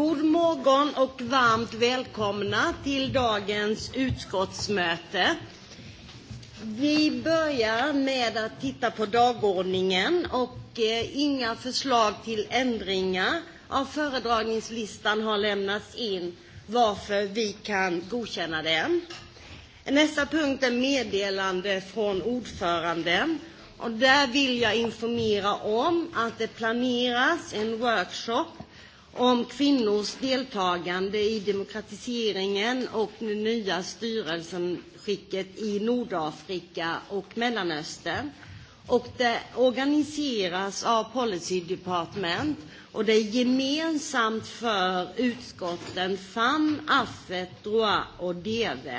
God morgon och varmt välkomna till dagens utskottsmöte. Vi börjar med att titta på dagordningen och eh, inga förslag till ändringar av föredragningslistan har lämnats in varför vi kan godkänna den. Nästa punkt är meddelande från ordföranden. Och där vill jag informera om att det planeras en workshop om kvinnors deltagande i demokratiseringen och det nya styrelseskicket i Nordafrika och Mellanöstern. Och det organiseras av Policy Department och det är gemensamt för utskotten FAM, AFET, DROA och DV.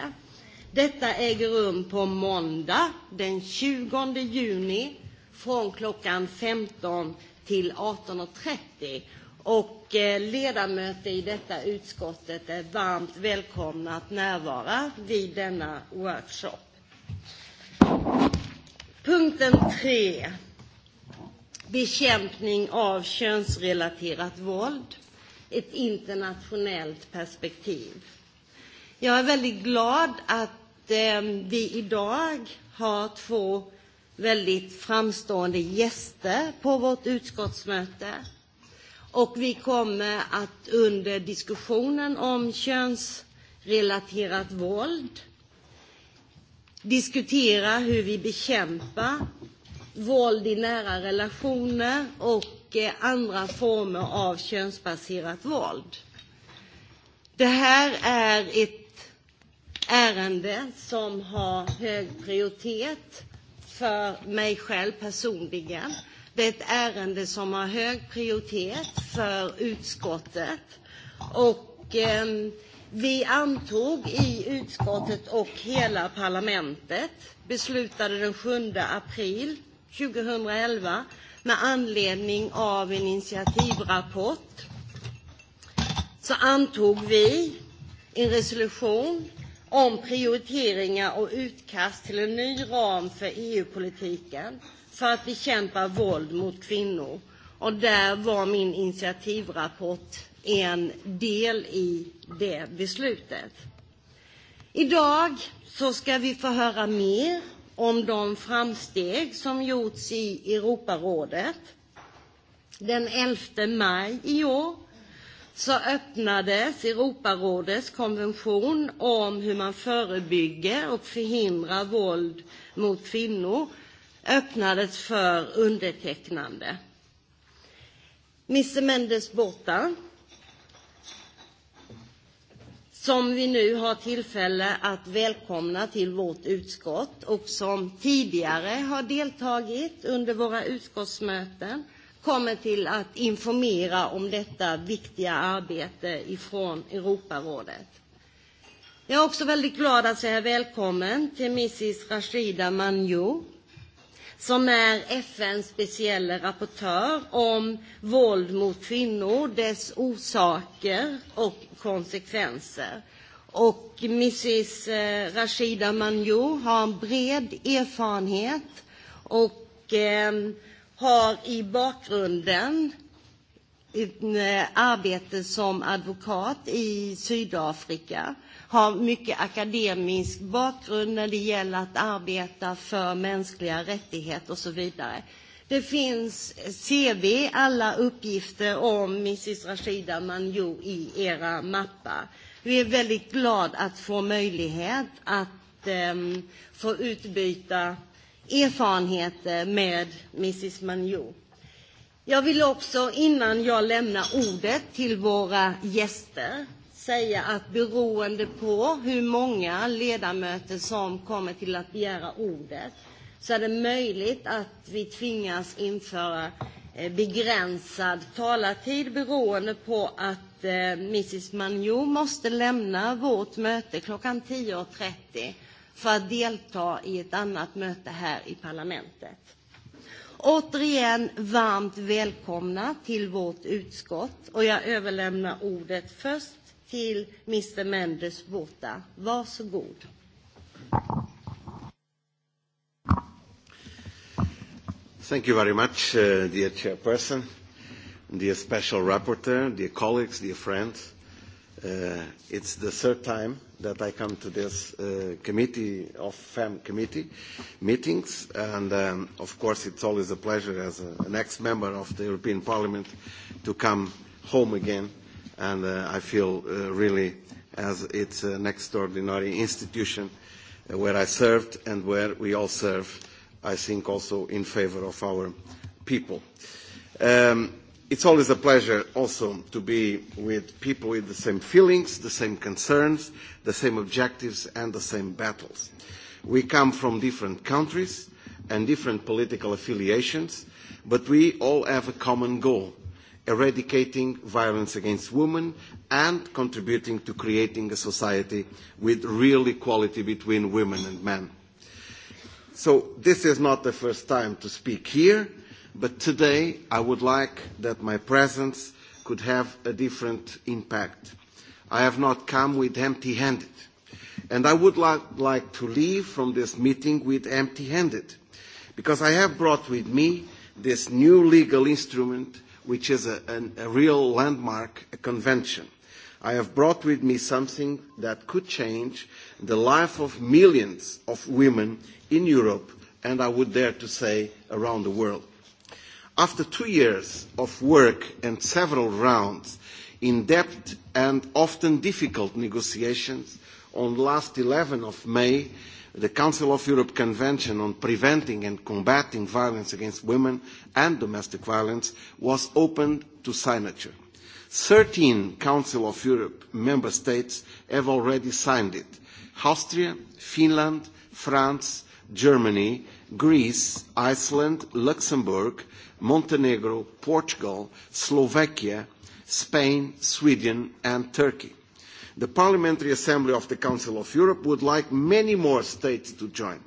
Detta äger rum på måndag den 20 juni från klockan 15 till 18.30 Och eh, ledamöter i detta utskottet är varmt välkomna att närvara vid denna workshop. Punkten 3. Bekämpning av könsrelaterat våld. Ett internationellt perspektiv. Jag är väldigt glad att eh, vi idag har två väldigt framstående gäster på vårt utskottsmöte. Och vi kommer att under diskussionen om könsrelaterat våld diskutera hur vi bekämpar våld i nära relationer och eh, andra former av könsbaserat våld. Det här är ett ärende som har hög prioritet för mig själv personligen. Det är ett ärende som har hög prioritet för utskottet. Och eh, vi antog i utskottet och hela parlamentet, beslutade den 7 april 2011 med anledning av en initiativrapport, så antog vi en resolution om prioriteringar och utkast till en ny ram för EU-politiken för att bekämpa våld mot kvinnor. Och där var min initiativrapport en del i det beslutet. Idag så ska vi få höra mer om de framsteg som gjorts i Europarådet. Den 11 maj i år så öppnades Europarådets konvention om hur man förebygger och förhindrar våld mot kvinnor öppnades för undertecknande. Mr Mendes borta, som vi nu har tillfälle att välkomna till vårt utskott och som tidigare har deltagit under våra utskottsmöten, kommer till att informera om detta viktiga arbete ifrån Europarådet. Jag är också väldigt glad att säga välkommen till Mrs Rashida Manjoo som är FNs speciella rapportör om våld mot kvinnor, dess orsaker och konsekvenser. Och Mrs eh, Rashida Manjor har en bred erfarenhet och eh, har i bakgrunden ett eh, arbete som advokat i Sydafrika har mycket akademisk bakgrund när det gäller att arbeta för mänskliga rättigheter och så vidare. Det finns CV, alla uppgifter om Mrs Rashida Manjoo i era mappar. Vi är väldigt glada att få möjlighet att um, få utbyta erfarenheter med Mrs Manjoo. Jag vill också innan jag lämnar ordet till våra gäster säga att beroende på hur många ledamöter som kommer till att begära ordet så är det möjligt att vi tvingas införa eh, begränsad talartid beroende på att eh, Mrs Manjo måste lämna vårt möte klockan 10.30 för att delta i ett annat möte här i parlamentet. Återigen varmt välkomna till vårt utskott och jag överlämnar ordet först till Mr Mendes Vota. Varsågod. Thank you very much, uh, dear chairperson, dear special rapporteur, dear colleagues, dear friends. Uh, it's the third time that I come to this uh, committee of FEM committee meetings, and um, of course it's always a pleasure as a, an ex-member of the European Parliament to come home again and uh, I feel uh, really as its an extraordinary institution uh, where I served and where we all serve, I think also in favour of our people. Um, it's always a pleasure also to be with people with the same feelings, the same concerns, the same objectives and the same battles. We come from different countries and different political affiliations, but we all have a common goal, eradicating violence against women, and contributing to creating a society with real equality between women and men. So this is not the first time to speak here, but today I would like that my presence could have a different impact. I have not come with empty-handed, and I would like, like to leave from this meeting with empty-handed, because I have brought with me this new legal instrument which is a, a real landmark a convention. I have brought with me something that could change the life of millions of women in Europe and I would dare to say around the world. After two years of work and several rounds, in-depth and often difficult negotiations, on last 11 of May, the Council of Europe Convention on Preventing and Combating Violence Against Women and Domestic Violence was opened to signature. Thirteen Council of Europe member states have already signed it. Austria, Finland, France, Germany, Greece, Iceland, Luxembourg, Montenegro, Portugal, Slovakia, Spain, Sweden and Turkey The Parliamentary Assembly of the Council of Europe would like many more states to join.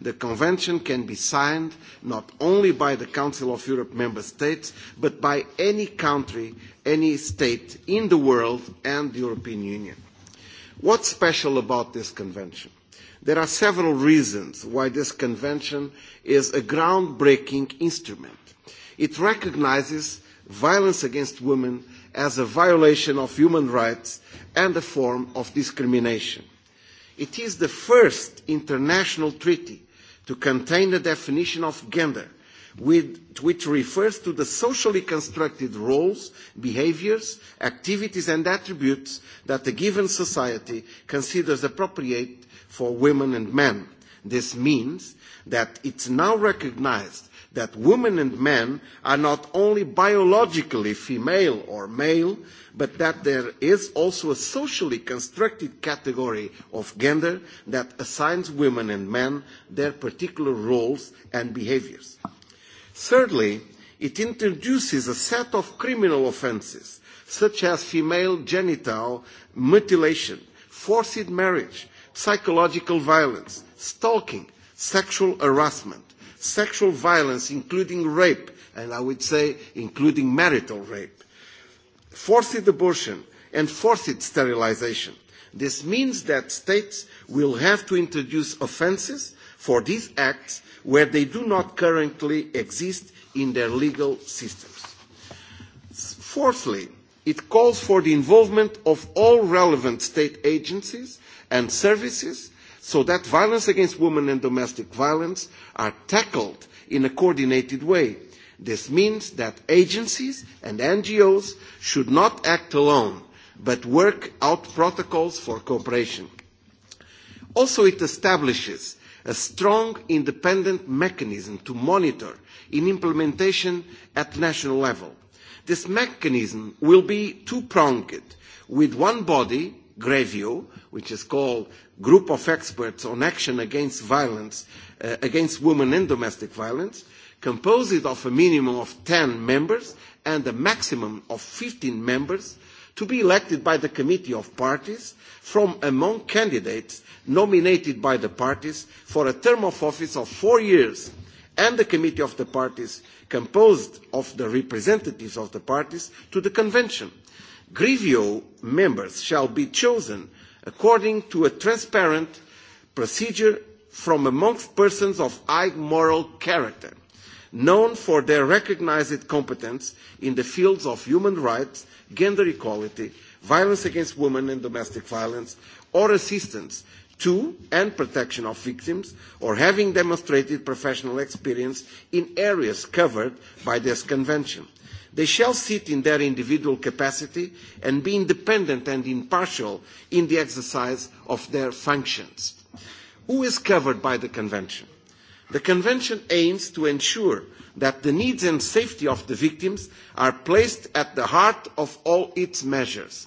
The convention can be signed not only by the Council of Europe member states, but by any country, any state in the world and the European Union. What's special about this convention? There are several reasons why this convention is a groundbreaking instrument. It recognises violence against women as a violation of human rights and a form of discrimination. It is the first international treaty to contain a definition of gender with, which refers to the socially constructed roles, behaviours, activities and attributes that a given society considers appropriate for women and men. This means that it's now recognised that women and men are not only biologically female or male, but that there is also a socially constructed category of gender that assigns women and men their particular roles and behaviours. Thirdly, it introduces a set of criminal offences, such as female genital mutilation, forced marriage, psychological violence, stalking, sexual harassment, sexual violence, including rape, and I would say including marital rape, forced abortion, and forced sterilization. This means that states will have to introduce offences for these acts where they do not currently exist in their legal systems. Fourthly, it calls for the involvement of all relevant state agencies and services so that violence against women and domestic violence are tackled in a coordinated way. This means that agencies and NGOs should not act alone, but work out protocols for cooperation. Also, it establishes a strong independent mechanism to monitor in implementation at national level. This mechanism will be two-pronged, with one body Grevio, which is called Group of Experts on Action Against Violence, uh, Against Women and Domestic Violence, composed of a minimum of 10 members and a maximum of 15 members to be elected by the committee of parties from among candidates nominated by the parties for a term of office of four years and the committee of the parties composed of the representatives of the parties to the convention Grevio members shall be chosen according to a transparent procedure from amongst persons of high moral character, known for their recognized competence in the fields of human rights, gender equality, violence against women and domestic violence, or assistance to and protection of victims, or having demonstrated professional experience in areas covered by this convention. They shall sit in their individual capacity and be independent and impartial in the exercise of their functions. Who is covered by the Convention? The Convention aims to ensure that the needs and safety of the victims are placed at the heart of all its measures.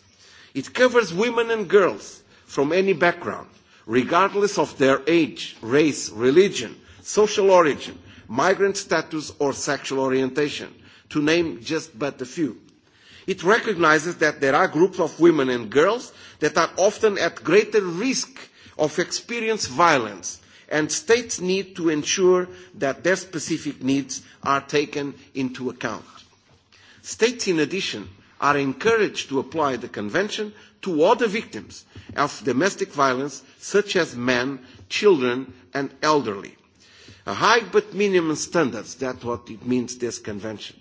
It covers women and girls from any background, regardless of their age, race, religion, social origin, migrant status or sexual orientation to name just but a few. It recognizes that there are groups of women and girls that are often at greater risk of experiencing violence and states need to ensure that their specific needs are taken into account. States, in addition, are encouraged to apply the Convention to other victims of domestic violence, such as men, children, and elderly. A high but minimum standards, that's what it means, this Convention.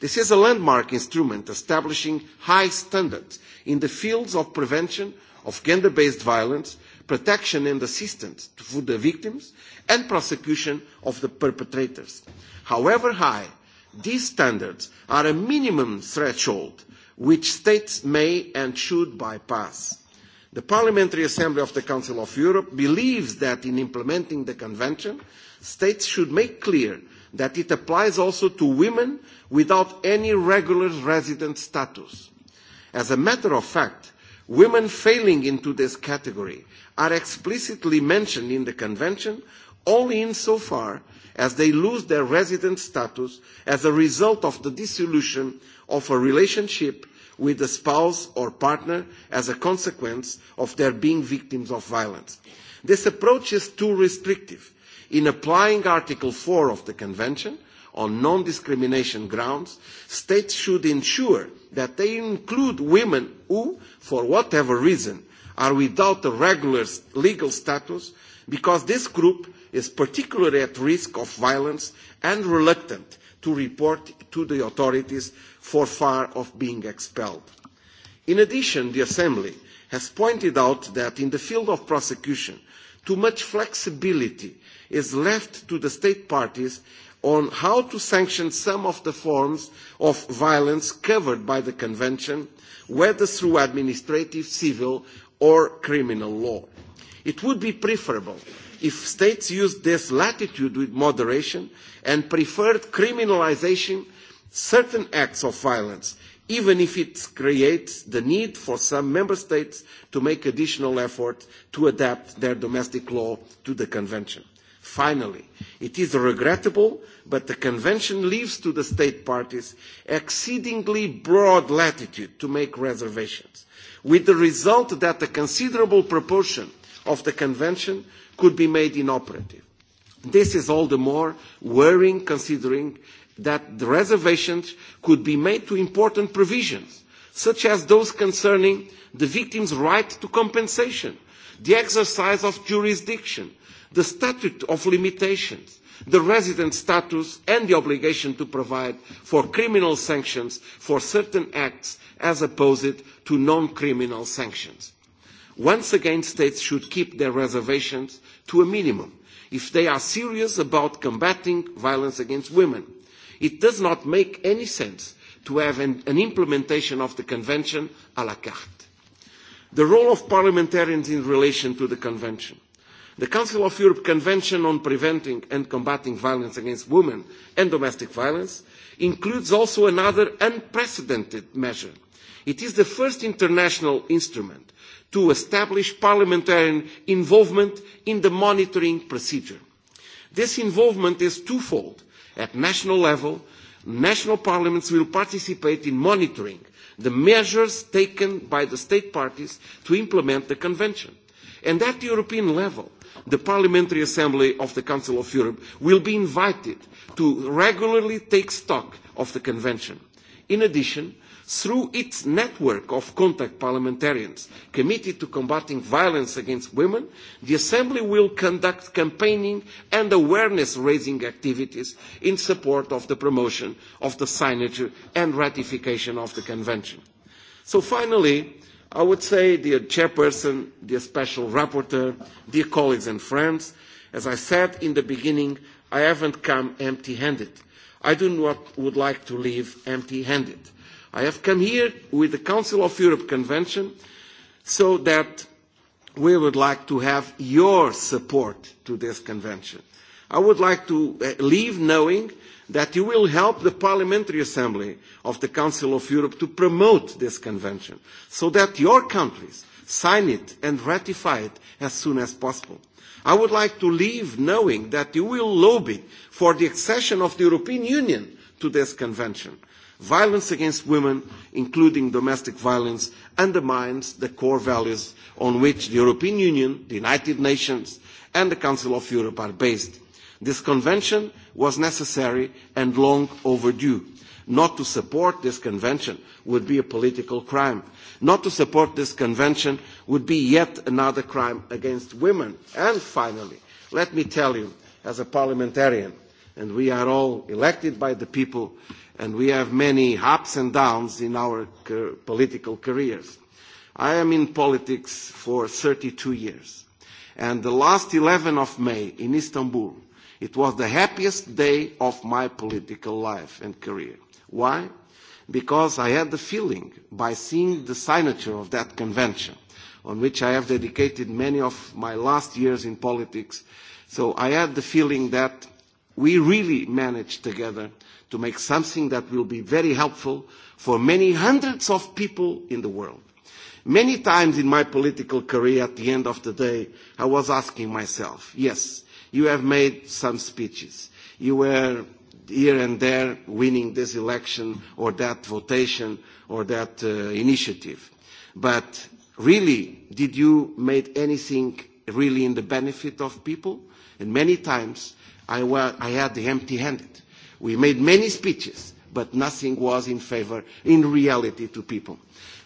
This is a landmark instrument establishing high standards in the fields of prevention of gender-based violence, protection and assistance to the victims, and prosecution of the perpetrators. However high, these standards are a minimum threshold which states may and should bypass. The Parliamentary Assembly of the Council of Europe believes that in implementing the Convention, states should make clear that it applies also to women without any regular resident status. As a matter of fact, women failing into this category are explicitly mentioned in the Convention only insofar as they lose their resident status as a result of the dissolution of a relationship with a spouse or partner as a consequence of their being victims of violence. This approach is too restrictive in applying Article 4 of the Convention on non-discrimination grounds, states should ensure that they include women who, for whatever reason, are without a regular legal status because this group is particularly at risk of violence and reluctant to report to the authorities for fear of being expelled. In addition, the Assembly has pointed out that in the field of prosecution, too much flexibility is left to the state parties on how to sanction some of the forms of violence covered by the Convention, whether through administrative, civil or criminal law. It would be preferable if states used this latitude with moderation and preferred criminalisation certain acts of violence, even if it creates the need for some member states to make additional effort to adapt their domestic law to the convention. Finally, it is regrettable, but the Convention leaves to the state parties exceedingly broad latitude to make reservations, with the result that a considerable proportion of the Convention could be made inoperative. This is all the more worrying considering that the reservations could be made to important provisions, such as those concerning the victim's right to compensation, the exercise of jurisdiction, the statute of limitations, the resident status and the obligation to provide for criminal sanctions for certain acts as opposed to non-criminal sanctions. Once again, states should keep their reservations to a minimum if they are serious about combating violence against women. It does not make any sense to have an, an implementation of the Convention à la carte. The role of parliamentarians in relation to the Convention The Council of Europe Convention on Preventing and Combating Violence Against Women and Domestic Violence includes also another unprecedented measure. It is the first international instrument to establish parliamentary involvement in the monitoring procedure. This involvement is twofold. At national level, national parliaments will participate in monitoring the measures taken by the state parties to implement the convention. And at the European level, the Parliamentary Assembly of the Council of Europe will be invited to regularly take stock of the Convention. In addition, through its network of contact parliamentarians committed to combating violence against women, the Assembly will conduct campaigning and awareness-raising activities in support of the promotion of the signature and ratification of the Convention. So finally, I would say, dear Chairperson, dear Special Rapporteur, dear colleagues and friends, as I said in the beginning, I haven't come empty-handed. I do not would like to leave empty-handed. I have come here with the Council of Europe Convention so that we would like to have your support to this convention. I would like to eh, leave knowing that you will help the Parliamentary Assembly of the Council of Europe to promote this convention so that your countries sign it and ratify it as soon as possible. I would like to leave knowing that you will lobby for the accession of the European Union to this convention. Violence against women, including domestic violence, undermines the core values on which the European Union, the United Nations and the Council of Europe are based This convention was necessary and long overdue. Not to support this convention would be a political crime. Not to support this convention would be yet another crime against women. And finally, let me tell you, as a parliamentarian, and we are all elected by the people, and we have many ups and downs in our political careers. I am in politics for 32 years, and the last 11 of May in Istanbul, It was the happiest day of my political life and career. Why? Because I had the feeling, by seeing the signature of that convention, on which I have dedicated many of my last years in politics, so I had the feeling that we really managed together to make something that will be very helpful for many hundreds of people in the world. Many times in my political career, at the end of the day, I was asking myself, yes, You have made some speeches. You were here and there winning this election or that votation or that uh, initiative. But really, did you make anything really in the benefit of people? And many times I, were, I had the empty-handed. We made many speeches, but nothing was in favor in reality to people.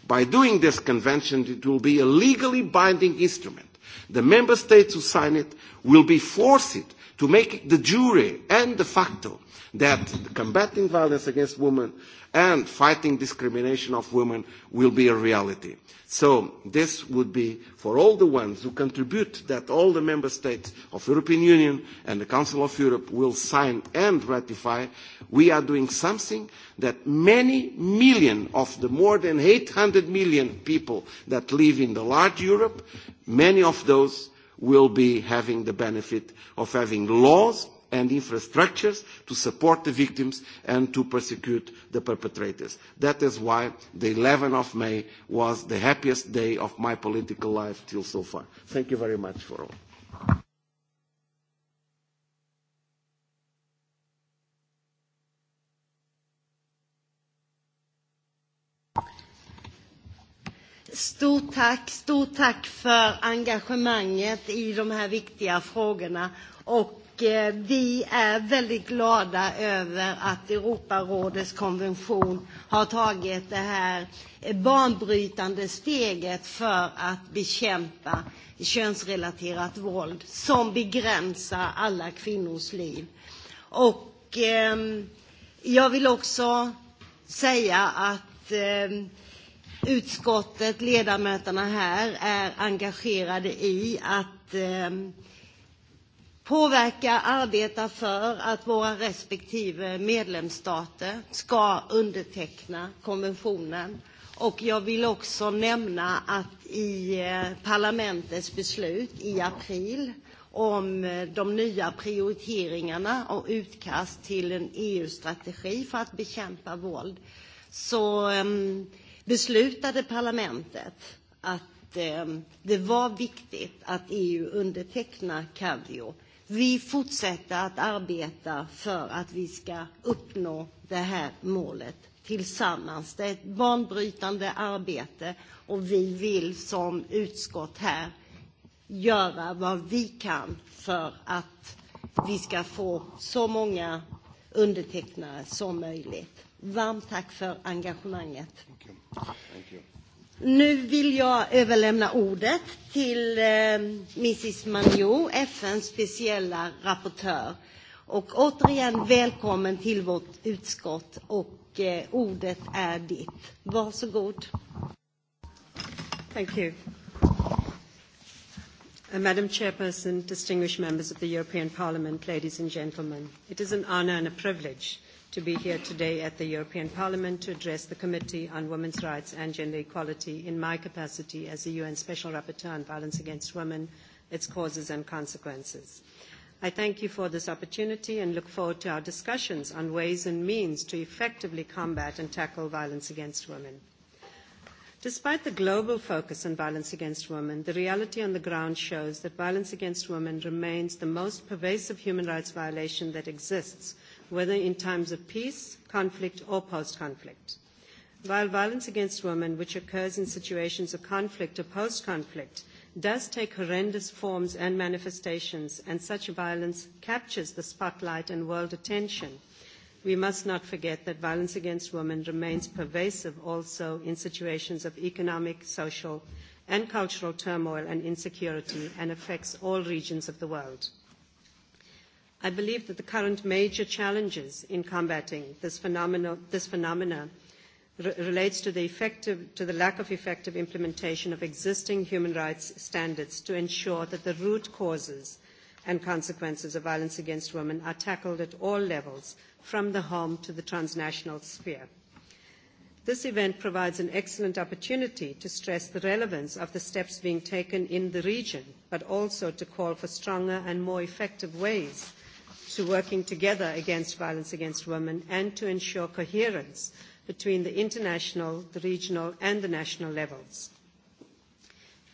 By doing this convention, it will be a legally binding instrument The member states who sign it will be forced to make the jury and the facto that combating violence against women and fighting discrimination of women will be a reality. So this would be for all the ones who contribute that all the member states of the European Union and the Council of Europe will sign and ratify, we are doing something that many million of the more than 800 million people that live in the large Europe, many of those will be having the benefit of having laws and infrastructures to support the victims and to prosecute the perpetrators. That is why the 11th of May was the happiest day of my political life till so far. Thank you very much for all. Stort tack, stort tack för engagemanget i de här viktiga frågorna. Och eh, vi är väldigt glada över att Europarådets konvention har tagit det här eh, banbrytande steget för att bekämpa könsrelaterat våld som begränsar alla kvinnors liv. Och ehm, jag vill också säga att eh, utskottet, ledamöterna här, är engagerade i att eh, påverka, arbeta för att våra respektive medlemsstater ska underteckna konventionen. Och jag vill också nämna att i eh, parlamentets beslut i april om eh, de nya prioriteringarna och utkast till en EU-strategi för att bekämpa våld, så eh, beslutade parlamentet att ehm, det var viktigt att EU undertecknar Cavio. Vi fortsätter att arbeta för att vi ska uppnå det här målet tillsammans. Det är ett banbrytande arbete och vi vill som utskott här göra vad vi kan för att vi ska få så många undertecknare som möjligt. Varmt tack för engagemanget. Thank you. Thank you. Nu vill jag överlämna ordet till eh, Mrs Manjo, FNs speciella rapportör. Och återigen välkommen till vårt utskott och eh, ordet är ditt. Varsågod. Thank you. Uh, Madam Chairperson, distinguished members of the European Parliament, ladies and gentlemen, it is an honor and a privilege to be here today at the European Parliament to address the Committee on Women's Rights and Gender Equality in my capacity as the UN Special Rapporteur on Violence Against Women, its causes and consequences. I thank you for this opportunity and look forward to our discussions on ways and means to effectively combat and tackle violence against women. Despite the global focus on violence against women, the reality on the ground shows that violence against women remains the most pervasive human rights violation that exists – whether in times of peace, conflict, or post-conflict. While violence against women, which occurs in situations of conflict or post-conflict, does take horrendous forms and manifestations, and such violence captures the spotlight and world attention, we must not forget that violence against women remains pervasive also in situations of economic, social, and cultural turmoil and insecurity and affects all regions of the world. I believe that the current major challenges in combating this phenomenon this phenomena relates to the, effective, to the lack of effective implementation of existing human rights standards to ensure that the root causes and consequences of violence against women are tackled at all levels, from the home to the transnational sphere. This event provides an excellent opportunity to stress the relevance of the steps being taken in the region, but also to call for stronger and more effective ways to working together against violence against women and to ensure coherence between the international, the regional and the national levels.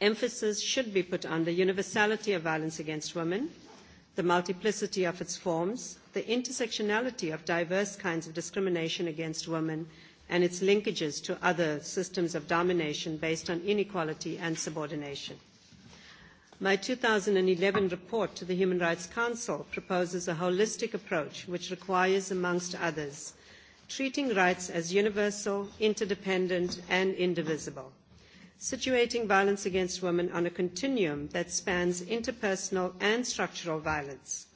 Emphasis should be put on the universality of violence against women, the multiplicity of its forms, the intersectionality of diverse kinds of discrimination against women and its linkages to other systems of domination based on inequality and subordination. My 2011 report to the Human Rights Council proposes a holistic approach which requires, amongst others, treating rights as universal, interdependent and indivisible, situating violence against women on a continuum that spans interpersonal and structural violence,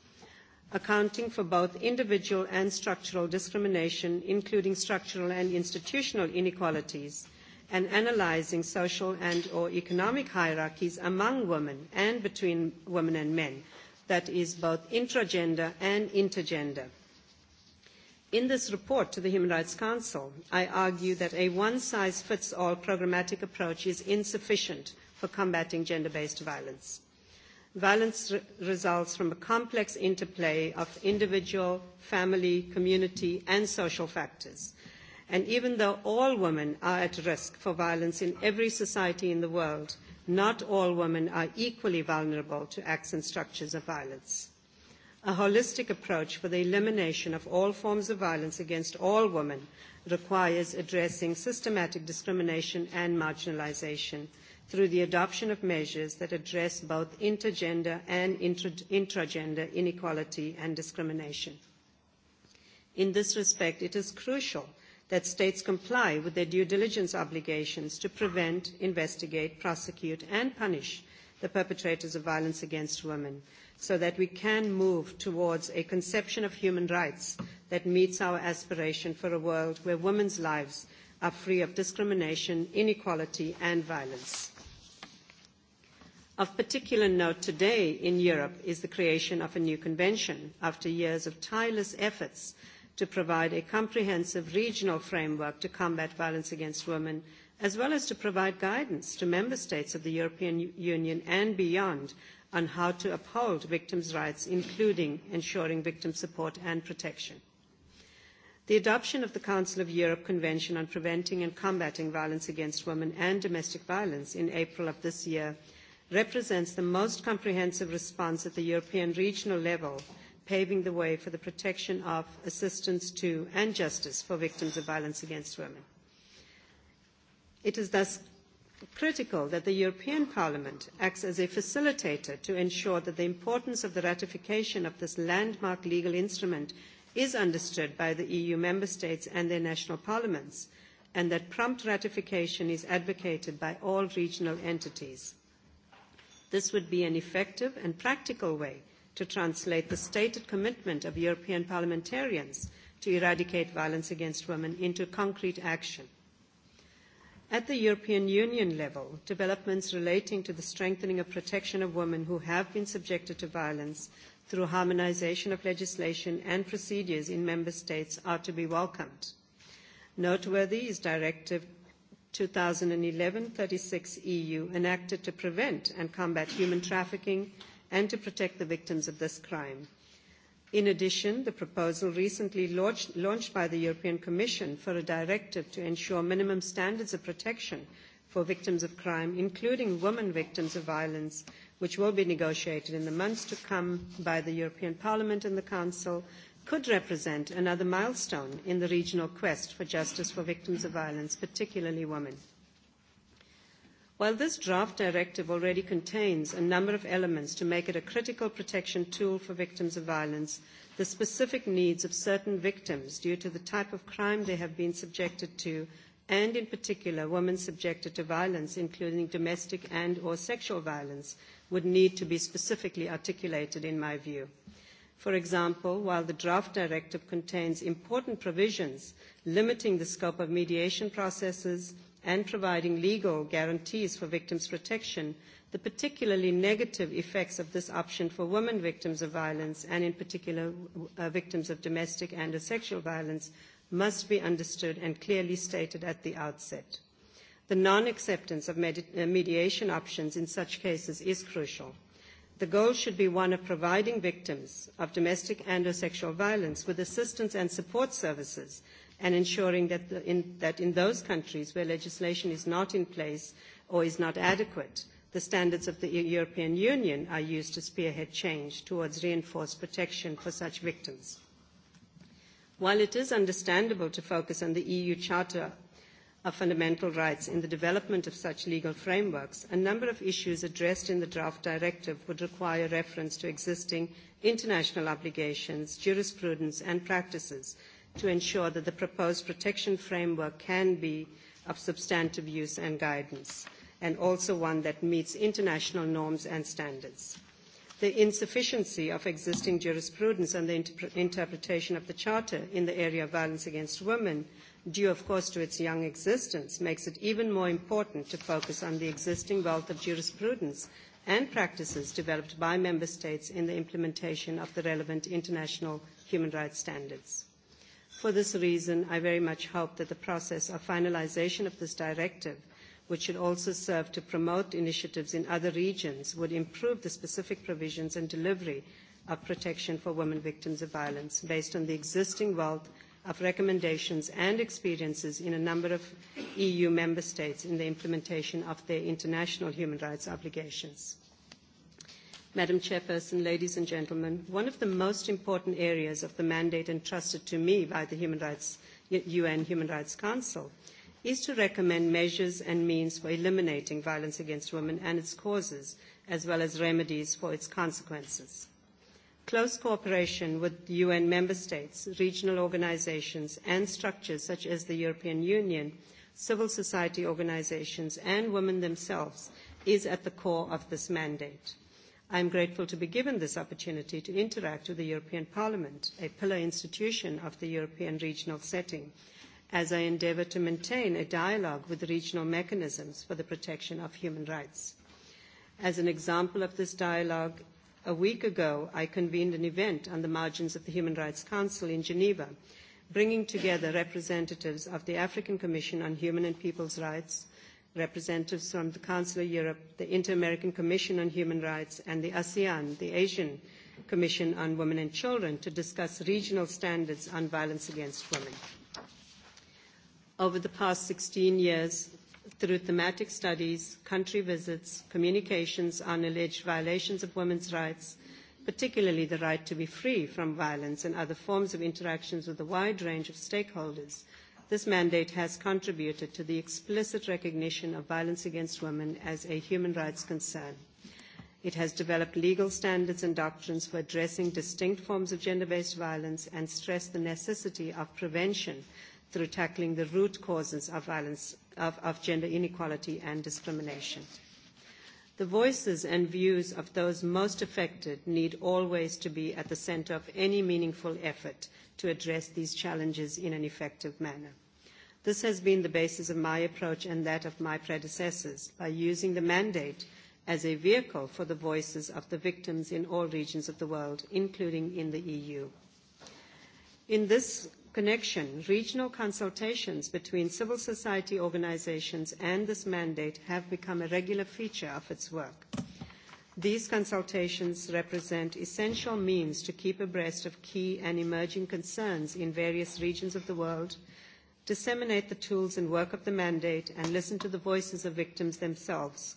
accounting for both individual and structural discrimination, including structural and institutional inequalities, and analyzing social and or economic hierarchies among women and between women and men, that is both intragender and intergender. In this report to the Human Rights Council, I argue that a one-size-fits-all programmatic approach is insufficient for combating gender-based violence. Violence re results from a complex interplay of individual, family, community, and social factors – And even though all women are at risk for violence in every society in the world, not all women are equally vulnerable to acts and structures of violence. A holistic approach for the elimination of all forms of violence against all women requires addressing systematic discrimination and marginalisation through the adoption of measures that address both intergender and intragender inequality and discrimination. In this respect, it is crucial that states comply with their due diligence obligations to prevent, investigate, prosecute, and punish the perpetrators of violence against women so that we can move towards a conception of human rights that meets our aspiration for a world where women's lives are free of discrimination, inequality, and violence. Of particular note today in Europe is the creation of a new convention after years of tireless efforts to provide a comprehensive regional framework to combat violence against women, as well as to provide guidance to member states of the European Union and beyond on how to uphold victims' rights, including ensuring victim support and protection. The adoption of the Council of Europe Convention on Preventing and Combating Violence Against Women and Domestic Violence in April of this year represents the most comprehensive response at the European regional level paving the way for the protection of, assistance to, and justice for victims of violence against women. It is thus critical that the European Parliament acts as a facilitator to ensure that the importance of the ratification of this landmark legal instrument is understood by the EU member states and their national parliaments, and that prompt ratification is advocated by all regional entities. This would be an effective and practical way to translate the stated commitment of European parliamentarians to eradicate violence against women into concrete action. At the European Union level, developments relating to the strengthening of protection of women who have been subjected to violence through harmonisation of legislation and procedures in member states are to be welcomed. Noteworthy is Directive 2011-36 EU e enacted to prevent and combat human trafficking and to protect the victims of this crime. In addition, the proposal recently launched, launched by the European Commission for a directive to ensure minimum standards of protection for victims of crime, including women victims of violence, which will be negotiated in the months to come by the European Parliament and the Council, could represent another milestone in the regional quest for justice for victims of violence, particularly women. While this draft directive already contains a number of elements to make it a critical protection tool for victims of violence, the specific needs of certain victims due to the type of crime they have been subjected to, and in particular women subjected to violence, including domestic and or sexual violence, would need to be specifically articulated in my view. For example, while the draft directive contains important provisions limiting the scope of mediation processes, and providing legal guarantees for victims' protection, the particularly negative effects of this option for women victims of violence, and in particular uh, victims of domestic and sexual violence, must be understood and clearly stated at the outset. The non-acceptance of med uh, mediation options in such cases is crucial. The goal should be one of providing victims of domestic and or sexual violence with assistance and support services and ensuring that, the, in, that in those countries where legislation is not in place or is not adequate, the standards of the e-, European Union are used to spearhead change towards reinforced protection for such victims. While it is understandable to focus on the EU Charter of Fundamental Rights in the development of such legal frameworks, a number of issues addressed in the draft directive would require reference to existing international obligations, jurisprudence and practices to ensure that the proposed protection framework can be of substantive use and guidance, and also one that meets international norms and standards. The insufficiency of existing jurisprudence and the inter interpretation of the Charter in the area of violence against women, due of course to its young existence, makes it even more important to focus on the existing wealth of jurisprudence and practices developed by Member States in the implementation of the relevant international human rights standards. For this reason, I very much hope that the process of finalization of this directive, which should also serve to promote initiatives in other regions, would improve the specific provisions and delivery of protection for women victims of violence based on the existing wealth of recommendations and experiences in a number of EU member states in the implementation of their international human rights obligations. Madam Chairperson, ladies and gentlemen, one of the most important areas of the mandate entrusted to me by the Human Rights, UN Human Rights Council is to recommend measures and means for eliminating violence against women and its causes, as well as remedies for its consequences. Close cooperation with UN member states, regional organizations, and structures such as the European Union, civil society organizations, and women themselves is at the core of this mandate. I am grateful to be given this opportunity to interact with the European Parliament, a pillar institution of the European regional setting, as I endeavour to maintain a dialogue with the regional mechanisms for the protection of human rights. As an example of this dialogue, a week ago I convened an event on the margins of the Human Rights Council in Geneva, bringing together representatives of the African Commission on Human and People's Rights, representatives from the Council of Europe, the Inter-American Commission on Human Rights, and the ASEAN, the Asian Commission on Women and Children, to discuss regional standards on violence against women. Over the past 16 years, through thematic studies, country visits, communications on alleged violations of women's rights, particularly the right to be free from violence and other forms of interactions with a wide range of stakeholders, This mandate has contributed to the explicit recognition of violence against women as a human rights concern. It has developed legal standards and doctrines for addressing distinct forms of gender-based violence and stressed the necessity of prevention through tackling the root causes of violence of, of gender inequality and discrimination. The voices and views of those most affected need always to be at the centre of any meaningful effort to address these challenges in an effective manner. This has been the basis of my approach and that of my predecessors by using the mandate as a vehicle for the voices of the victims in all regions of the world, including in the EU. In this connection, regional consultations between civil society organizations and this mandate have become a regular feature of its work. These consultations represent essential means to keep abreast of key and emerging concerns in various regions of the world, disseminate the tools and work of the mandate, and listen to the voices of victims themselves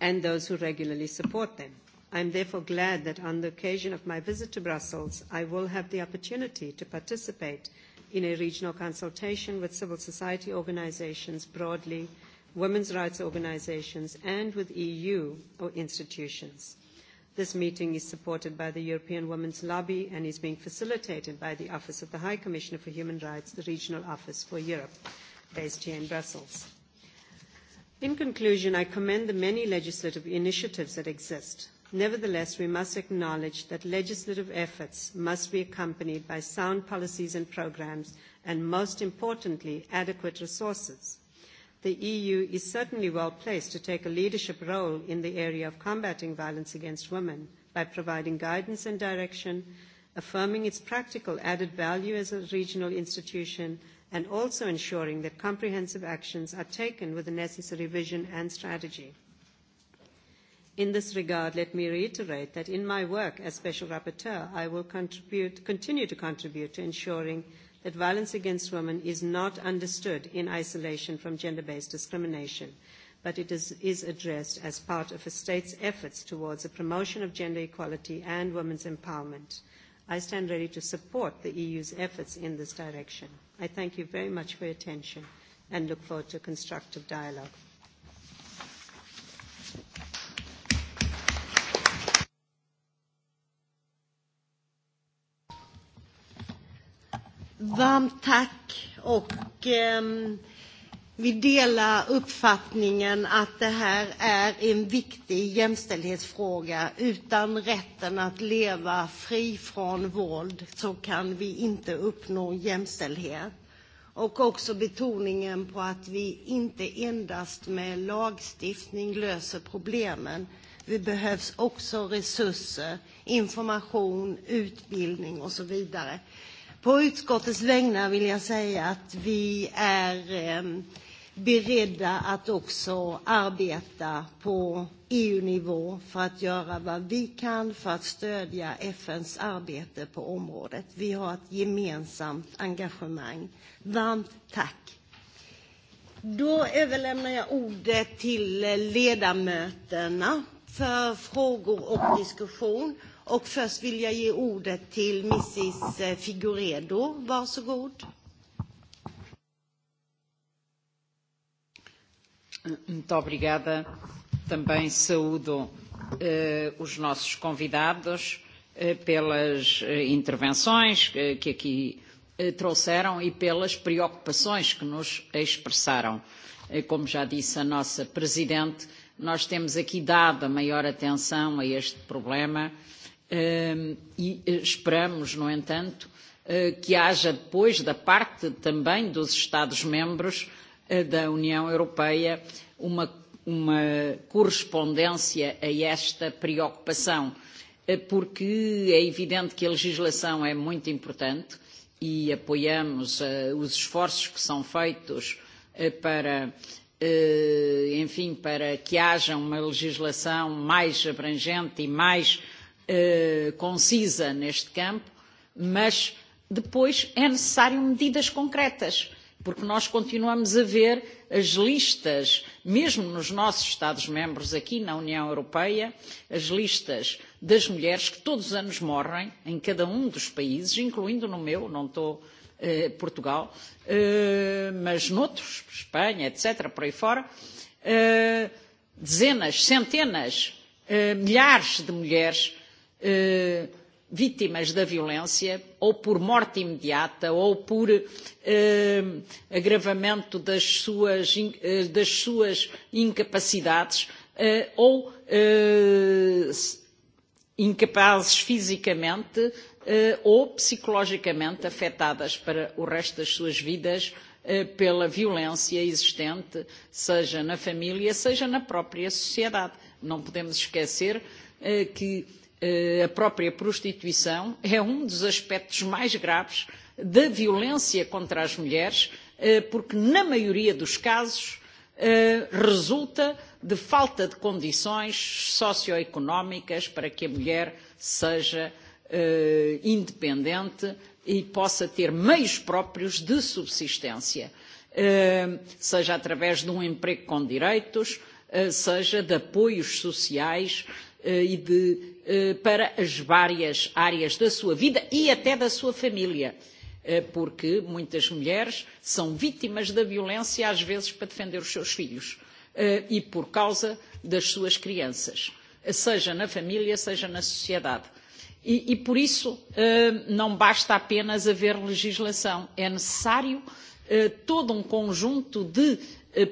and those who regularly support them. I am therefore glad that on the occasion of my visit to Brussels, I will have the opportunity to participate in a regional consultation with civil society organisations broadly, women's rights organisations, and with EU or institutions. This meeting is supported by the European Women's Lobby and is being facilitated by the Office of the High Commissioner for Human Rights, the Regional Office for Europe, based here in Brussels. In conclusion, I commend the many legislative initiatives that exist. Nevertheless, we must acknowledge that legislative efforts must be accompanied by sound policies and programs, and most importantly, adequate resources. The EU is certainly well placed to take a leadership role in the area of combating violence against women by providing guidance and direction, affirming its practical added value as a regional institution, and also ensuring that comprehensive actions are taken with the necessary vision and strategy. In this regard, let me reiterate that in my work as Special Rapporteur, I will contribute, continue to contribute to ensuring that violence against women is not understood in isolation from gender-based discrimination, but it is, is addressed as part of a state's efforts towards the promotion of gender equality and women's empowerment. I stand ready to support the EU's efforts in this direction. I thank you very much for your attention and look forward to constructive dialogue. Varmt tack och eh, vi delar uppfattningen att det här är en viktig jämställdhetsfråga. Utan rätten att leva fri från våld så kan vi inte uppnå jämställdhet. Och också betoningen på att vi inte endast med lagstiftning löser problemen. Vi behövs också resurser, information, utbildning och så vidare. På utskottets vägnar vill jag säga att vi är ehm, beredda att också arbeta på EU-nivå för att göra vad vi kan för att stödja FNs arbete på området. Vi har ett gemensamt engagemang. Varmt tack! Då överlämnar jag ordet till eh, ledamöterna för frågor och diskussion. Och först vill jag ge ordet till Mrs eh, Figuredo. Varsågod. Muito obrigada. Também saúdo eh, os nossos convidados eh, pelas eh, intervenções eh, que aqui eh, trouxeram e pelas preocupações que nos expressaram. Eh, como já disse a nossa Presidente, nós temos aqui dado a maior atenção a este problema eh, Ehm, e esperamos, no entanto, eh, que haja depois da parte também dos Estados-membros eh, da União Europeia uma, uma correspondência a esta preocupação, eh, porque é evidente que a legislação é muito importante e apoiamos os esforços que são feitos para enfim, para que haja uma legislação mais abrangente e mais Eh, concisa neste campo, mas depois é necessário medidas concretas, porque nós continuamos a ver as listas, mesmo nos nossos Estados-membros aqui na União Europeia, as listas das mulheres que todos os anos morrem em cada um dos países, incluindo no meu, não estou eh, Portugal, eh, mas noutros, Espanha, etc., por aí fora, eh, dezenas, centenas, eh, milhares de mulheres Eh, vítimas da violência, ou por morte imediata, ou por eh, agravamento das suas, eh, das suas incapacidades, ou incapazes fisicamente ou psicologicamente afetadas para o resto das suas vidas pela violência existente, seja na família, seja na própria sociedade. Não podemos esquecer que Eh, a própria prostituição é um dos aspectos mais graves da violência contra as mulheres, eh, porque, na maioria dos casos, eh, resulta de falta de condições socioeconómicas para que a mulher seja independente e possa ter meios próprios de subsistência, seja através de um emprego com direitos, seja de apoios sociais Eh, e de, eh, para as várias áreas da sua vida e até da sua família, eh, porque muitas mulheres são vítimas da violência, às vezes, para defender os seus filhos e por causa das suas crianças, seja na família, seja na sociedade. E, e por isso não basta apenas haver legislação, é necessário todo um conjunto de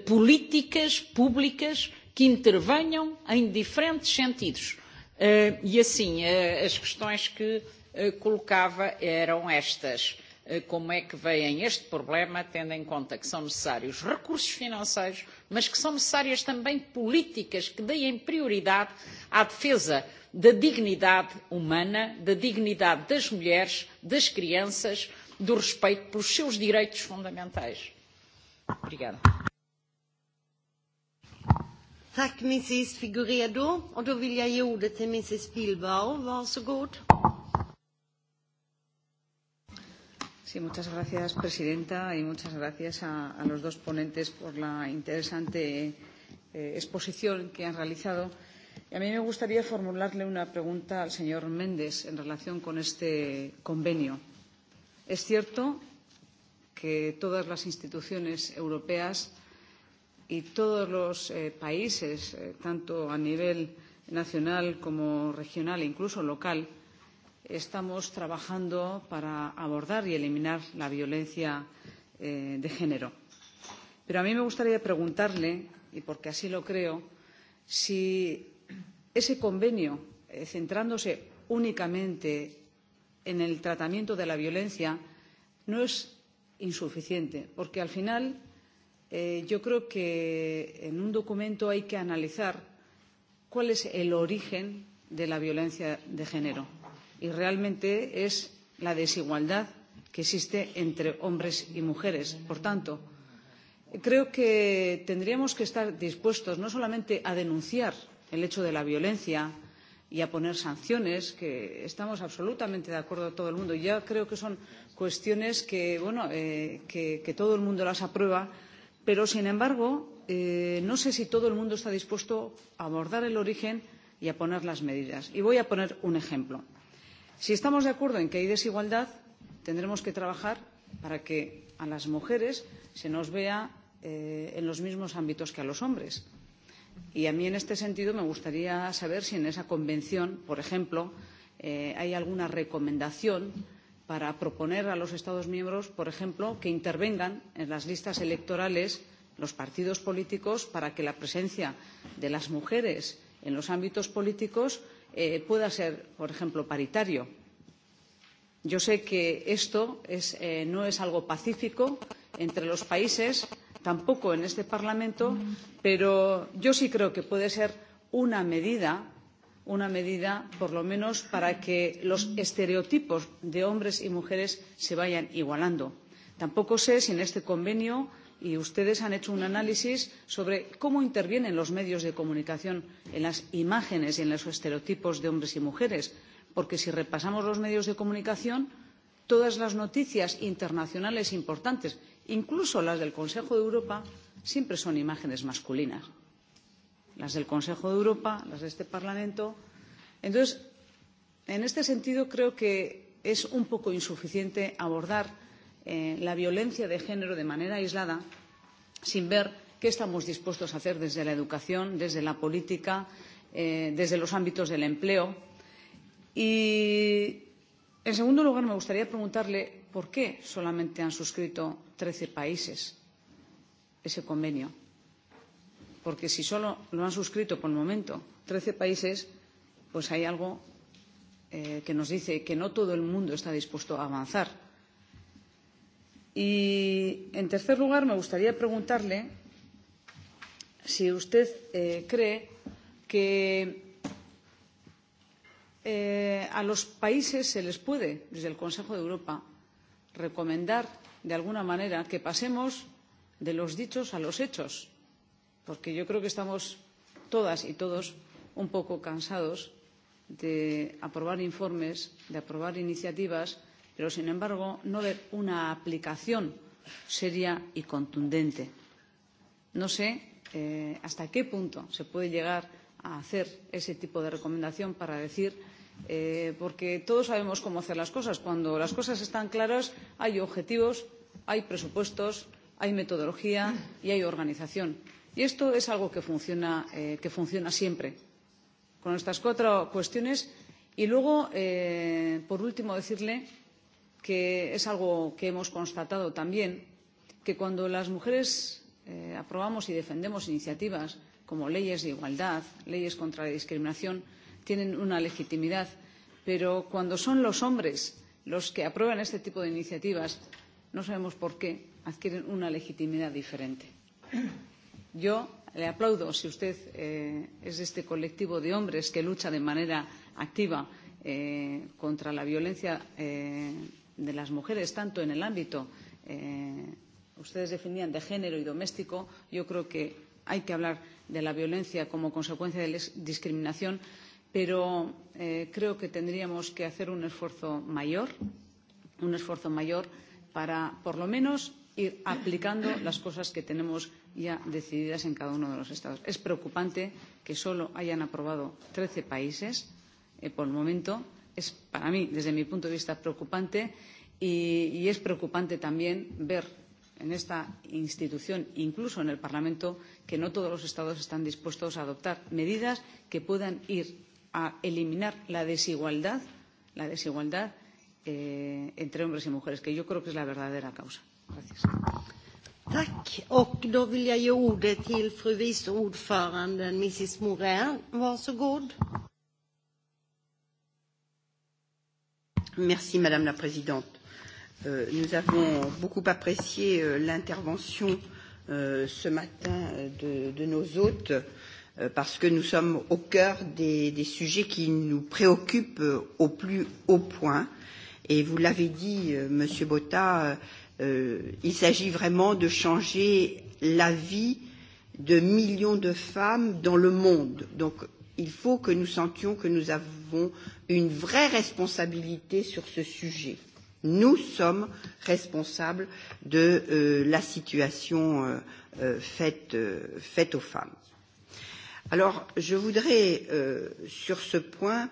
políticas públicas que intervenham em diferentes sentidos. Uh, E assim, uh, as questões que uh, colocava eram estas. Uh, Como é que vem este problema, tendo em conta que são necessários recursos financeiros, mas que são necessárias também políticas que deem prioridade à defesa da dignidade humana, da dignidade das mulheres, das crianças, do respeito pelos seus direitos fundamentais. Obrigada. Tack Mrs Figuredo. Och då vill jag ge ordet till Mrs Bilbao. Varsågod. Sí, muchas gracias, presidenta, y muchas gracias a, a los dos ponentes por la interesante eh, exposición que han realizado. Y a mí me gustaría formularle una pregunta al señor Méndez en relación con este convenio. Es cierto que todas las instituciones europeas y todos los eh, países, eh, tanto a nivel nacional como regional e incluso local, estamos trabajando para abordar y eliminar la violencia eh, de género. Pero a mí me gustaría preguntarle, y porque así lo creo, si ese convenio, eh, centrándose únicamente en el tratamiento de la violencia, no es insuficiente, porque al final eh, yo creo que en un documento hay que analizar cuál es el origen de la violencia de género. Y realmente es la desigualdad que existe entre hombres y mujeres. Por tanto, creo que tendríamos que estar dispuestos no solamente a denunciar el hecho de la violencia y a poner sanciones, que estamos absolutamente de acuerdo todo el mundo. Ya creo que son cuestiones que, bueno, eh, que, que todo el mundo las aprueba pero sin embargo eh, no sé si todo el mundo está dispuesto a abordar el origen y a poner las medidas. y voy a poner un ejemplo si estamos de acuerdo en que hay desigualdad tendremos que trabajar para que a las mujeres se nos vea eh, en los mismos ámbitos que a los hombres y a mí en este sentido me gustaría saber si en esa convención por ejemplo eh, hay alguna recomendación que para proponer a los Estados miembros, por ejemplo, que intervengan en las listas electorales los partidos políticos para que la presencia de las mujeres en los ámbitos políticos eh, pueda ser, por ejemplo, paritario. Yo sé que esto eh, no es algo pacífico entre los países, tampoco en este Parlamento, pero yo sí creo que puede ser una medida una medida, por lo menos, para que los estereotipos de hombres y mujeres se vayan igualando. Tampoco sé si en este convenio y ustedes han hecho un análisis sobre cómo intervienen los medios de comunicación en las imágenes y en los estereotipos de hombres y mujeres, porque si repasamos los medios de comunicación, todas las noticias internacionales importantes, incluso las del Consejo de Europa, siempre son imágenes masculinas las del Consejo de Europa, las de este Parlamento. Entonces, en este sentido, creo que es un poco insuficiente abordar eh, la violencia de género de manera aislada sin ver qué estamos dispuestos a hacer desde la educación, desde la política, eh, desde los ámbitos del empleo. Y, en segundo lugar, me gustaría preguntarle por qué solamente han suscrito 13 países ese convenio porque si solo lo han suscrito por el momento trece países, pues hay algo eh, que nos dice que no todo el mundo está dispuesto a avanzar. Y, en tercer lugar, me gustaría preguntarle si usted eh, cree que eh, a los países se les puede, desde el Consejo de Europa, recomendar de alguna manera que pasemos de los dichos a los hechos porque yo creo que estamos todas y todos un poco cansados de aprobar informes, de aprobar iniciativas, pero sin embargo no ver una aplicación seria y contundente. No sé eh, hasta qué punto se puede llegar a hacer ese tipo de recomendación para decir eh, porque todos sabemos cómo hacer las cosas. Cuando las cosas están claras, hay objetivos, hay presupuestos, hay metodología y hay organización y esto es algo eh, que funciona, siempre con estas cuatro cuestiones y luego eh, por último decirle que es algo que hemos constatado también que cuando las mujeres eh, aprobamos y defendemos iniciativas como leyes de igualdad leyes contra la discriminación tienen una legitimidad pero cuando son los hombres los que aprueban este tipo de iniciativas no sabemos por qué adquieren una legitimidad diferente yo le aplaudo si usted eh, es de este colectivo de hombres que lucha de manera activa eh, contra la violencia eh, de las mujeres, tanto en el ámbito eh, ustedes definían de género y doméstico, yo creo que hay que hablar de la violencia como consecuencia de la discriminación, pero eh, creo que tendríamos que hacer un esfuerzo mayor, un esfuerzo mayor para, por lo menos, ir aplicando las cosas que tenemos ya decididas en cada uno de los Estados. Es preocupante que solo hayan aprobado 13 países eh, por el momento. Es para mí, desde mi punto de vista, preocupante y, y es preocupante también ver en esta institución, incluso en el Parlamento, que no todos los Estados están dispuestos a adoptar medidas que puedan ir a eliminar la desigualdad, la desigualdad eh, entre hombres y mujeres, que yo creo que es la verdadera causa. Gracias. Tack. Och då vill jag ge ordet till fru vice ordföranden, mrs Morin. Varsågod. Merci, madame la présidente. Euh, nous avons beaucoup apprécié euh, l'intervention euh, ce matin euh, de, de nos hôtes euh, parce que nous sommes au cœur des, des sujets qui nous préoccupent euh, au plus haut point. Et vous l'avez dit, Monsieur Botta, Euh, il s'agit vraiment de changer la vie de millions de femmes dans le monde. Donc il faut que nous sentions que nous avons une vraie responsabilité sur ce sujet. Nous sommes responsables de euh, la situation euh, euh, faite, euh, faite aux femmes. Alors, je voudrais, euh, sur ce point,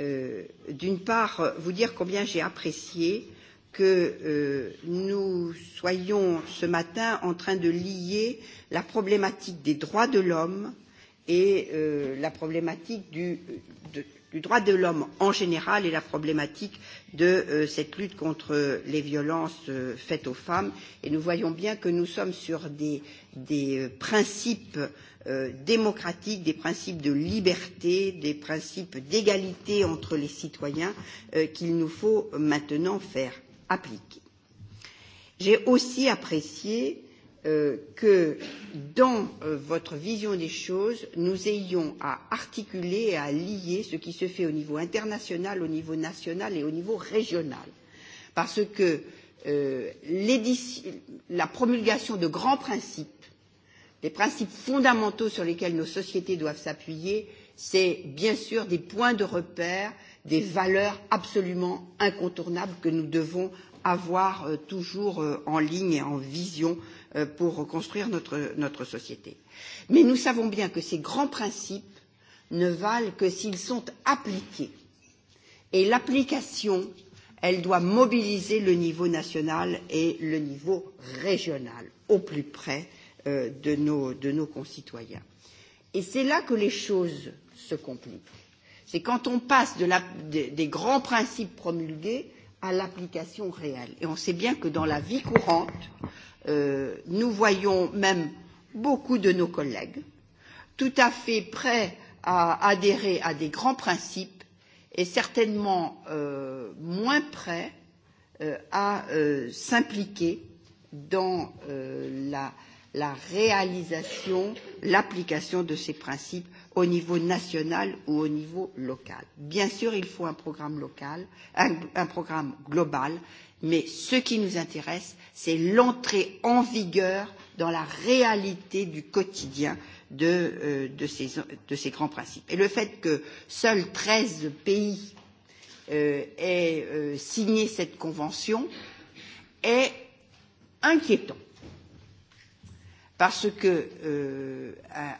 euh, d'une part, vous dire combien j'ai apprécié euh, que euh, nous soyons ce matin en train de lier la problématique des droits de l'homme et euh, la problématique du, de, du droit de l'homme en général et la problématique de euh, cette lutte contre les violences euh, faites aux femmes. Et nous voyons bien que nous sommes sur des, des euh, principes euh, démocratiques, des principes de liberté, des principes d'égalité entre les citoyens euh, qu'il nous faut maintenant faire appliquée. J'ai aussi apprécié euh, que dans euh, votre vision des choses, nous ayons à articuler et à lier ce qui se fait au niveau international, au niveau national et au niveau régional. Parce que euh, la promulgation de grands principes, des principes fondamentaux sur lesquels nos sociétés doivent s'appuyer, euh, c'est bien sûr des points de repère, des valeurs absolument incontournables que nous devons avoir euh, toujours euh, en ligne et en vision euh, pour reconstruire notre, notre société. Mais nous savons bien que ces grands principes ne valent que s'ils sont appliqués. Et l'application, elle doit mobiliser le niveau national et le niveau régional au plus près de, nos, de nos concitoyens. Et c'est là que les choses se compliquent. C'est quand on passe de la, de, des grands principes promulgués à l'application réelle. Et on sait bien que dans la vie courante, euh, nous voyons même beaucoup de nos collègues tout à fait prêts à adhérer à des grands principes et certainement euh, moins prêts euh, à euh, s'impliquer dans euh, la euh, la réalisation, l'application de ces principes au niveau national ou au niveau local. Bien sûr, il faut un programme local, un, un programme global, mais ce qui nous intéresse, c'est l'entrée en vigueur dans la réalité du quotidien de, euh, de, ces, de ces grands principes. Et le fait que seuls 13 pays euh, aient euh, signé cette convention est inquiétant parce que euh,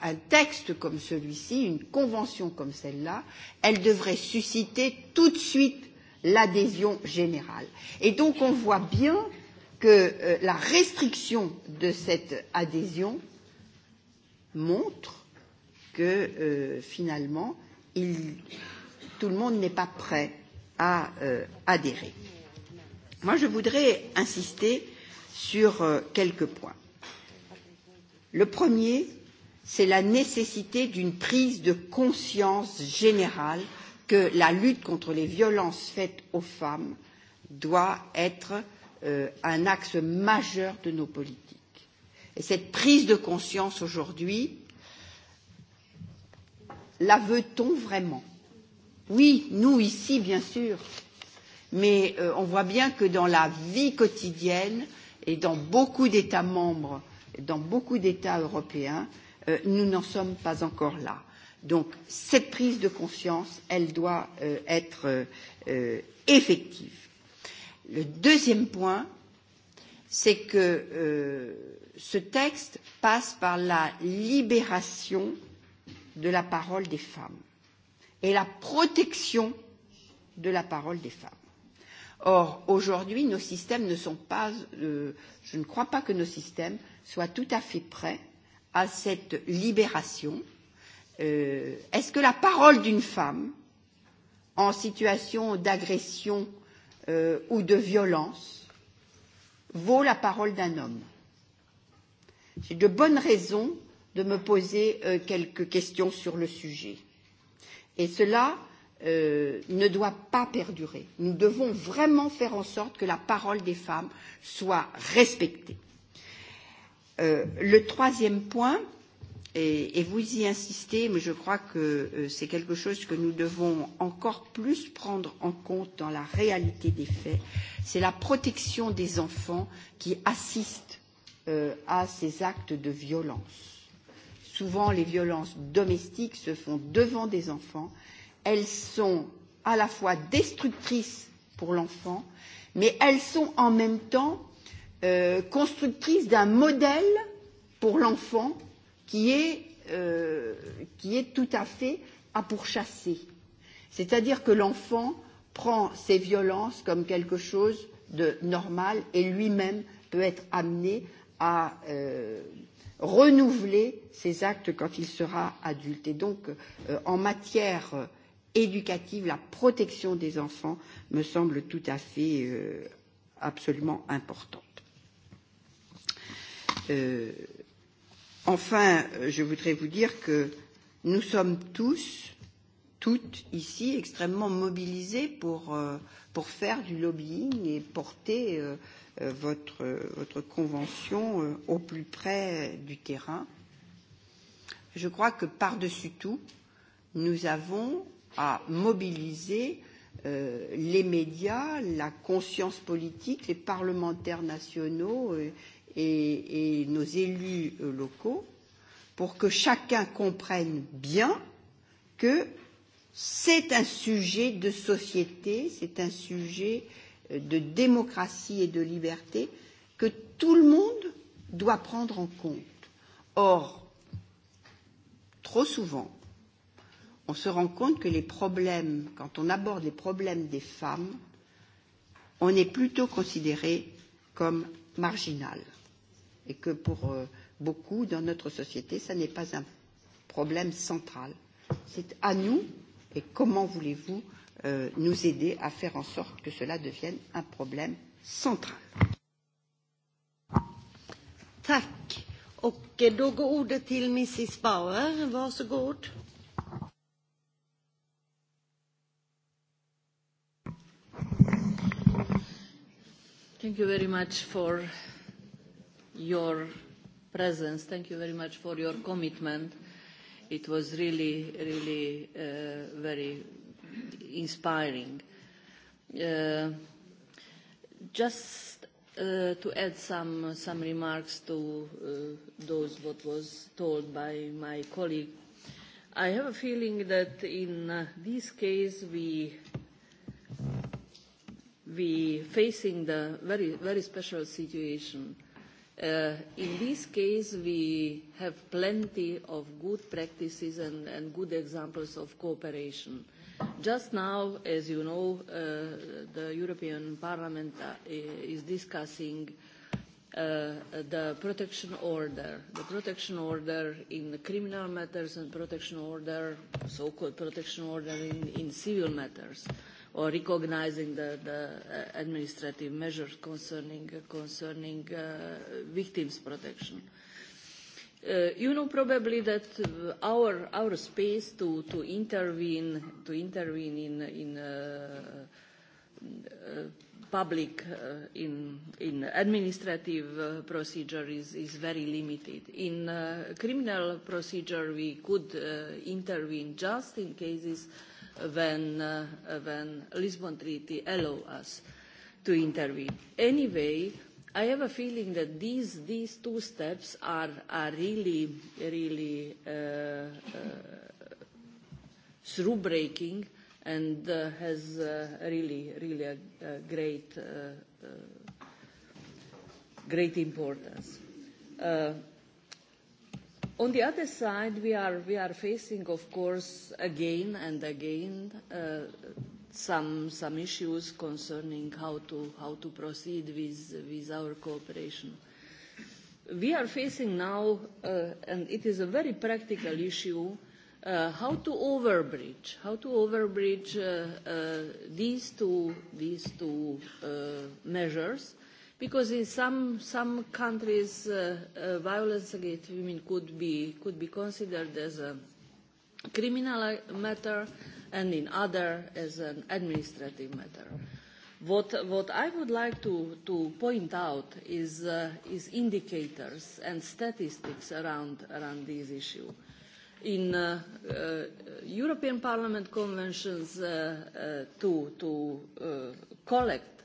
un, texte comme celui-ci, une convention comme celle-là, elle devrait susciter tout de suite l'adhésion générale. Et donc on voit bien que euh, la restriction de cette adhésion montre que euh, finalement il, tout le monde n'est pas prêt à euh, adhérer. Moi, je voudrais insister sur euh, quelques points. Le premier, c'est la nécessité d'une prise de conscience générale que la lutte contre les violences faites aux femmes doit être euh, un axe majeur de nos politiques. Et cette prise de conscience aujourd'hui, la veut-on vraiment Oui, nous ici, bien sûr, mais euh, on voit bien que dans la vie quotidienne et dans beaucoup d'États membres dans beaucoup d'États européens, euh, nous n'en sommes pas encore là. Donc cette prise de conscience, elle doit euh, être euh, euh, effective. Le deuxième point, c'est que euh, ce texte passe par la libération de la parole des femmes et la protection de la parole des femmes. Or, aujourd'hui, nos systèmes ne sont pas, euh, je ne crois pas que nos systèmes soit tout à fait prêt à cette libération. Euh, Est-ce que la parole d'une femme en situation d'agression euh, ou de violence vaut la parole d'un homme J'ai de bonnes raisons de me poser euh, quelques questions sur le sujet. Et cela euh, ne doit pas perdurer. Nous devons vraiment faire en sorte que la parole des femmes soit respectée. Euh, le troisième point, et, et vous y insistez, mais je crois que euh, c'est quelque chose que nous devons encore plus prendre en compte dans la réalité des faits, c'est la protection des enfants qui assistent euh, à ces actes de violence. Souvent, les violences domestiques se font devant des enfants. Elles sont à la fois destructrices pour l'enfant, mais elles sont en même temps Euh, constructrice d'un modèle pour l'enfant qui euh, qui est tout à fait à pourchasser. C'est-à-dire que l'enfant prend ses violences comme quelque chose de normal et lui-même peut être amené à euh, renouveler ses actes quand il sera adulte. Et donc, euh, en matière euh, éducative, la protection des enfants me semble tout à fait euh, absolument importante. Euh, enfin, euh, je voudrais vous dire que nous sommes tous, toutes ici, extrêmement mobilisés pour, euh, pour faire du lobbying et porter euh, euh votre, euh, votre convention euh, au plus près du terrain. Je crois que par-dessus tout, nous avons à mobiliser euh, les médias, la conscience politique, les parlementaires nationaux euh, et, et nos élus euh, locaux pour que chacun comprenne bien que c'est un sujet de société, c'est un sujet euh, de démocratie et de liberté que tout le monde doit prendre en compte. Or, trop souvent, on se rend compte que les problèmes, quand on aborde les problèmes des femmes, on est plutôt considéré comme marginal et que pour euh, beaucoup dans notre société, ce n'est pas un problème central. C'est à nous et comment voulez-vous euh, nous aider à faire en sorte que cela devienne un problème central. Tack. Och eh, då går ordet till Mrs Bauer. Varsågod. Thank you very much for your presence. Thank you very much for your commitment. It was really, really uh, very inspiring. Uh, just uh, to add some, some remarks to uh, those what was told by my colleague, I have a feeling that in uh, this case we we facing the very very special situation uh, Uh, in this case, we have plenty of good practices and, and good examples of cooperation. Just now, as you know, uh, the European Parliament uh, is discussing Uh, the protection order, the protection order in the criminal matters and protection order, so-called protection order in, in civil matters. Uh, or recognizing the, the uh, administrative measures concerning, concerning uh, victims' protection. Uh, you know probably that our our space to to intervene to intervene in in uh, uh, public uh, in in administrative uh, procedure is is very limited in uh, criminal procedure we could uh, intervene just in cases uh, when, uh, when Lisbon Treaty allow us to intervene. Anyway, I have a feeling that these, these two steps are, are really, really uh, uh, through breaking and uh, has uh, really, really a, a great, uh, uh, great importance. Uh, On the other side, we are, we are facing, of course, again and again, uh, some, some issues concerning how to, how to proceed with, with our cooperation. We are facing now, uh, and it is a very practical issue, uh, how to overbridge, how to overbridge uh, uh, these two, these two uh, measures because in some some countries uh, uh, violence against women could be could be considered as a criminal matter and in other as an administrative matter what what i would like to to point out is uh, is indicators and statistics around around this issue in uh, uh, european parliament conventions uh, uh, to to uh, collect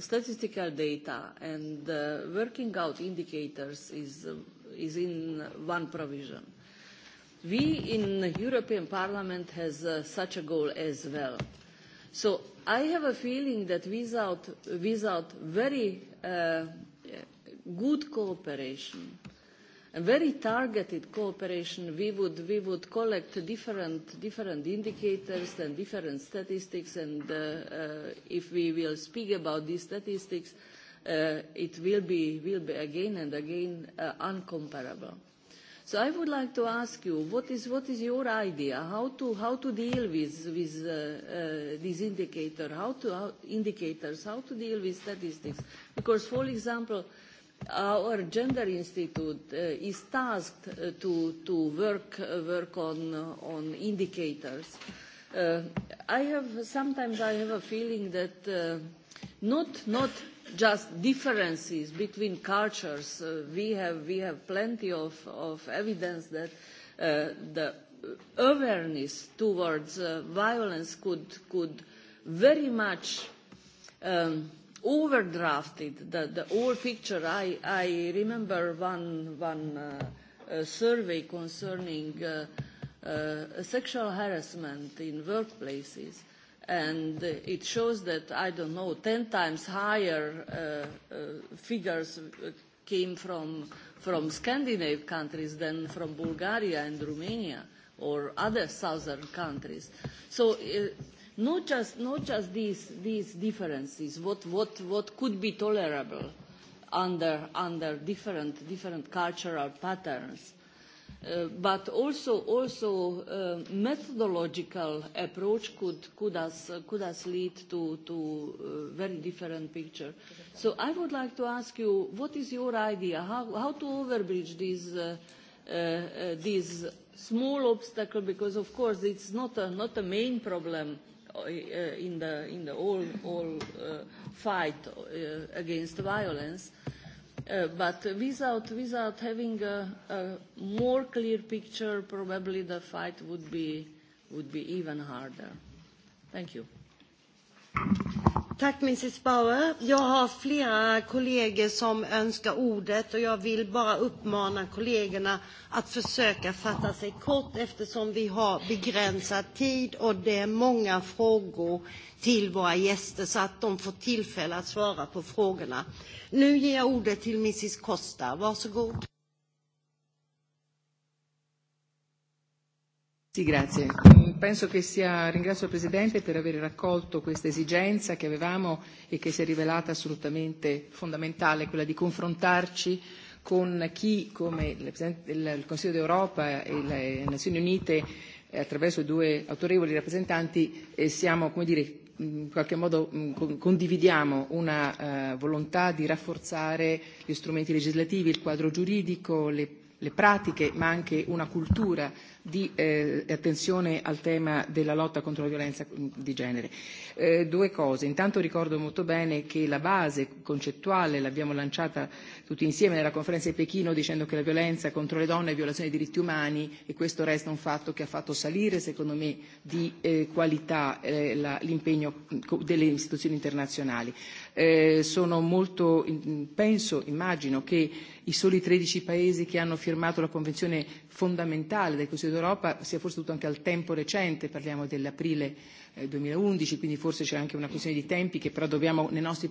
statistical data and uh, working out indicators is, uh, is in one provision. We in European Parliament has uh, such a goal as well. So I have a feeling that without, without very uh, good cooperation a very targeted cooperation we would we would collect different different indicators and different statistics and uh, uh, if we will speak about these statistics uh, it will be will be again and again uh, uncomparable so i would like to ask you what is what is your idea how to how to deal with with uh, uh, these indicator how to how indicators how to deal with statistics because for example our gender institute uh, is tasked uh, to to work uh, work on uh, on indicators uh, i have sometimes i have a feeling that uh, not not just differences between cultures uh, we have we have plenty of of evidence that uh, the awareness towards uh, violence could could very much um, overdrafted the, the old picture. I, I remember one, one uh, uh, survey concerning uh, uh, sexual harassment in workplaces, and it shows that, I don't know, 10 times higher uh, uh, figures came from, from Scandinavian countries than from Bulgaria and Romania or other southern countries. So uh, not just not just these these differences what what what could be tolerable under under different different cultural patterns uh, but also also uh, methodological approach could could us uh, could us lead to to uh, very different picture so i would like to ask you what is your idea how how to overbridge these uh, uh, uh, these small obstacle because of course it's not a, not a main problem uh, in the in the all all uh, fight uh, against violence. Uh, but without without having a, a more clear picture, probably the fight would be would be even harder. Thank you. Tack Mrs Bauer. Jag har flera kollegor som önskar ordet och jag vill bara uppmana kollegorna att försöka fatta sig kort eftersom vi har begränsad tid och det är många frågor till våra gäster så att de får tillfälle att svara på frågorna. Nu ger jag ordet till Mrs Costa. Varsågod. Mm, penso che sia, ringrazio il Presidente per aver raccolto questa esigenza che avevamo e che si è rivelata assolutamente fondamentale, quella di confrontarci con chi, come il Consiglio d'Europa e le Nazioni Unite, eh, attraverso due autorevoli rappresentanti, eh, siamo, come dire, in qualche modo mm, condividiamo una eh, volontà di rafforzare gli strumenti legislativi, il quadro giuridico, le, le pratiche, ma anche una cultura di eh, attenzione al tema della lotta contro la violenza di genere. Eh, due cose. Intanto ricordo molto bene che la base concettuale l'abbiamo lanciata tutti insieme nella conferenza di Pechino dicendo che la violenza contro le donne è violazione dei diritti umani e questo resta un fatto che ha fatto salire, secondo me, di eh, qualità eh, la, l'impegno delle istituzioni internazionali. Eh, sono molto, penso, immagino che i soli 13 paesi che hanno firmato la Convenzione fondamentale del Consiglio d'Europa sia forse dovuto anche al tempo recente, parliamo dell'aprile 2011, eh, quindi forse c'è anche una questione di tempi che però dobbiamo nei nostri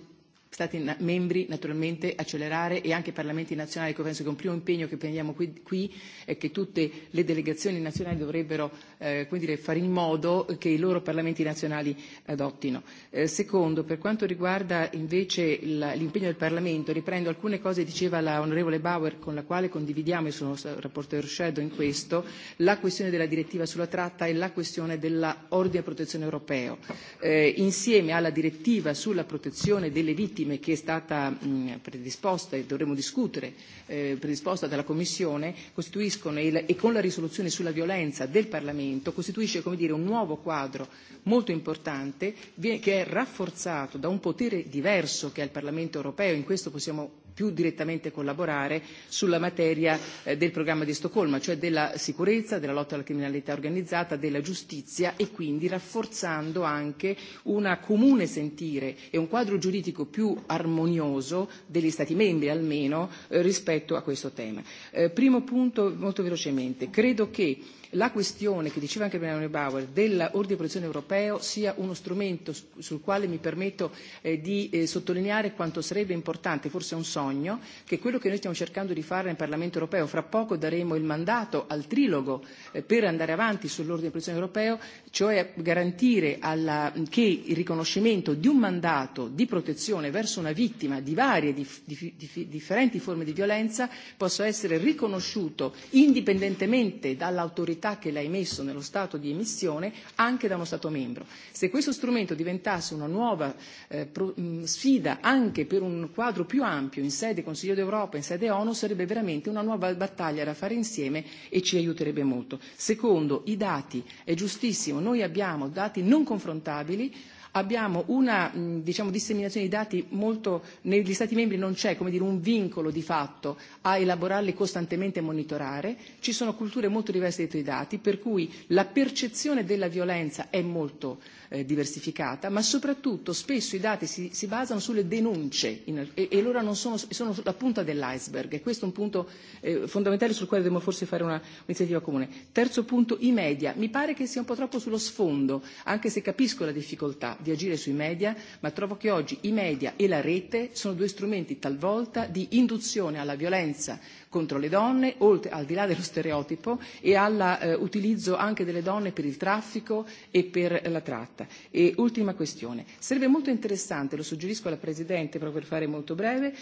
Stati membri naturalmente accelerare e anche i Parlamenti nazionali, che penso che un primo impegno che prendiamo qui, qui è che tutte le delegazioni nazionali dovrebbero eh, come dire, fare in modo che i loro Parlamenti nazionali adottino. Eh, secondo, per quanto riguarda invece la, l'impegno del Parlamento, riprendo alcune cose che diceva l'onorevole Bauer con la quale condividiamo, e sono rapporteur shadow in questo, la questione della direttiva sulla tratta e la questione dell'ordine di e protezione europeo. Eh, insieme alla direttiva sulla protezione delle vittime legittime che è stata mh, predisposta e dovremo discutere, eh, predisposta dalla Commissione, costituiscono il, e con la risoluzione sulla violenza del Parlamento costituisce come dire, un nuovo quadro molto importante che è rafforzato da un potere diverso che ha il Parlamento europeo, in questo possiamo più direttamente collaborare sulla materia eh, del programma di Stoccolma, cioè della sicurezza, della lotta alla criminalità organizzata, della giustizia e quindi rafforzando anche una comune sentire e un quadro giuridico più armonioso degli Stati membri almeno eh, rispetto a questo tema. Eh, primo punto molto velocemente, credo che la questione che diceva anche Benjamin Bauer dell'ordine di protezione europeo sia uno strumento sul quale mi permetto eh, di eh, sottolineare quanto sarebbe importante, forse un sogno, che quello che noi stiamo cercando di fare nel Parlamento europeo, fra poco daremo il mandato al trilogo eh, per andare avanti sull'ordine di protezione europeo, cioè garantire alla, che il riconoscimento di un mandato di protezione verso una vittima di varie dif, dif, dif, differenti forme di violenza possa essere riconosciuto indipendentemente dall'autorità quantità che l'ha emesso nello stato di emissione anche da uno Stato membro. Se questo strumento diventasse una nuova eh, pro, mh, mm, sfida anche per un quadro più ampio in sede Consiglio d'Europa, in sede ONU, sarebbe veramente una nuova battaglia da fare insieme e ci aiuterebbe molto. Secondo, i dati, è giustissimo, noi abbiamo dati non confrontabili abbiamo una mm, diciamo, disseminazione di dati molto, negli Stati membri non c'è come dire, un vincolo di fatto a elaborarli costantemente e monitorare, ci sono culture molto diverse dietro i dati, per cui la percezione della violenza è molto eh, diversificata, ma soprattutto spesso i dati si, si basano sulle denunce in, e, e allora non sono, sono la punta dell'iceberg e questo è un punto eh, fondamentale sul quale dobbiamo forse fare una, un'iniziativa comune. Terzo punto, i media. Mi pare che sia un po' troppo sullo sfondo, anche se capisco la difficoltà di agire sui media, ma trovo che oggi i media e la rete sono due strumenti talvolta di induzione alla violenza contro le donne, oltre, al di là dello stereotipo, e all'utilizzo eh, anche delle donne per il traffico e per la tratta. E ultima questione. Sarebbe molto interessante, lo suggerisco alla Presidente proprio per fare molto breve,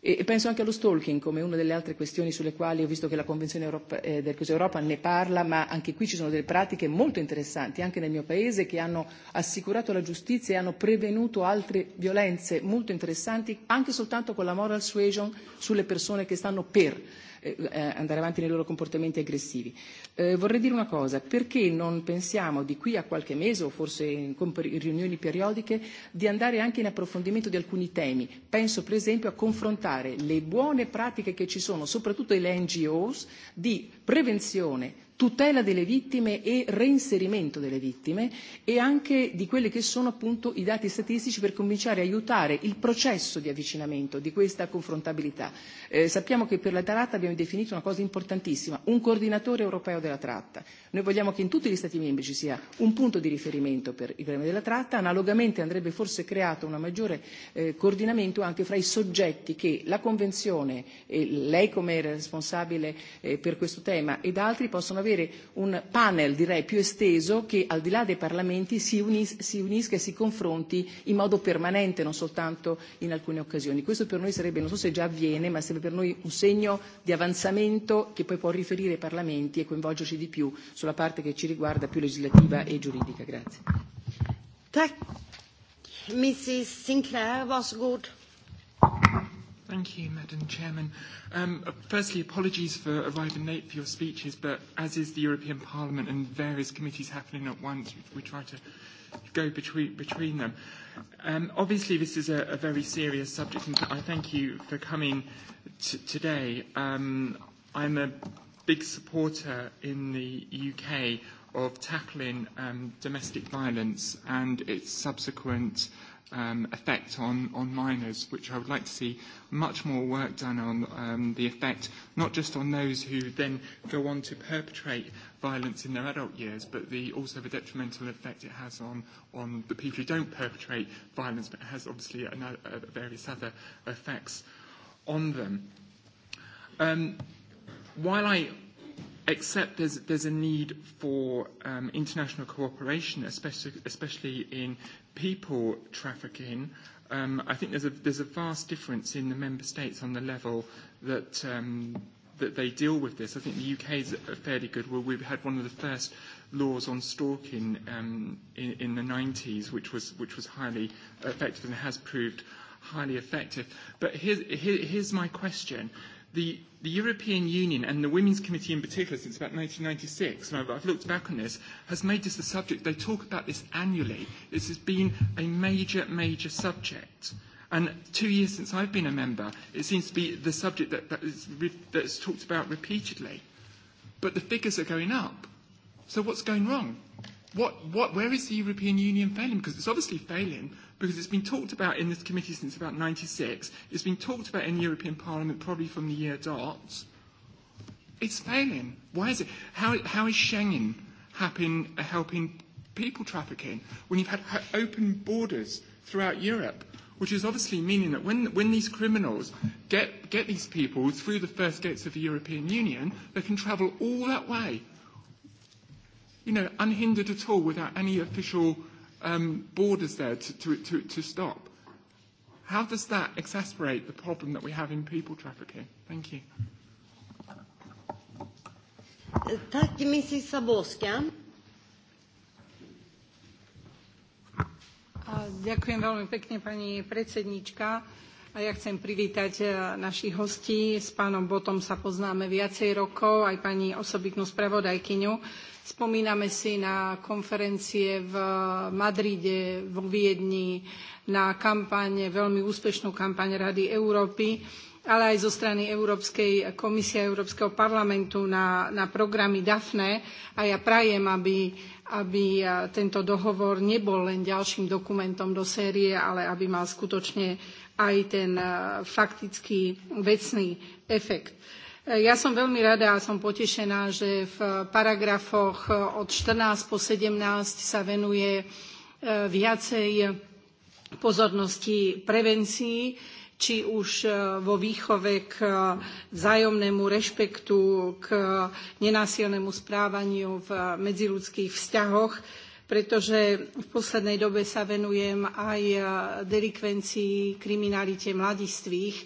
E, e penso anche allo stalking come una delle altre questioni sulle quali ho visto che la Convenzione Europa, eh, del Consiglio d'Europa ne parla, ma anche qui ci sono delle pratiche molto interessanti, anche nel mio paese, che hanno assicurato la giustizia e hanno prevenuto altre violenze molto interessanti, anche soltanto con la moral suasion sulle persone che stanno per Eh, andare avanti nei loro comportamenti aggressivi. Eh, vorrei dire una cosa, perché non pensiamo di qui a qualche mese o forse in, con riunioni periodiche di andare anche in approfondimento di alcuni temi? Penso per esempio a confrontare le buone pratiche che ci sono, soprattutto le NGOs, di prevenzione, tutela delle vittime e reinserimento delle vittime e anche di quelli che sono appunto i dati statistici per cominciare a aiutare il processo di avvicinamento di questa confrontabilità. Eh, sappiamo che per la tratta abbiamo definito una cosa importantissima, un coordinatore europeo della tratta. Noi vogliamo che in tutti gli Stati membri ci sia un punto di riferimento per il problema della tratta, analogamente andrebbe forse creato un maggiore eh, coordinamento anche fra i soggetti che la Convenzione, e lei come responsabile eh, per questo tema ed altri possono avere avere un panel direi più esteso che al di là dei parlamenti si, unis- si unisca e si confronti in modo permanente, non soltanto in alcune occasioni. Questo per noi sarebbe, non so se già avviene, ma sarebbe per noi un segno di avanzamento che poi può riferire ai parlamenti e coinvolgerci di più sulla parte che ci riguarda più legislativa e giuridica. Grazie. Mrs Sinclair, varsågod. Thank you, Madam Chairman. Um, uh, firstly, apologies for arriving late for your speeches, but as is the European Parliament and various committees happening at once, we, try to go between, between them. Um, obviously, this is a, a very serious subject, and I thank you for coming t- today. Um, I'm a big supporter in the UK of tackling um, domestic violence and its subsequent um, effect on, on minors, which I would like to see much more work done on um, the effect, not just on those who then go on to perpetrate violence in their adult years, but the, also the detrimental effect it has on, on the people who don't perpetrate violence, but has obviously another, uh, various other effects on them. Um, while I except there's, there's a need for um, international cooperation, especially, especially in people trafficking. Um, I think there's a, there's a vast difference in the member states on the level that, um, that they deal with this. I think the UK is fairly good. Well, we've had one of the first laws on stalking um, in, in the 90s, which was, which was highly effective and has proved highly effective. But here's, here's my question the, the European Union and the Women's Committee in particular since about 1996, and I've looked back on this, has made this a subject. They talk about this annually. This has been a major, major subject. And two years since I've been a member, it seems to be the subject that, that is, that's talked about repeatedly. But the figures are going up. So what's going wrong? What, what, where is the European Union failing? Because it's obviously failing because it's been talked about in this committee since about 96. It's been talked about in the European Parliament probably from the year dot. It's failing. Why is it? How, how is Schengen happen, helping people trafficking when you've had open borders throughout Europe? Which is obviously meaning that when, when these criminals get, get these people through the first gates of the European Union, they can travel all that way you know, unhindered at all without any official um, borders there to, to, to, to stop. How does that exasperate the problem that we have in people trafficking? Thank you. Thank you, Mrs. Saborska. Ďakujem veľmi pekne, pani predsednička a ja chcem privítať eh, našich hostí. S pánom Botom sa poznáme viacej rokov, aj pani osobitnú spravodajkyňu. Spomíname si na konferencie v eh, Madride, vo Viedni, na kampaň, veľmi úspešnú kampaň Rady Európy, ale aj zo strany Európskej komisie a Európskeho parlamentu na, na programy DAFNE. A ja prajem, aby aby eh, tento dohovor nebol len ďalším dokumentom do série, ale aby mal skutočne aj ten eh, faktický vecný efekt. Eh, ja som veľmi rada a som potešená, že v paragrafoch eh, od 14 po 17 sa venuje viacej pozornosti prevencii, či už vo výchove k vzájomnému rešpektu, k nenásilnému správaniu v medziludských vzťahoch, pretože v poslednej dobe sa venujem aj eh, delikvencii, kriminalite mladistvých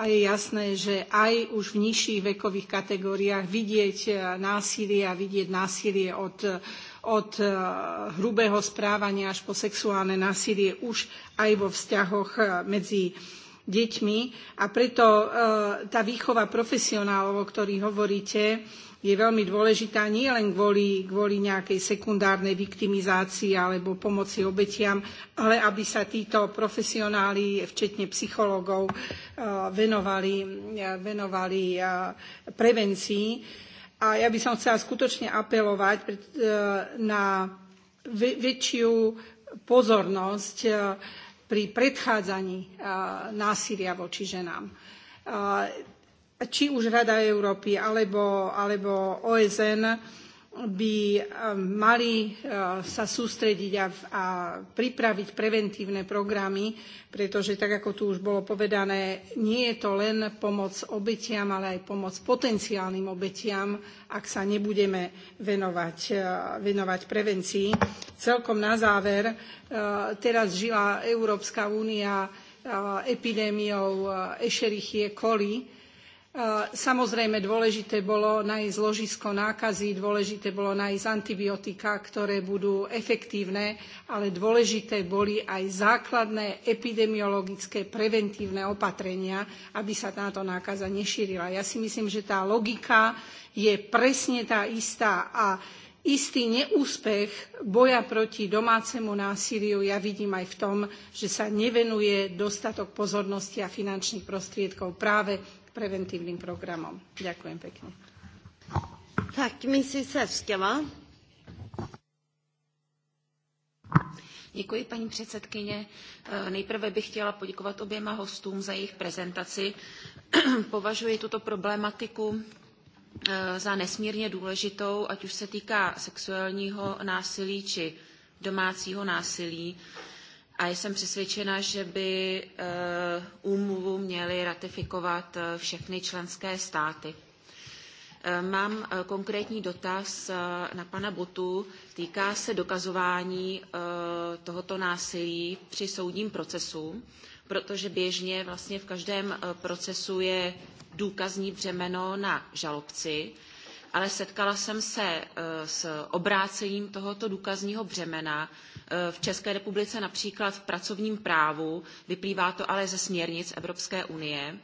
a je jasné, že aj už v nižších vekových kategóriách vidieť eh, násilie a vidieť násilie od, od eh, hrubého správania až po sexuálne násilie už aj vo vzťahoch medzi deťmi. A preto tá výchova profesionálov, o ktorých hovoríte, je veľmi dôležitá nielen kvôli, kvôli nejakej sekundárnej viktimizácii alebo pomoci obetiam, ale aby sa títo profesionáli, včetne psychológov, eh, venovali, eh, venovali eh, prevencii. A ja by som chcela skutočne apelovať na väčšiu pozornosť pri predchádzaní násilia voči ženám či už Rada Európy alebo, alebo OSN by um, mali uh, sa sústrediť a, a pripraviť preventívne programy, pretože tak ako tu už bolo povedané, nie je to len pomoc obetiam, ale aj pomoc potenciálnym obetiam, ak sa nebudeme venovať, uh, venovať prevencii. Celkom na záver, uh, teraz žila Európska únia epidémiou Escherichie coli, Samozrejme dôležité bolo nájsť ložisko nákazy, dôležité bolo nájsť antibiotika, ktoré budú efektívne, ale dôležité boli aj základné epidemiologické preventívne opatrenia, aby sa táto nákaza nešírila. Ja si myslím, že tá logika je presne tá istá a istý neúspech boja proti domácemu násiliu ja vidím aj v tom, že sa nevenuje dostatok pozornosti a finančných prostriedkov práve preventívnym programom. Ďakujem pekne. Tak, Mrs. Hevskeva. Děkuji, paní předsedkyně. E, nejprve bych chtěla poděkovat oběma hostům za jejich prezentaci. Považuji tuto problematiku e, za nesmírně důležitou, ať už se týká sexuálního násilí či domácího násilí a jsem přesvědčena, že by eh, úmluvu měly ratifikovat eh, všechny členské státy. Eh, mám konkrétní dotaz na pana Botu. Týká se dokazování tohoto násilí při soudním procesu, protože běžně vlastně v každém procesu je důkazní břemeno na žalobci, ale setkala jsem se s obrácením tohoto důkazního břemena Eh, v České republice například v pracovním právu, vyplývá to ale ze směrnic Evropské unie.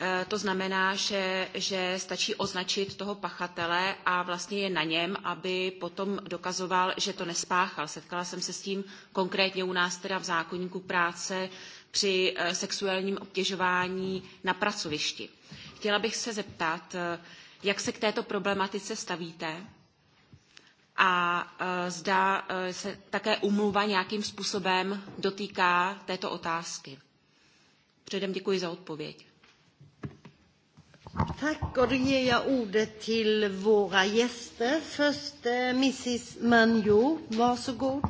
Eh, to znamená, že, že stačí označit toho pachatele a vlastně je na něm, aby potom dokazoval, že to nespáchal. Setkala jsem se s tím konkrétně u nás teda v zákonníku práce při eh, sexuálním obtěžování na pracovišti. Chtěla bych se zeptat, jak se k této problematice stavíte a e, zda e, se také umluva nějakým způsobem dotýká této otázky. Předem děkuji za odpověď. Tack och då ger jag ordet till våra gäster. Först e, Mrs Manjo, varsågod.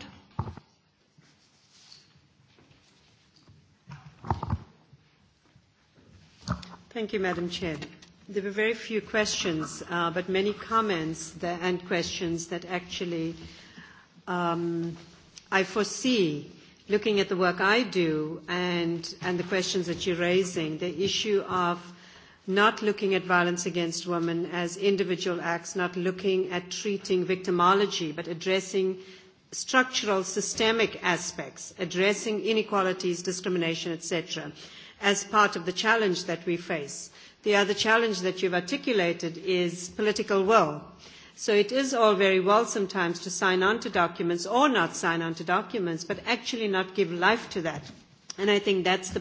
Thank you, Madam Chair there were very few questions, uh, but many comments that, and questions that actually um, I foresee, looking at the work I do and, and the questions that you're raising, the issue of not looking at violence against women as individual acts, not looking at treating victimology, but addressing structural systemic aspects, addressing inequalities, discrimination, etc., as part of the challenge that we face. The other challenge that you've articulated is political will. So it is all very well sometimes to sign on to documents or not sign on to documents, but actually not give life to that. And I think that's the,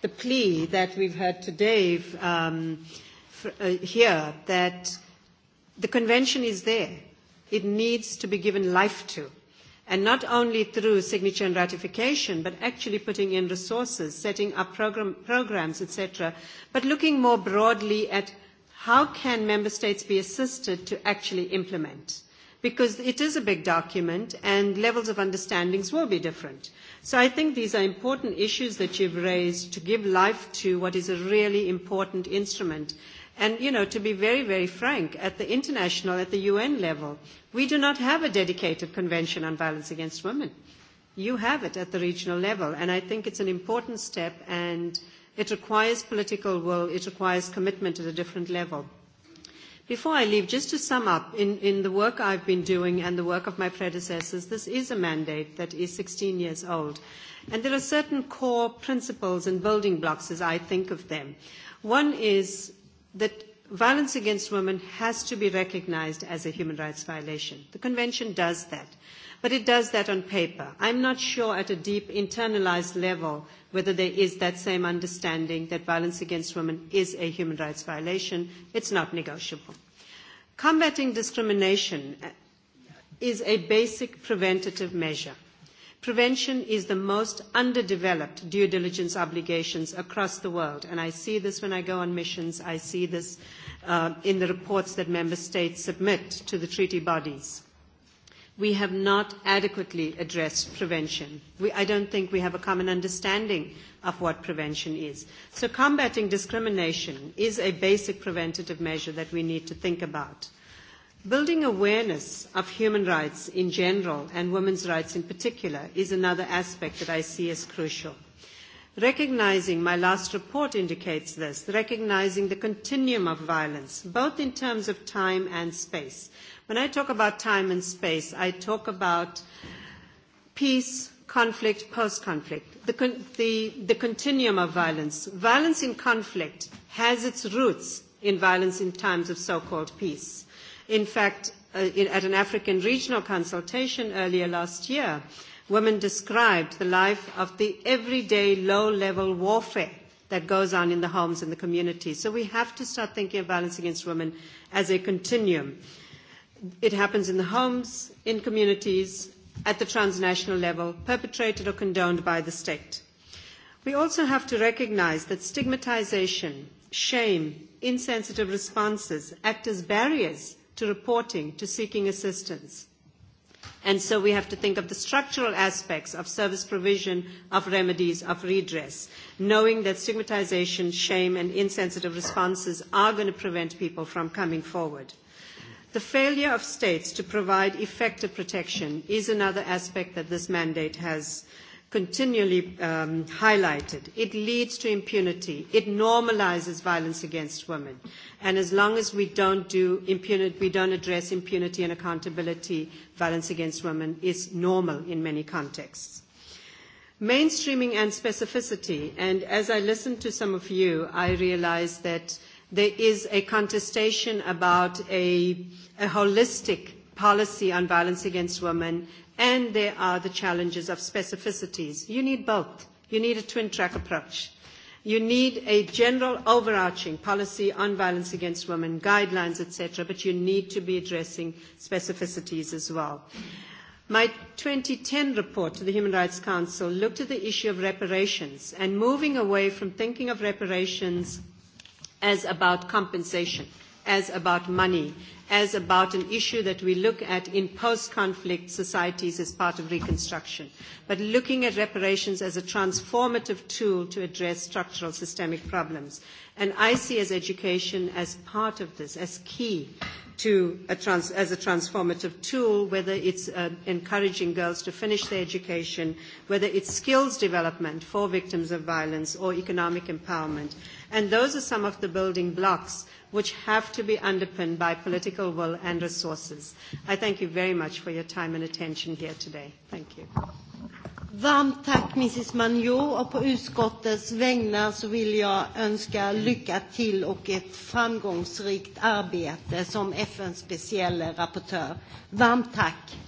the plea that we've heard today um, for, uh, here, that the convention is there. It needs to be given life to and not only through signature and ratification, but actually putting in resources, setting up program, programs, etc., but looking more broadly at how can member states be assisted to actually implement? Because it is a big document and levels of understandings will be different. So I think these are important issues that you've raised to give life to what is a really important instrument And, you know, to be very, very frank, at the international, at the UN level, we do not have a dedicated convention on violence against women. You have it at the regional level, and I think it's an important step, and it requires political will, it requires commitment at a different level. Before I leave, just to sum up, in, in the work I've been doing and the work of my predecessors, this is a mandate that is 16 years old. And there are certain core principles and building blocks as I think of them. One is that violence against women has to be recognized as a human rights violation. The Convention does that, but it does that on paper. I'm not sure at a deep internalized level whether there is that same understanding that violence against women is a human rights violation. It's not negotiable. Combating discrimination is a basic preventative measure. Prevention is the most underdeveloped due diligence obligations across the world, and I see this when I go on missions. I see this uh, in the reports that member states submit to the treaty bodies. We have not adequately addressed prevention. We, I don't think we have a common understanding of what prevention is. So combating discrimination is a basic preventative measure that we need to think about. Building awareness of human rights in general and women's rights in particular is another aspect that I see as crucial. Recognizing my last report indicates this, recognizing the continuum of violence, both in terms of time and space. When I talk about time and space, I talk about peace, conflict, post-conflict, the, con- the, the continuum of violence. Violence in conflict has its roots in violence in times of so-called peace. In fact, uh, at an African regional consultation earlier last year, women described the life of the everyday low-level warfare that goes on in the homes and the communities. So we have to start thinking of violence against women as a continuum. It happens in the homes, in communities, at the transnational level, perpetrated or condoned by the state. We also have to recognize that stigmatization, shame, insensitive responses act as barriers to reporting, to seeking assistance. And so we have to think of the structural aspects of service provision, of remedies, of redress, knowing that stigmatization, shame, and insensitive responses are going to prevent people from coming forward. The failure of states to provide effective protection is another aspect that this mandate has continually um, highlighted. It leads to impunity. It normalizes violence against women. And as long as we don't do impunity, we don't address impunity and accountability, violence against women is normal in many contexts. Mainstreaming and specificity. And as I listened to some of you, I realized that there is a contestation about a, a holistic policy on violence against women and there are the challenges of specificities. You need both. You need a twin track approach. You need a general overarching policy on violence against women, guidelines, etc., but you need to be addressing specificities as well. My 2010 report to the Human Rights Council looked at the issue of reparations and moving away from thinking of reparations as about compensation as about money, as about an issue that we look at in post-conflict societies as part of reconstruction, but looking at reparations as a transformative tool to address structural systemic problems. And I see as education as part of this, as key to a trans, as a transformative tool, whether it's uh, encouraging girls to finish their education, whether it's skills development for victims of violence or economic empowerment. And those are some of the building blocks which have to be underpinned by political will and resources. I thank you very much for your time and attention here today. Thank you. Varmt tack Mrs Manjo och på utskottets vägnar så vill jag önska lycka till och ett framgångsrikt arbete som FNs speciella rapportör. Varmt tack!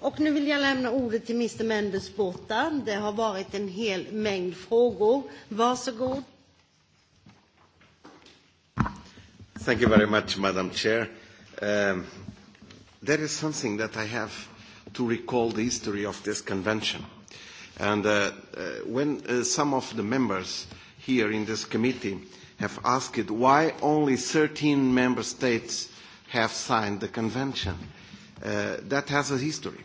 Och nu vill jag lämna ordet till Mr Mendes Borta. Det har varit en hel mängd frågor. Varsågod. Thank you very much, Madam Chair. Um, there is something that I have to recall the history of this convention. And uh, uh, when uh, some of the members here in this committee have asked why only 13 member states have signed the convention, uh, that has a history.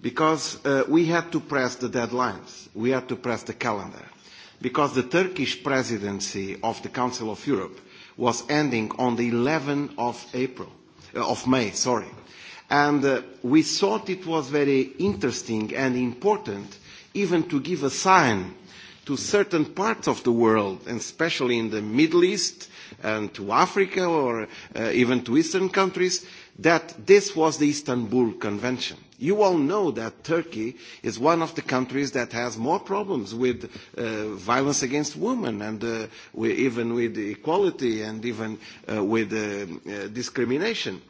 Because uh, we had to press the deadlines, we had to press the calendar. Because the Turkish presidency of the Council of Europe was ending on the 11th of April, uh, of May, sorry. And uh, we thought it was very interesting and important even to give a sign to certain parts of the world, and especially in the Middle East and to Africa or uh, even to Eastern countries, that this was the Istanbul Convention. You all know that Turkey is one of the countries that has more problems with uh, violence against women and uh, even with equality and even uh, with uh, uh, discrimination.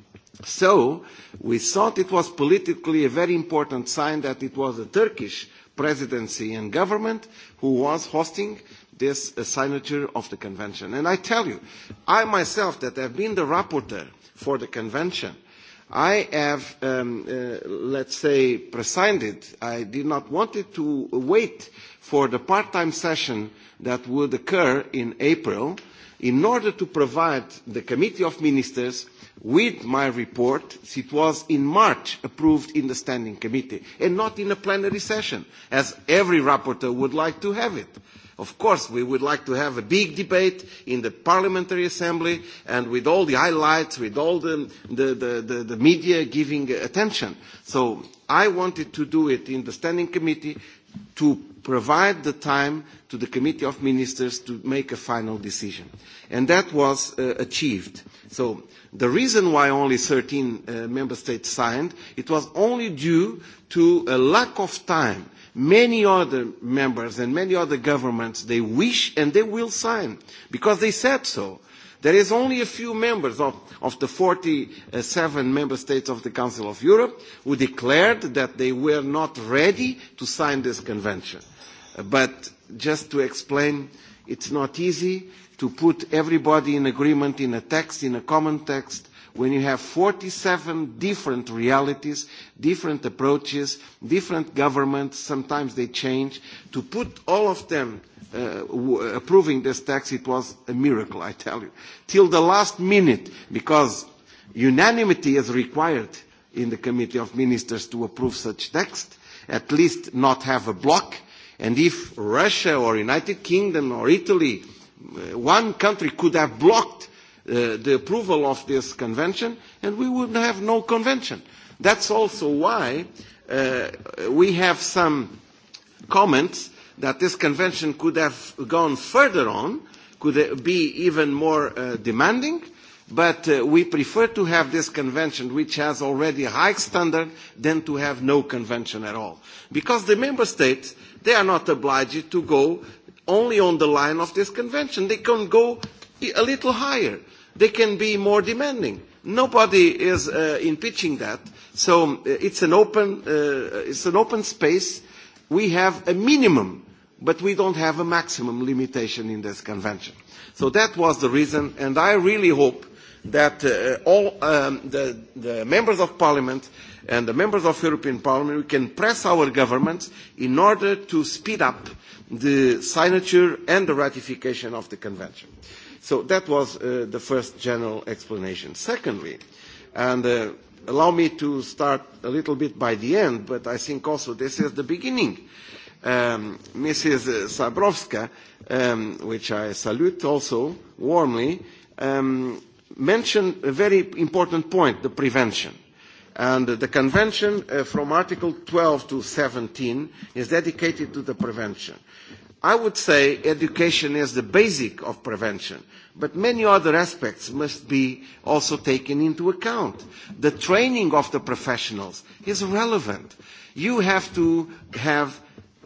So we thought it was politically a very important sign that it was the Turkish presidency and government who was hosting this uh, signature of the convention. And I tell you, I myself that have been the rapporteur for the convention. I have, um, uh, let's say, presigned it. I did not want it to wait for the part-time session that would occur in April in order to provide the Committee of Ministers with my report, it was in March approved in the Standing Committee and not in a plenary session, as every rapporteur would like to have it. Uh, Of course, we would like to have a big debate in the Parliamentary Assembly and with all the highlights, with all the, the, the, the, the media giving attention. So I wanted to do it in the Standing Committee to provide the time to the Committee of Ministers to make a final decision. And that was uh, achieved. So the reason why only 13 uh, member states signed, it was only due to a lack of time many other members and many other governments, they wish and they will sign because they said so. There is only a few members of, of the 47 member states of the Council of Europe who declared that they were not ready to sign this convention. But just to explain, it's not easy to put everybody in agreement in a text, in a common text, when you have 47 different realities, different approaches, different governments, sometimes they change, to put all of them uh, approving this text, it was a miracle, I tell you. Till the last minute, because unanimity is required in the Committee of Ministers to approve such text, at least not have a block, and if Russia or United Kingdom or Italy, uh, one country could have blocked Uh, the approval of this convention, and we would have no convention. That's also why uh, we have some comments that this convention could have gone further on, could uh, be even more uh, demanding, but uh, we prefer to have this convention which has already a high standard than to have no convention at all. Because the member states, they are not obliged to go only on the line of this convention. They can go a little higher they can be more demanding. Nobody is uh, impeaching that. So uh, it's an open, uh, it's an open space. We have a minimum, but we don't have a maximum limitation in this convention. So that was the reason, and I really hope that uh, all um, the, the members of parliament and the members of European Parliament, can press our governments in order to speed up the signature and the ratification of the convention. So that was uh, the first general explanation. Secondly, and uh, allow me to start a little bit by the end, but I think also this is the beginning. Um, Mrs. Sabrowska, um, which I salute also warmly, um, mentioned a very important point, the prevention. And the convention uh, from Article 12 to 17 is dedicated to the prevention. I would say education is the basic of prevention, but many other aspects must be also taken into account. The training of the professionals is relevant. You have to have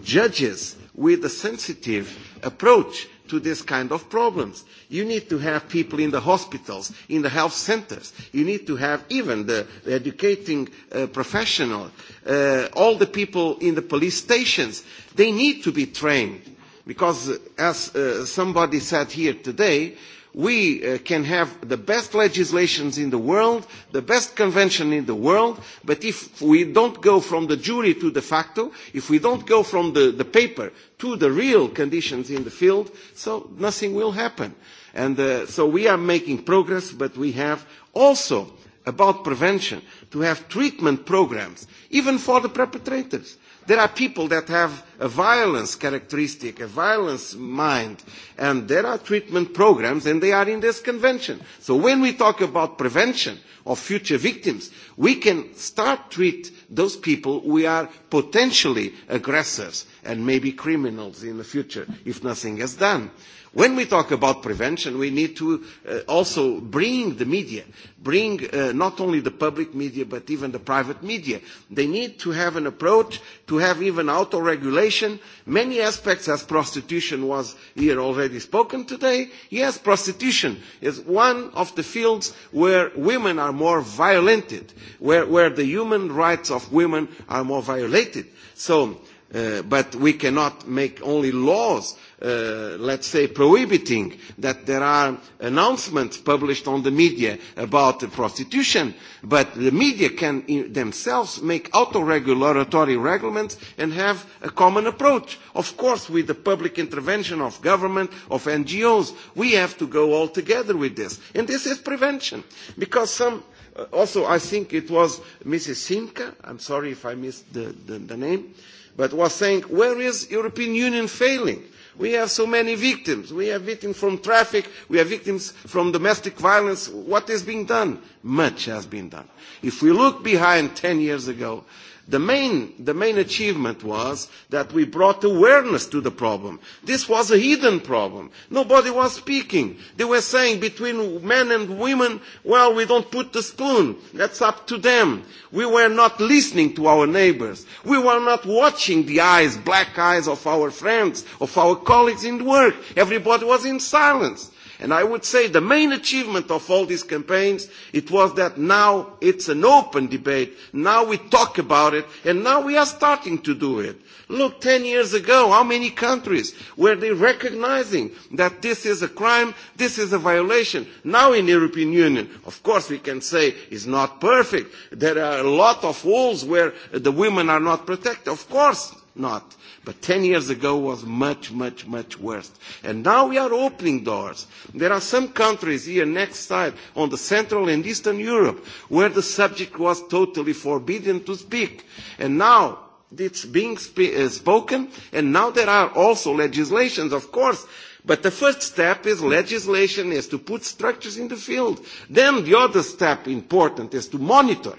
judges with a sensitive approach to this kind of problems. You need to have people in the hospitals, in the health centres. You need to have even the, the educating uh, professional, uh, all the people in the police stations. They need to be trained because as uh, somebody said here today, we uh, can have the best legislations in the world, the best convention in the world, but if we don't go from the jury to the facto, if we don't go from the, the paper to the real conditions in the field, so nothing will happen. And uh, so we are making progress, but we have also about prevention to have treatment programs, even for the perpetrators There are people that have a violence characteristic, a violence mind, and there are treatment programs, and they are in this convention. So when we talk about prevention of future victims, we can start treat those people who are potentially aggressors and maybe criminals in the future if nothing is done. When we talk about prevention, we need to uh, also bring the media, bring uh, not only the public media, but even the private media. They need to have an approach, to have even auto-regulation. Many aspects, as prostitution was here already spoken today, yes, prostitution is one of the fields where women are more violated, where, where the human rights of women are more violated. So Uh, but we cannot make only laws, uh, let's say, prohibiting that there are announcements published on the media about the prostitution, but the media can themselves make auto-regulatory regulations and have a common approach. Of course, with the public intervention of government, of NGOs, we have to go all together with this. And this is prevention, because some uh, also, I think it was Mrs. Simka, I'm sorry if I missed the, the, the name, uh, but was saying, where is European Union failing? We have so many victims. We have victims from traffic. We have victims from domestic violence. What is being done? Much has been done. If we look behind 10 years ago, The main, the main achievement was that we brought awareness to the problem. This was a hidden problem. Nobody was speaking. They were saying between men and women, well, we don't put the spoon. That's up to them. We were not listening to our neighbors. We were not watching the eyes, black eyes of our friends, of our colleagues in work. Everybody was in silence. And I would say the main achievement of all these campaigns, it was that now it's an open debate. Now we talk about it, and now we are starting to do it. Look, 10 years ago, how many countries were they recognizing that this is a crime, this is a violation? Now in the European Union, of course we can say it's not perfect. There are a lot of walls where the women are not protected. Of course not. But 10 years ago was much, much, much worse. And now we are opening doors. There are some countries here next side on the Central and Eastern Europe where the subject was totally forbidden to speak. And now it's being sp- uh, spoken and now there are also legislations, of course, But the first step is legislation, is to put structures in the field. Then the other step important is to monitor.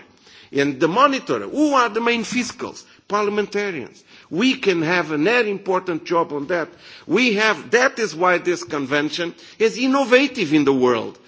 And the monitor, who are the main fiscals? Parliamentarians. We can have an very important job on that. We have, that is why this convention is innovative in the world.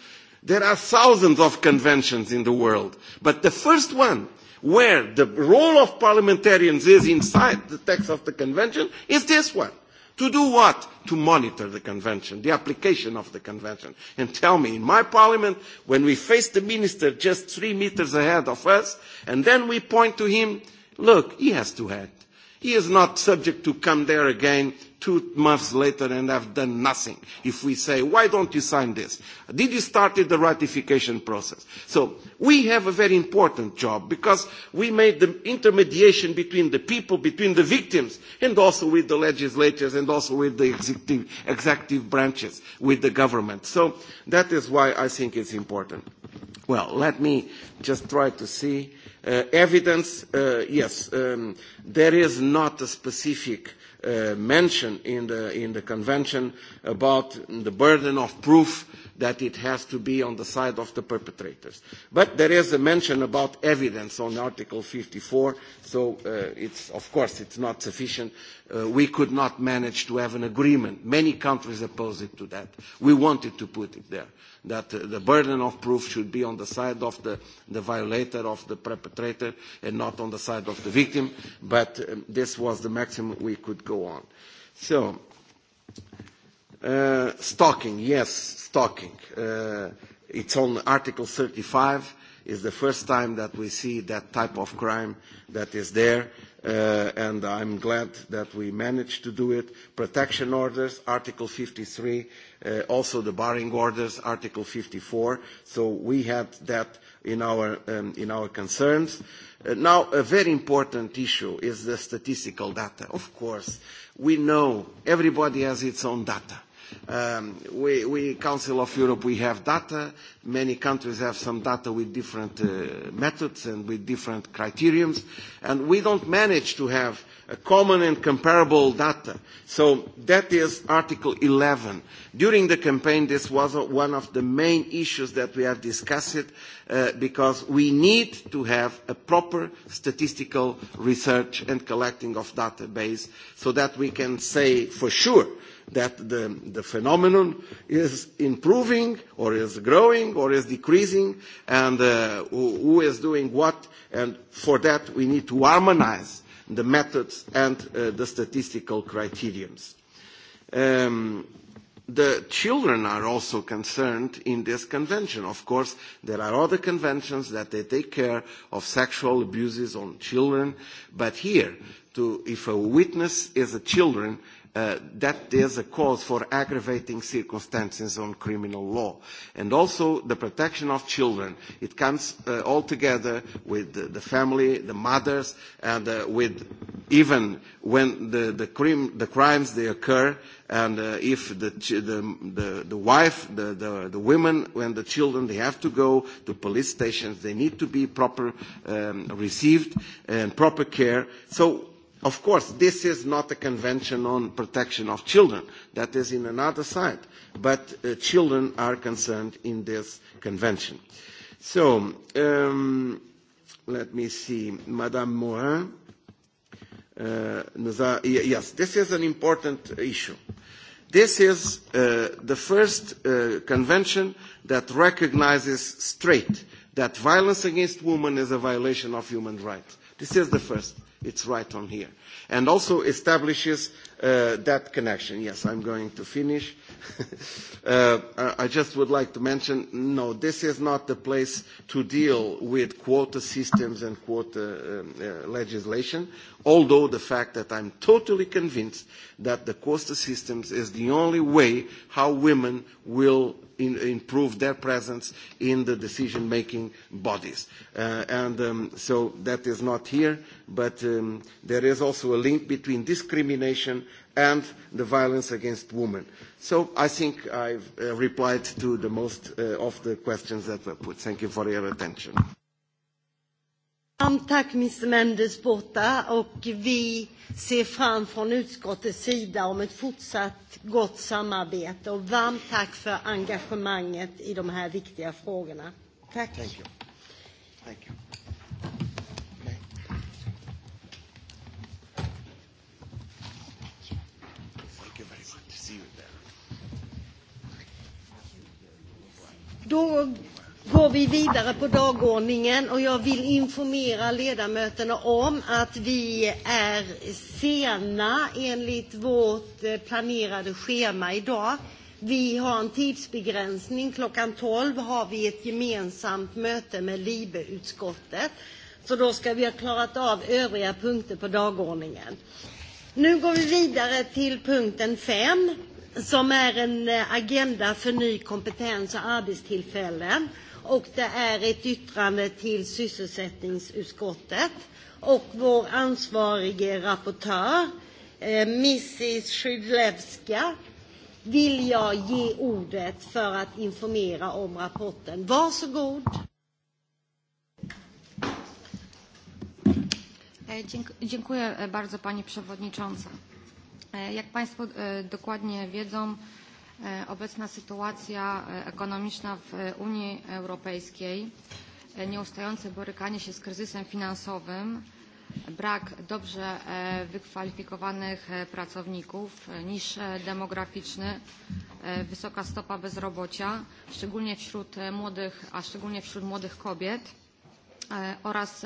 There are thousands of conventions in the world, but the first one where the role of parliamentarians is inside the text of the convention is this one. To do what? To monitor the convention, the application of the convention. And tell me, in my parliament, when we face the minister just three meters ahead of us, and then we point to him, look, he has to act. He is not subject to come there again two months later and have done nothing. If we say, why don't you sign this? Did you start the ratification process? So we have a very important job because we made the intermediation between the people, between the victims, and also with the legislatures and also with the executive, executive branches, with the government. So that is why I think it's important. Well, let me just try to see Uh, evidence, uh, yes, um, there is not a specific uh, mention in the, in the convention about the burden of proof that it has to be on the side of the perpetrators. But there is a mention about evidence on Article 54, so uh, it's, of course it's not sufficient. Uh, we could not manage to have an agreement. Many countries oppose it to that. We wanted to put it there, that uh, the burden of proof should be on the side of the, the violator, of the perpetrator, and not on the side of the victim, but um, this was the maximum we could go on. So, Uh, stalking, yes, stalking. Uh, it's on Article 35. It's the first time that we see that type of crime that is there, uh, and I'm glad that we managed to do it. Protection orders, Article 53, uh, also the barring orders, Article 54. So we had that in our, um, in our concerns. Uh, now, a very important issue is the statistical data. Of course, we know everybody has its own data Um, we, we, Council of Europe, we have data. Many countries have some data with different uh, methods and with different criteriums, and we don't manage to have a common and comparable data. So that is Article 11. During the campaign, this was one of the main issues that we have discussed uh, because we need to have a proper statistical research and collecting of data base so that we can say for sure that the, the phenomenon is improving or is growing or is decreasing and uh, who, who is doing what. And for that, we need to harmonize the methods and uh, the statistical criteriums. Um, the children are also concerned in this convention. Of course, there are other conventions that they take care of sexual abuses on children, but here, to, if a witness is a children, Uh, that is a cause for aggravating circumstances on criminal law. And also the protection of children. It comes uh, all together with the, the family, the mothers, and uh, with even when the, the, crim, the crimes they occur, and uh, if the, the, the, the wife, the, the, the women and the children, they have to go to police stations, they need to be proper um, received and proper care. So Of course, this is not a convention on protection of children. That is in another side. But uh, children are concerned in this convention. So, um, let me see. Madame Morin. Uh, yes, this is an important issue. This is uh, the first uh, convention that recognizes straight that violence against women is a violation of human rights. This is the first. It's right on here. And also establishes Uh, that connection, yes, I'm going to finish. uh, I just would like to mention, no, this is not the place to deal with quota systems and quota um, uh, legislation, although the fact that I'm totally convinced that the quota systems is the only way how women will in, improve their presence in the decision-making bodies. Uh, and um, so that is not here, but um, there is also a link between discrimination and the violence against women. So I think I've uh, replied to the most uh, of the questions that were put. Thank you for your attention. tack Miss Mendes Borta och vi ser fram från utskottets sida om ett fortsatt gott samarbete och varmt tack för engagemanget i de här viktiga frågorna. Tack. Thank you. Thank you. Då går vi vidare på dagordningen och jag vill informera ledamöterna om att vi är sena enligt vårt eh, planerade schema idag. Vi har en tidsbegränsning. Klockan 12 har vi ett gemensamt möte med LIBE-utskottet. Så då ska vi ha klarat av övriga punkter på dagordningen. Nu går vi vidare till punkten 5 som är en eh, agenda för ny kompetens och arbetstillfällen. Och det är ett yttrande till sysselsättningsutskottet. Och vår ansvarige rapportör, eh, Mrs Skydlewska, vill jag ge ordet för att informera om rapporten. Varsågod. E, dziękuję bardzo Pani Przewodnicząca. E, jak Państwo e, dokładnie wiedzą, e, obecna sytuacja ekonomiczna w Unii Europejskiej, nieustające borykanie się z kryzysem finansowym, brak dobrze wykwalifikowanych pracowników, niż demograficzny, wysoka stopa bezrobocia, szczególnie wśród młodych, a szczególnie wśród młodych kobiet oraz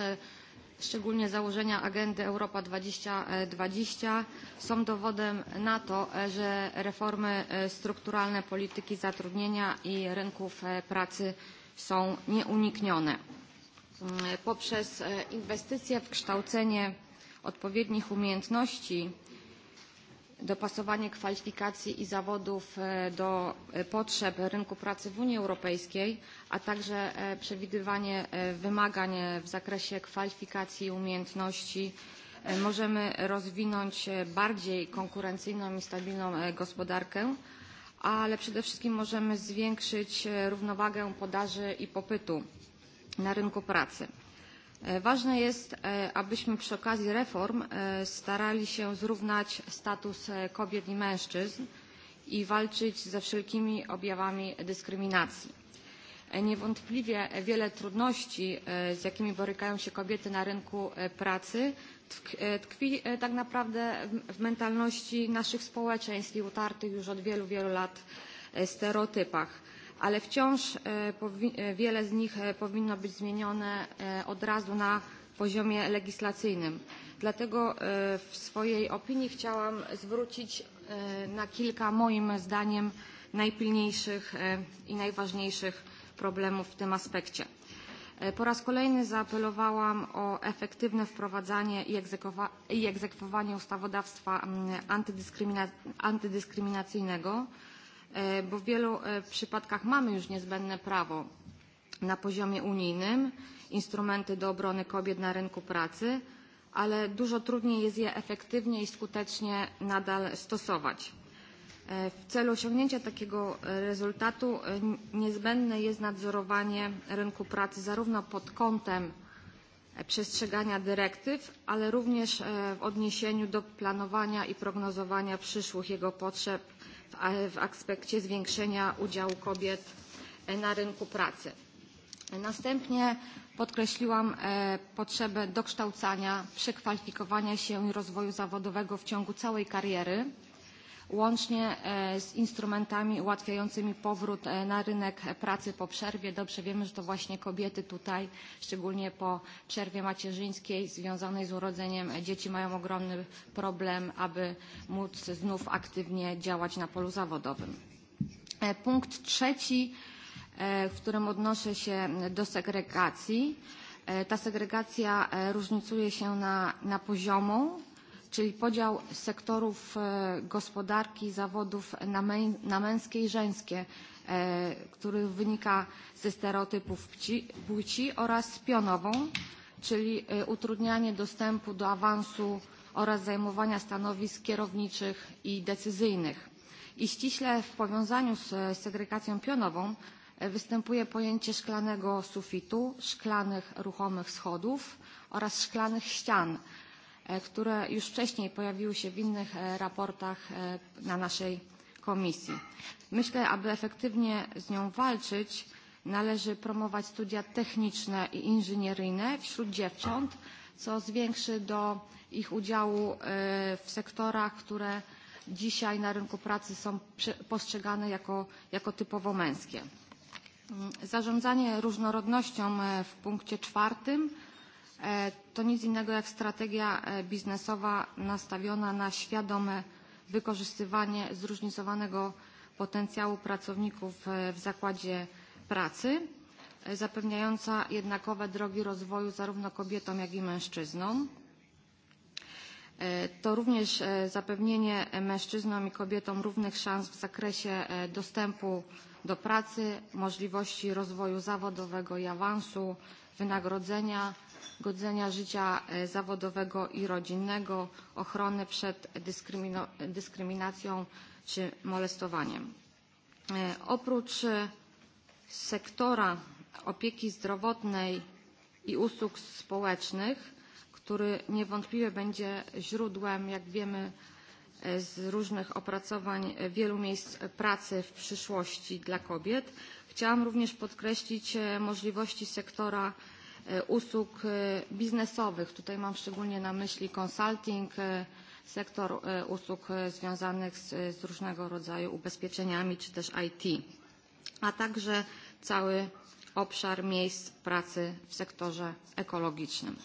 szczególnie założenia agendy Europa 2020, są dowodem na to, że reformy e, strukturalne polityki zatrudnienia i rynków e, pracy są nieuniknione. Mm, poprzez e, inwestycje w kształcenie odpowiednich umiejętności dopasowanie kwalifikacji i zawodów e, do e, potrzeb rynku pracy w Unii Europejskiej, a także e, przewidywanie wymagań w zakresie kwalifikacji i umiejętności możemy rozwinąć bardziej konkurencyjną i stabilną gospodarkę, ale przede wszystkim możemy zwiększyć równowagę podaży i popytu na rynku pracy. E, ważne jest, e, abyśmy przy okazji reform e, starali się zrównać status kobiet i mężczyzn i walczyć ze wszelkimi objawami dyskryminacji. Niewątpliwie wiele trudności, z jakimi borykają się kobiety na rynku pracy, tkwi tak naprawdę w mentalności naszych społeczeństw i utartych już od wielu, wielu lat stereotypach ale wciąż e, e, wiele z nich e, powinno być zmienione od razu na poziomie legislacyjnym. Dlatego w swojej opinii chciałam zwrócić na kilka moim zdaniem najpilniejszych i najważniejszych problemów w tym aspekcie. Po raz kolejny zaapelowałam o efektywne wprowadzanie i, egzekwowa i egzekwowanie ustawodawstwa mm, antydyskryminacyjnego E, bo w wielu e, przypadkach mamy już niezbędne prawo na poziomie unijnym, instrumenty do obrony kobiet na rynku pracy, ale dużo trudniej jest je efektywnie i skutecznie nadal stosować. E, w celu osiągnięcia takiego rezultatu niezbędne jest nadzorowanie rynku pracy zarówno pod kątem przestrzegania dyrektyw, ale również w odniesieniu do planowania i prognozowania przyszłych jego potrzeb w aspekcie zwiększenia udziału kobiet e, na rynku pracy. Następnie podkreśliłam e, potrzebę dokształcania, przekwalifikowania się i rozwoju zawodowego w ciągu całej kariery łącznie e, z instrumentami ułatwiającymi powrót e, na rynek pracy po przerwie. Dobrze wiemy, że to właśnie kobiety tutaj, szczególnie po przerwie macierzyńskiej związanej z urodzeniem dzieci, mają ogromny problem, aby móc znów aktywnie działać na polu zawodowym. E, punkt trzeci, w którym odnoszę się do segregacji. Ta segregacja różnicuje się na, na poziomu, czyli podział sektorów e, gospodarki i zawodów na męskie i żeńskie, e, który wynika ze stereotypów płci oraz pionową, czyli e, utrudnianie dostępu do awansu oraz zajmowania stanowisk kierowniczych i decyzyjnych. I ściśle w powiązaniu z segregacją pionową występuje pojęcie szklanego sufitu, szklanych ruchomych schodów oraz szklanych ścian, E, które już wcześniej pojawiły się w innych e, raportach e, na naszej komisji. Myślę, aby efektywnie z nią walczyć, należy promować studia techniczne i inżynieryjne wśród dziewcząt, co zwiększy do ich udziału w sektorach, które dzisiaj na rynku pracy są postrzegane jako, jako typowo męskie. Mm, zarządzanie różnorodnością w punkcie czwartym E, to nic innego jak strategia e, biznesowa nastawiona na świadome wykorzystywanie zróżnicowanego potencjału pracowników e, w zakładzie pracy, zapewniająca jednakowe drogi rozwoju zarówno kobietom, jak i mężczyznom. To również zapewnienie mężczyznom i kobietom równych szans w zakresie dostępu do pracy, możliwości rozwoju zawodowego i awansu, wynagrodzenia, godzenia życia e, zawodowego i rodzinnego, ochrony przed dyskryminacją czy molestowaniem. E, oprócz e, sektora opieki zdrowotnej i usług społecznych, który niewątpliwie będzie źródłem, jak wiemy z różnych opracowań, wielu miejsc pracy w przyszłości dla kobiet, chciałam również podkreślić możliwości sektora E, usług e, biznesowych. Tutaj mam szczególnie na myśli consulting, e, sektor usług związanych z, z różnego rodzaju ubezpieczeniami czy też IT, a także cały obszar miejsc pracy w sektorze ekologicznym.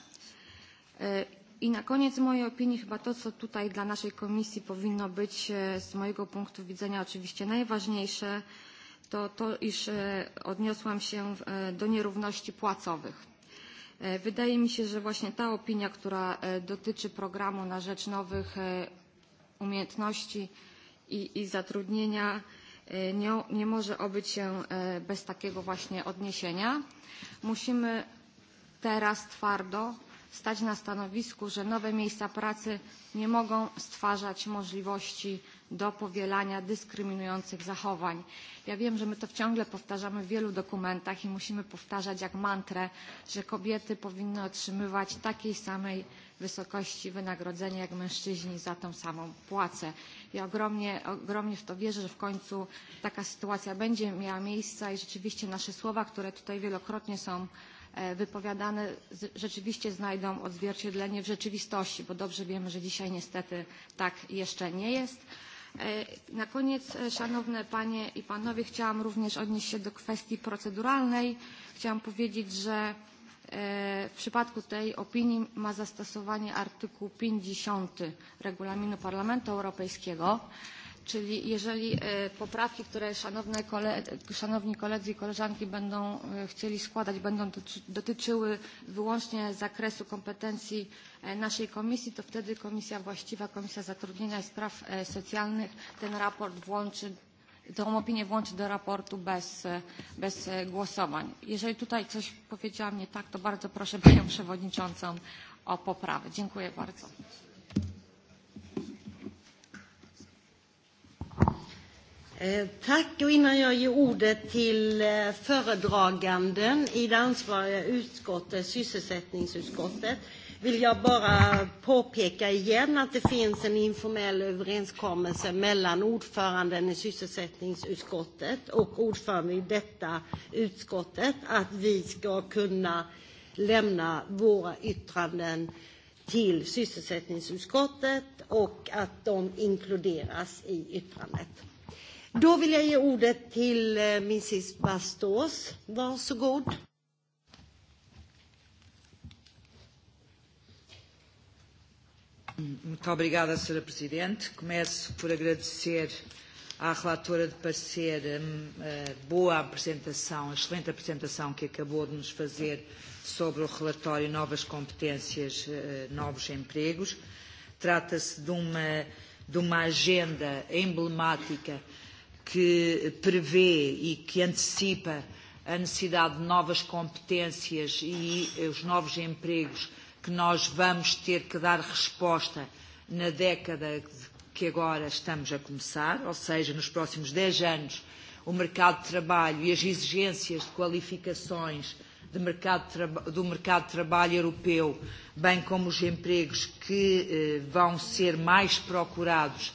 I na koniec mojej opinii chyba to, co tutaj dla naszej komisji powinno być z mojego punktu widzenia oczywiście najważniejsze, to to, iż odniosłam się do nierówności płacowych E, wydaje mi się, że właśnie ta opinia, która e, dotyczy programu na rzecz nowych e, umiejętności i, i zatrudnienia, nie, nie może obyć się bez takiego właśnie odniesienia. Musimy teraz twardo stać na stanowisku, że nowe miejsca pracy nie mogą stwarzać możliwości do powielania dyskryminujących zachowań. Ja wiem, że my to ciągle powtarzamy w wielu dokumentach i musimy powtarzać jak mantrę, że kobiety powinny otrzymywać takiej samej wysokości wynagrodzenia jak mężczyźni za tą samą płacę. Ja ogromnie, ogromnie w to wierzę, że w końcu taka sytuacja będzie miała miejsce i rzeczywiście nasze słowa, które tutaj wielokrotnie są e, wypowiadane rzeczywiście znajdą odzwierciedlenie w rzeczywistości, bo dobrze wiemy, że dzisiaj niestety tak jeszcze nie jest. E, na koniec, e, szanowne panie i panowie, chciałam również odnieść się do kwestii proceduralnej. Chciałam powiedzieć, że e, w przypadku tej opinii ma zastosowanie artykuł 50 Regulaminu Parlamentu Europejskiego. Czyli jeżeli e, poprawki, które szanowne koledzy, szanowni koledzy i koleżanki będą e, chcieli składać, będą dotyczyły wyłącznie zakresu kompetencji e, naszej komisji, to wtedy komisja właściwa, Komisja Zatrudnienia i Spraw Socjalnych ten raport włączy tą opinię włączy do raportu bez, bez głosowań. Jeżeli tutaj coś powiedziałam nie tak, to bardzo proszę Panią Przewodniczącą o poprawę. Dziękuję bardzo. Eh, tack och innan jag ger ordet till eh, föredraganden i det ansvariga utskottet, sysselsättningsutskottet, vill jag bara påpeka igen att det finns en informell överenskommelse mellan ordföranden i sysselsättningsutskottet och ordföranden i detta utskottet att vi ska kunna lämna våra yttranden till sysselsättningsutskottet och att de inkluderas i yttrandet. Då vill jag ge ordet till eh, Mrs Bastos. Varsågod. Mm, muito obrigada, Sra. Presidente. Começo por agradecer à relatora de parecer a eh, boa apresentação, a excelente apresentação que acabou de nos fazer sobre o relatório Novas Competências, eh, Novos Empregos. Trata-se de uma, de uma agenda emblemática que prevê e que antecipa a necessidade de novas competências e, e os novos empregos que nós vamos ter que dar resposta na década que agora estamos a começar, ou seja, nos próximos 10 anos, o mercado de trabalho e as exigências de qualificações de mercado, de do mercado de trabalho europeu, bem como os empregos que eh, vão ser mais procurados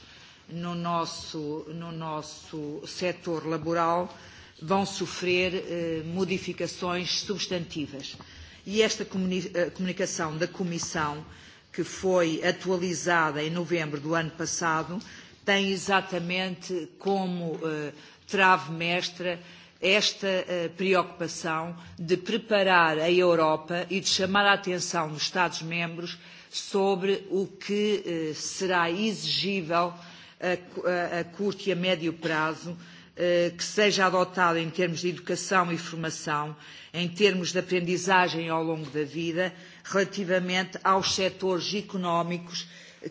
no nosso, no nosso setor laboral vão sofrer eh, modificações substantivas. E esta comuni eh, comunicação da Comissão, que foi atualizada em novembro do ano passado, tem exatamente como eh, trave mestra esta preocupação de preparar a Europa e de chamar a atenção dos Estados-membros sobre o que será exigível eh, a, a curto e a médio prazo eh, que seja adotado em termos de educação e formação, em termos de aprendizagem ao longo da vida, relativamente aos setores económicos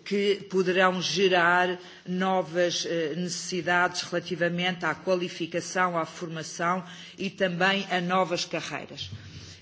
que poderão gerar novas eh, necessidades relativamente à qualificação, à formação e também a novas carreiras.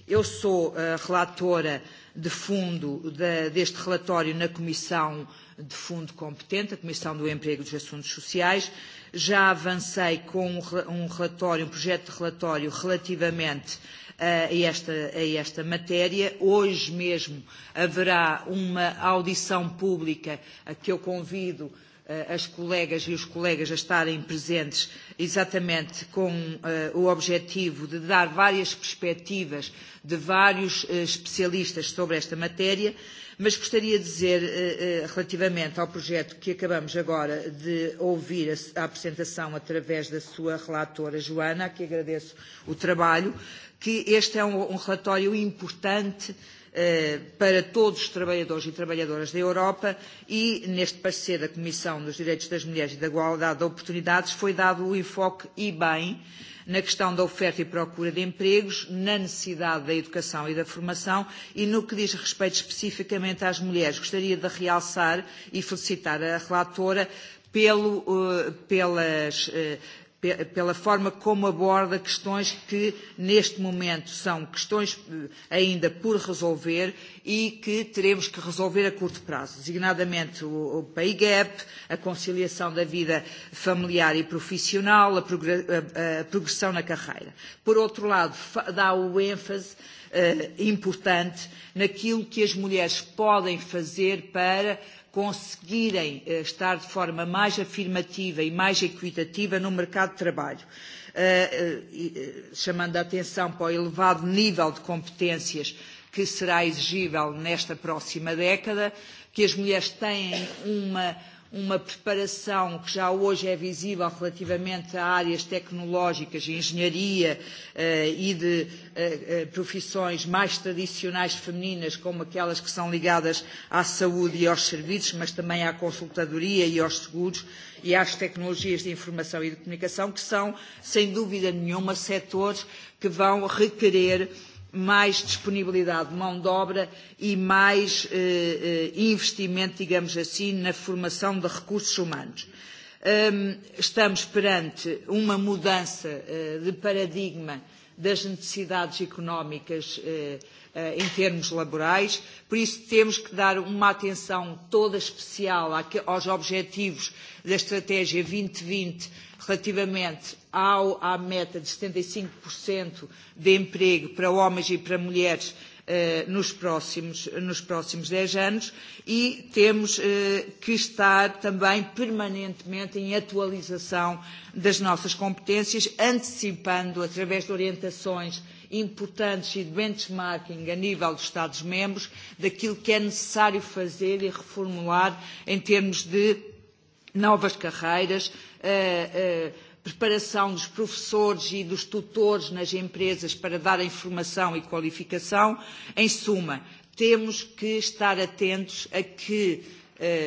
Eu sou a eh, relatora de fundo deste relatório na Comissão de fundo competente, a Comissão do Emprego e dos Assuntos Sociais. Já avancei com um, um relatório, um projeto de relatório relativamente eh, a esta, a esta matéria. Hoje mesmo haverá uma audição pública a que eu convido uh, Eh, as colegas e os colegas a estarem presentes exatamente com uh, o objetivo de dar várias perspectivas de vários uh, especialistas sobre esta matéria, mas gostaria de dizer uh, relativamente ao projeto que acabamos agora de ouvir a, a apresentação através da sua relatora Joana, a que agradeço o trabalho, que este é um, um relatório importante uh, Eh, para todos os trabalhadores e trabalhadoras da Europa e neste parecer da Comissão dos Direitos das Mulheres e da Igualdade de Oportunidades foi dado o enfoque e bem na questão da oferta e procura de empregos, na necessidade da educação e da formação e no que diz respeito especificamente às mulheres. Gostaria de realçar e felicitar a relatora pelo, eh, pelas, eh, pela forma como aborda questões que neste momento são questões eh, ainda por resolver e que teremos que resolver a curto prazo, designadamente o, pay gap, a conciliação da vida familiar e profissional, a, progressão na carreira. Por outro lado, dá o ênfase eh, importante naquilo que as mulheres podem fazer para conseguirem eh, estar de forma mais afirmativa e mais equitativa no mercado de trabalho, eh, eh, e, chamando a atenção para o elevado nível de competências que será exigível nesta próxima década, que as mulheres têm uma uma preparação que já hoje é visível relativamente a áreas tecnológicas, de engenharia uh, e de uh, uh, profissões mais tradicionais femininas, como aquelas que são ligadas à saúde e aos serviços, mas também à consultadoria e aos seguros e às tecnologias de informação e de comunicação, que são, sem dúvida nenhuma, setores que vão requerer uh, mais disponibilidade de mão de obra e mais eh, eh investimento, digamos assim, na formação de recursos humanos. Um, estamos perante uma mudança uh, de paradigma das necessidades económicas uh, Eh, em termos laborais. Por isso, temos que dar uma atenção toda especial aos objetivos da Estratégia 2020 e relativamente ao, à meta de 75% e de emprego para homens e para mulheres eh, nos próximos, nos próximos 10 anos e temos eh, que estar também permanentemente em atualização das nossas competências, antecipando através de orientações eh, importantes e de benchmarking a nível dos Estados-membros daquilo que é necessário fazer e reformular em termos de novas carreiras, uh, uh, preparação dos professores e dos tutores nas empresas para darem informação e qualificação. Em suma, temos que estar atentos a que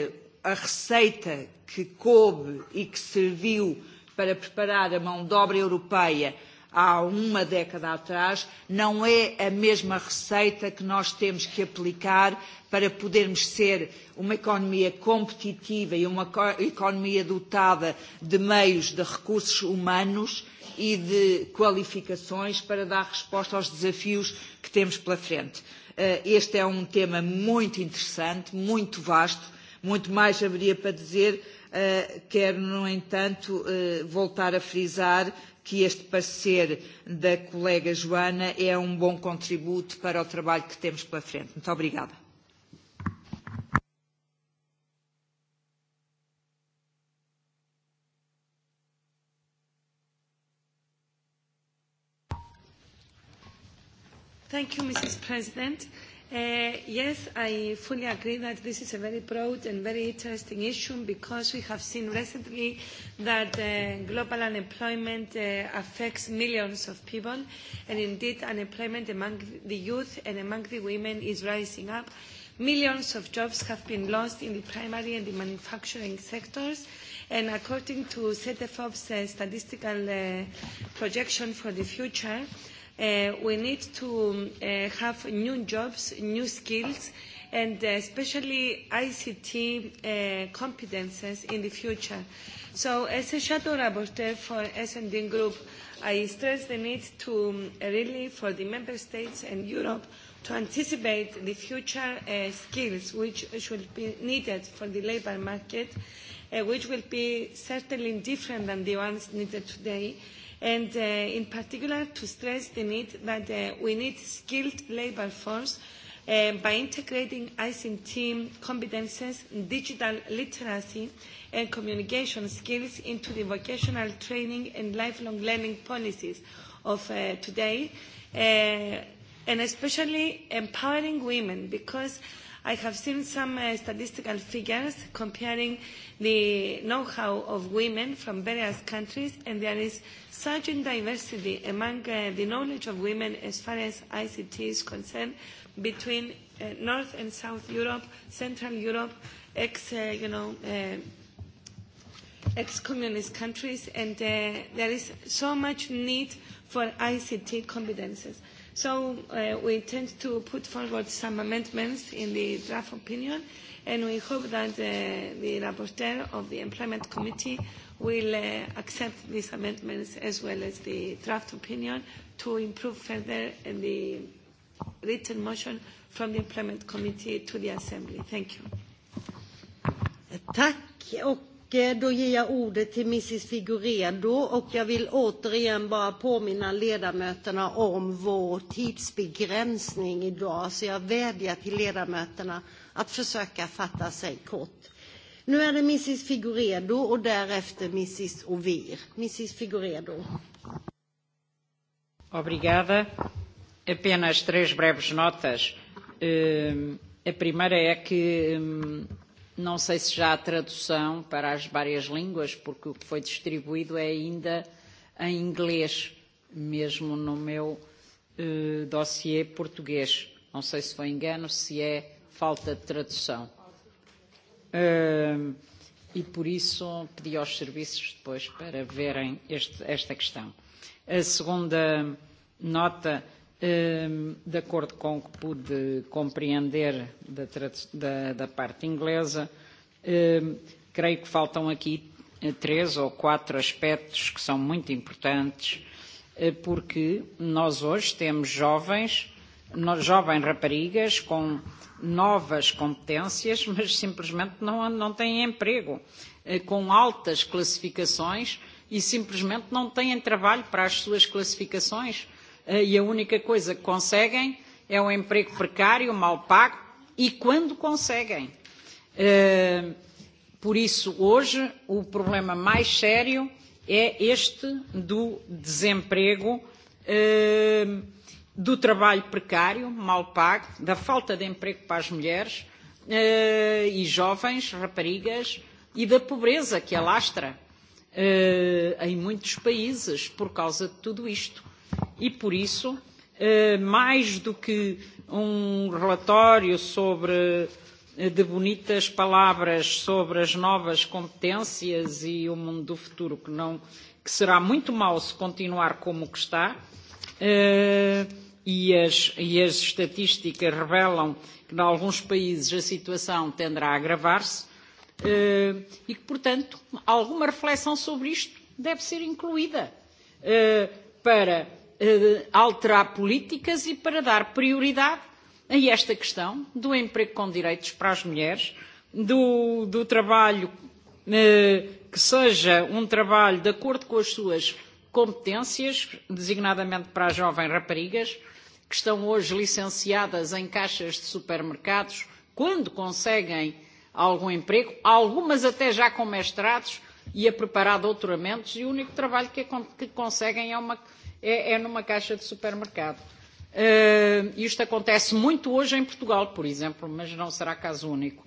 uh, a receita que coube e que serviu para preparar a mão de obra europeia há uma década atrás, não é a mesma receita que nós temos que aplicar para podermos ser uma economia competitiva e uma economia dotada de meios, de recursos humanos e de qualificações para dar resposta aos desafios que temos pela frente. Eh, este é um tema muito interessante, muito vasto, muito mais haveria para dizer, Eh, quero, no entanto, eh, voltar a frisar que este parecer da colega Joana é um bom contributo para o trabalho que temos pela frente. Muito obrigada. Thank you, Mrs. President. Uh, yes, I fully agree that this is a very broad and very interesting issue because we have seen recently that uh, global unemployment uh, affects millions of people and indeed unemployment among the youth and among the women is rising up. Millions of jobs have been lost in the primary and the manufacturing sectors and according to CETEFOB's uh, statistical uh, projection for the future, Uh, we need to uh, have new jobs, new skills, and uh, especially ICT uh, competences in the future. So as a shadow rapporteur for S&D Group, I stress the need to um, really for the Member States and Europe to anticipate the future uh, skills which should be needed for the labour market, uh, which will be certainly different than the ones needed today, uh, and uh, in particular to stress the need that uh, we need skilled labour force uh, by integrating ICT competences, digital literacy and communication skills into the vocational training and lifelong learning policies of uh, today, uh, and especially empowering women because I have seen some uh, statistical figures comparing the know-how of women from various countries, and there is such a diversity among uh, the knowledge of women as far as ICT is concerned between uh, North and South Europe, Central Europe, ex, uh, you know, uh, ex-communist countries, and uh, there is so much need for ICT competences. So uh, we intend to put forward some amendments in the draft opinion, and we hope that uh, the rapporteur of the Employment Committee will uh, accept these amendments as well as the draft opinion to improve further the written motion from the Employment Committee to the Assembly. Thank you. Tack. Och eh, då ger jag ordet till Mrs Figuredo och jag vill återigen bara påminna ledamöterna om vår tidsbegränsning idag. Så jag vädjar till ledamöterna att försöka fatta sig kort. Nu är det Mrs Figuredo och därefter Mrs Ovir. Mrs Figuredo. Obrigada. Apenas três breves notas. Uh, a primeira é que um, não sei se já há tradução para as várias línguas, porque o que foi distribuído é ainda em inglês, mesmo no meu uh, dossiê português. Não sei se foi engano, se é falta de tradução. Uh, e por isso pedi aos serviços depois para verem este, esta questão. A segunda nota, uh, de acordo com o que pude compreender da, da, da parte inglesa, uh, creio que faltam aqui eh, três ou quatro aspectos que são muito importantes, eh, porque nós hoje temos jovens jovens raparigas com novas competências, mas simplesmente não, não têm emprego, eh, com altas classificações e simplesmente não têm trabalho para as suas classificações. Eh, e a única coisa que conseguem é um emprego precário, mal pago, e quando conseguem. Eh, por isso, hoje, o problema mais sério é este do desemprego. Uh, do trabalho precário, mal pago, da falta de emprego para as mulheres uh, e jovens, raparigas, e da pobreza que alastra uh, em muitos países por causa de tudo isto. E por isso, uh, mais do que um relatório sobre de bonitas palavras sobre as novas competências e o mundo do futuro que não que será muito mau se continuar como que está, eh, Eh, e as, e as estatísticas revelam que, em alguns países, a situação tenderá a agravar-se eh, e que, portanto, alguma reflexão sobre isto deve ser incluída eh, para alterar políticas e para dar prioridade a esta questão do emprego com direitos para as mulheres, do, do trabalho que seja um trabalho de acordo com as suas competências, designadamente para as jovens raparigas, que estão hoje licenciadas em caixas de supermercados, quando conseguem algum emprego, algumas até já com mestrados e a preparar doutoramentos, e o único trabalho que, que conseguem é, uma, é, é numa caixa de supermercado. Uh, isto acontece muito hoje em Portugal, por exemplo, mas não será caso único.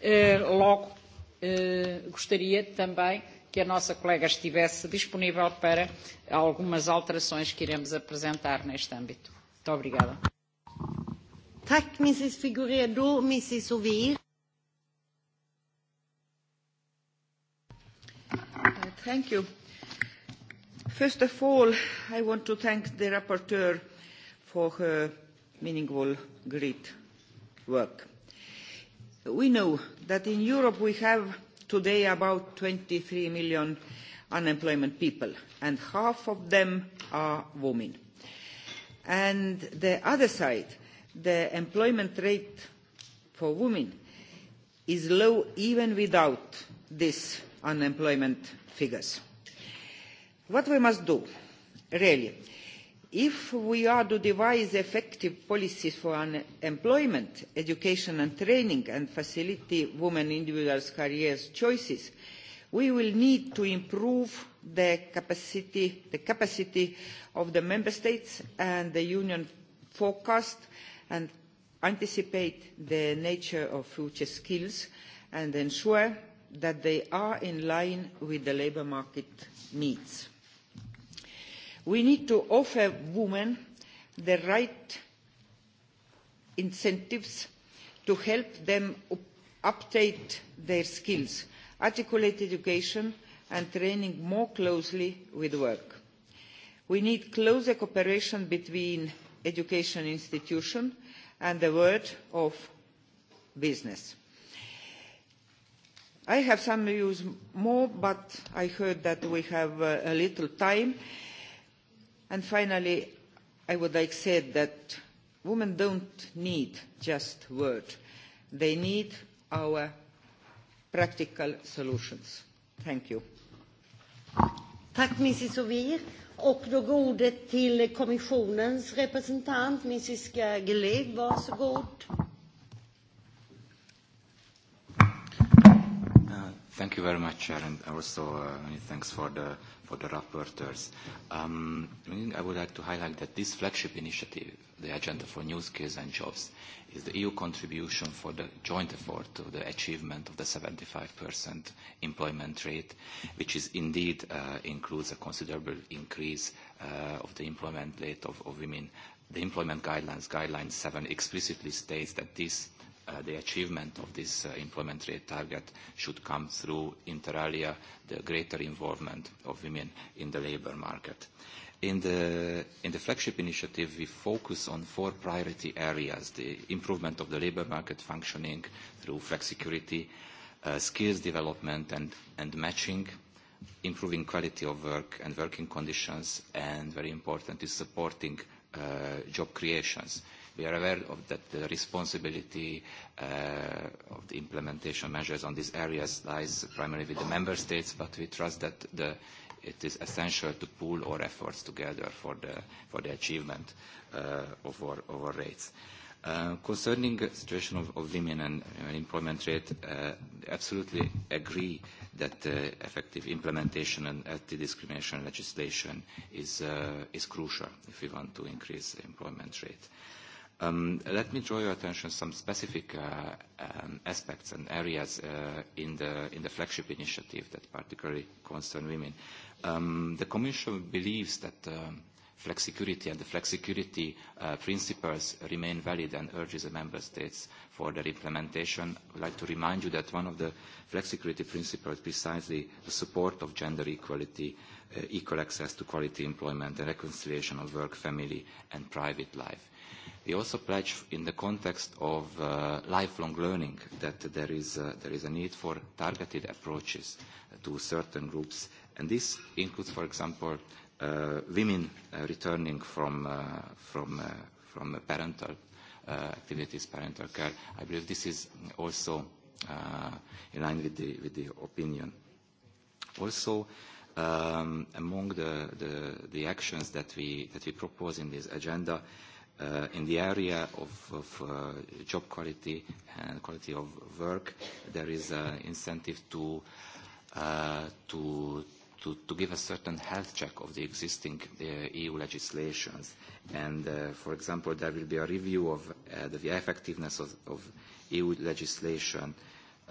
Uh, logo, uh, gostaria também que a nossa colega estivesse disponível para algumas alterações que iremos apresentar neste âmbito. Muito obrigada. Tack, Mrs Figueredo. Mrs Ovir. Uh, thank you. First of all, I want to thank the rapporteur for her meaningful, great work. We know that in Europe we have today about twenty three million unemployed people, and half of them are women. On the other side, the employment rate for women is low even without these unemployment figures. What we must do, really, if we are to devise effective policies for employment education and training and facilitate women individuals' career choices we will need to improve the capacity, the capacity of the member states and the union forecast and anticipate the nature of future skills and ensure that they are in line with the labour market needs we need to offer women the right incentives to help them update their skills articulate education and training more closely with work. we need closer cooperation between education institutions and the world of business. i have some news more but i heard that we have uh, a little time And finally, I would like to say that women do not need just words. They need our practical solutions. Thank you. Tack, Mrs. Ovir. Och då går ordet till kommissionens representant, Mrs. Gilley. Varsågod. Uh, thank you very much, Sharon. Also, uh, thanks for the for the rapporteurs. Um, I would like to highlight that this flagship initiative, the Agenda for New Skills and Jobs, is the EU contribution for the joint effort to the achievement of the 75% employment rate, which is indeed uh, includes a considerable increase uh, of the employment rate of, of women. The employment guidelines, guideline 7, explicitly states that this Uh, the achievement of this uh, implementary target should come through, inter alia, the greater involvement of women in the labor market. In the, in the flagship initiative, we focus on four priority areas, the improvement of the labor market functioning through flexicurity, uh, skills development and, and matching, improving quality of work and working conditions, and very important is supporting uh, job creations. Uh, We are aware of that the responsibility uh, of the implementation measures on these areas lies primarily with the member states, but we trust that the, it is essential to pool our efforts together for the, for the achievement uh, of, our, of our rates. Uh, concerning the situation of, of women and uh, employment rate, uh, absolutely agree that uh, effective implementation and anti-discrimination legislation is, uh, is crucial if we want to increase employment rate. Uh, Um, let me draw your attention to some specific uh, um, aspects and areas uh, in, the, in the flagship initiative that particularly concern women. Um, the Commission believes that um, flexicurity and the flexicurity uh, principles remain valid and urges the member states for their implementation. I would like to remind you that one of the flexicurity principles precisely the support of gender equality, uh, equal access to quality employment, and reconciliation of work, family, and private life. We also pledge in the context of uh, lifelong learning that there is, uh, there is a need for targeted approaches to certain groups. And this includes, for example, uh, women uh, returning from, uh, from, uh, from parental uh, activities, parental care. I believe this is also uh, in line with the, with the opinion. Also, um, among the, the, the actions that we, that we propose in this agenda, uh, in the area of, of uh, job quality and quality of work, there is an uh, incentive to, uh, to, to, to give a certain health check of the existing uh, EU legislations. And, uh, for example, there will be a review of uh, the effectiveness of, of EU legislation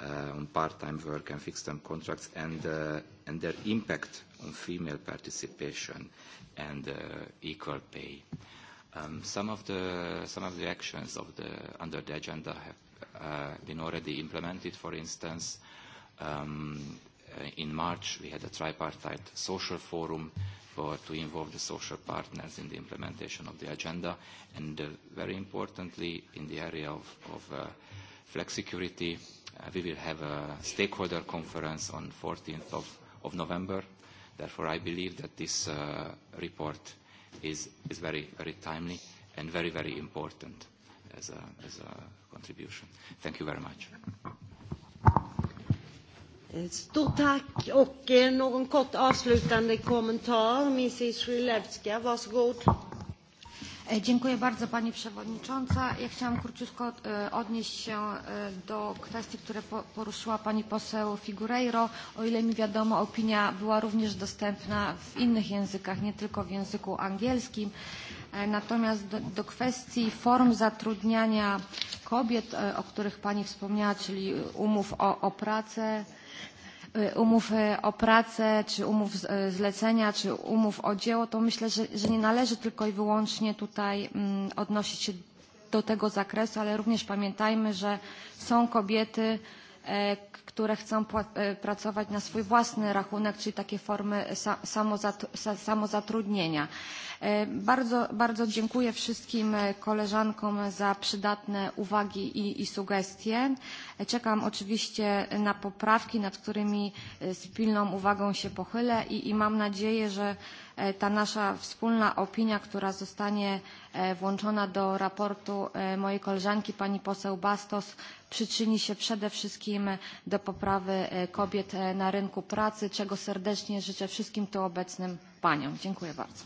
uh, on part-time work and fixed-term contracts and, uh, and their impact on female participation and uh, equal pay. Uh, Um, some of the some of the actions of the under the agenda have uh, been already implemented. For instance, um, uh, in March we had a tripartite social forum for to involve the social partners in the implementation of the agenda, and uh, very importantly, in the area of, of uh, security, uh, we will have a stakeholder conference on 14th of, of November. Therefore, I believe that this uh, report is, is very, very timely and very, very important as a, as a contribution. Thank you very much. Eh, stort tack och eh, någon kort avslutande kommentar. Mrs. Rylewska, varsågod. E, dziękuję bardzo Pani Przewodnicząca. Ja chciałam króciutko e, odnieść się e, do kwestii, które poruszyła Pani poseł Figureiro. O ile mi wiadomo, opinia była również dostępna w innych językach, nie tylko w języku angielskim. Natomiast do, do kwestii form zatrudniania kobiet, o których Pani wspomniała, czyli umów o, o pracę, umów o pracę, czy umów zlecenia, czy umów o dzieło, to myślę, że, że nie należy tylko i wyłącznie tutaj mm, odnosić się do tego zakresu, ale również pamiętajmy, że są kobiety, e, które chcą e, pracować na swój własny rachunek, czyli takie formy samozatrudnienia. E, bardzo, bardzo dziękuję wszystkim e, koleżankom za przydatne uwagi i, i sugestie. E, czekam oczywiście na poprawki, nad którymi z pilną uwagą się pochylę i, i mam nadzieję, że ta nasza wspólna opinia, która zostanie włączona do raportu mojej koleżanki pani poseł Bastos przyczyni się przede wszystkim do poprawy kobiet na rynku pracy, czego serdecznie życzę wszystkim tu obecnym paniom. Dziękuję bardzo.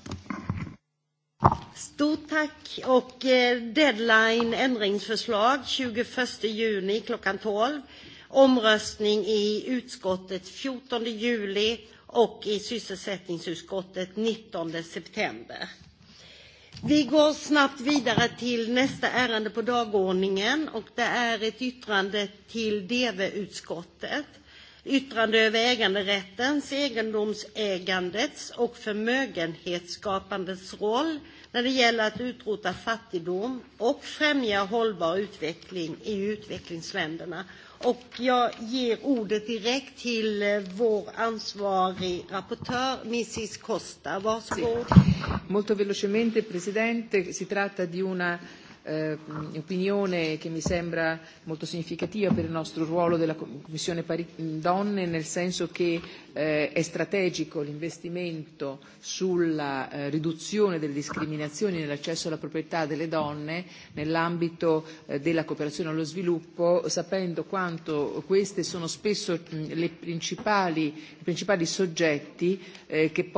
Stort tack och eh, deadline ändringsförslag 21 juni klockan 12. Omröstning i utskottet 14 juli och i sysselsättningsutskottet 19 september. Vi går snabbt vidare till nästa ärende på dagordningen och det är er ett yttrande till DV-utskottet yttrande över äganderättens, egendomsägandets och förmögenhetsskapandets roll när det gäller att utrota fattigdom och främja hållbar utveckling i utvecklingsländerna. Och jag ger ordet direkt till eh, vår ansvarig rapportör, Mrs Costa. Varsågod. Molto velocemente, Presidente, si tratta di una eh, opinione che mi sembra molto significativa per il nostro ruolo della Commissione Pari- Donne, nel senso che eh, è strategico l'investimento sulla eh, riduzione delle discriminazioni nell'accesso alla proprietà delle donne nell'ambito eh, della cooperazione allo sviluppo, sapendo quanto queste sono spesso mh, le principali, i principali soggetti eh, che,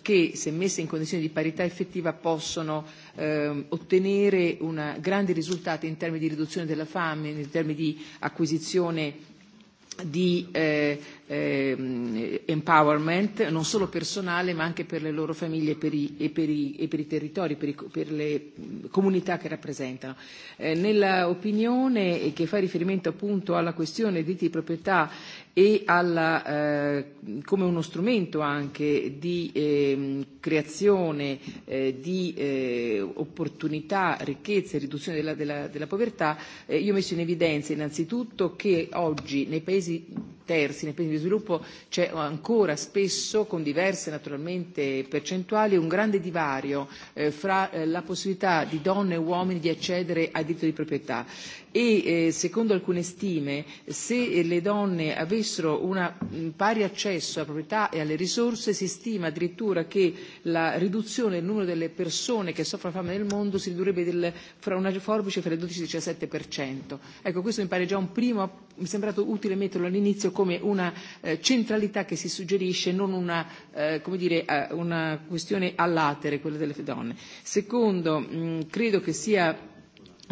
che, se messe in condizioni di parità effettiva, possono eh, ottenere una, grandi risultati in termini di riduzione della fame, in termini di acquisizione di eh, eh, empowerment non solo personale ma anche per le loro famiglie e per i, e per i, e per i territori, per, i, per le comunità che rappresentano. Eh, Nell'opinione che fa riferimento appunto alla questione dei diritti di proprietà e alla, eh, come uno strumento anche di eh, creazione eh, di eh, opportunità, ricchezza e riduzione della, della, della povertà, eh, io ho messo in evidenza innanzitutto che oggi nei paesi terzi nei paesi di sviluppo c'è ancora spesso, con diverse naturalmente percentuali, un grande divario eh, fra eh, la possibilità di donne e uomini di accedere al diritto di proprietà e eh, secondo alcune stime se le donne avessero un pari accesso alla proprietà e alle risorse si stima addirittura che la riduzione del numero delle persone che soffrono fame nel mondo si ridurrebbe del, fra una forbice fra il 12 e il 17%. Ecco, questo mi pare già un primo, mi è sembrato utile metterlo all'inizio come una eh, centralità che si suggerisce, non una, eh, come dire, eh, una questione all'atere, quella delle donne. Secondo, credo che sia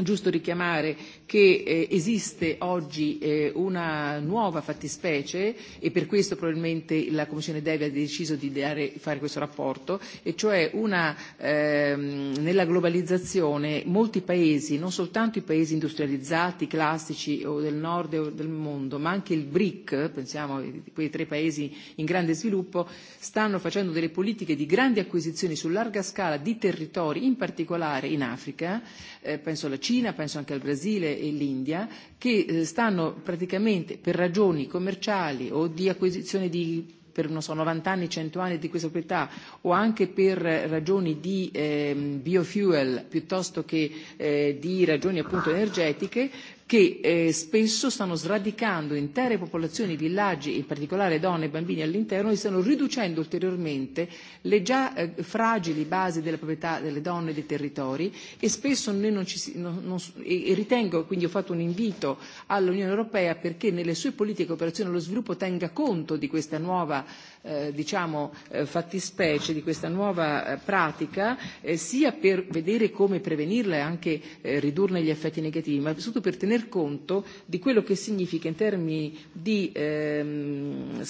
giusto richiamare che eh, esiste oggi eh, una nuova fattispecie e per questo probabilmente la Commissione deve ha deciso di dare, fare questo rapporto e cioè una, ehm, nella globalizzazione molti paesi, non soltanto i paesi industrializzati, classici o del nord e o del mondo, ma anche il BRIC, pensiamo a quei tre paesi in grande sviluppo, stanno facendo delle politiche di grandi acquisizioni su larga scala di territori, in particolare in Africa, eh, penso alla Cina, penso anche al Brasile e l'India, che eh, stanno praticamente per ragioni commerciali o di acquisizione di per non so, 90 anni, 100 anni di questa proprietà o anche per ragioni di eh, biofuel piuttosto che eh, di ragioni appunto energetiche che eh, spesso stanno sradicando intere popolazioni, villaggi, in particolare donne e bambini all'interno, e stanno riducendo ulteriormente le già eh, fragili basi della proprietà delle donne e dei territori e spesso noi non ci, si, non, non, e, e, ritengo, quindi ho fatto un invito all'Unione Europea perché nelle sue politiche di e cooperazione allo sviluppo tenga conto di questa nuova eh, Eh, diciamo, eh, fattispecie, di questa nuova eh, pratica, sia per vedere come prevenirla e anche ridurne gli effetti negativi, ma soprattutto per tener conto di quello che significa in termini di ehm,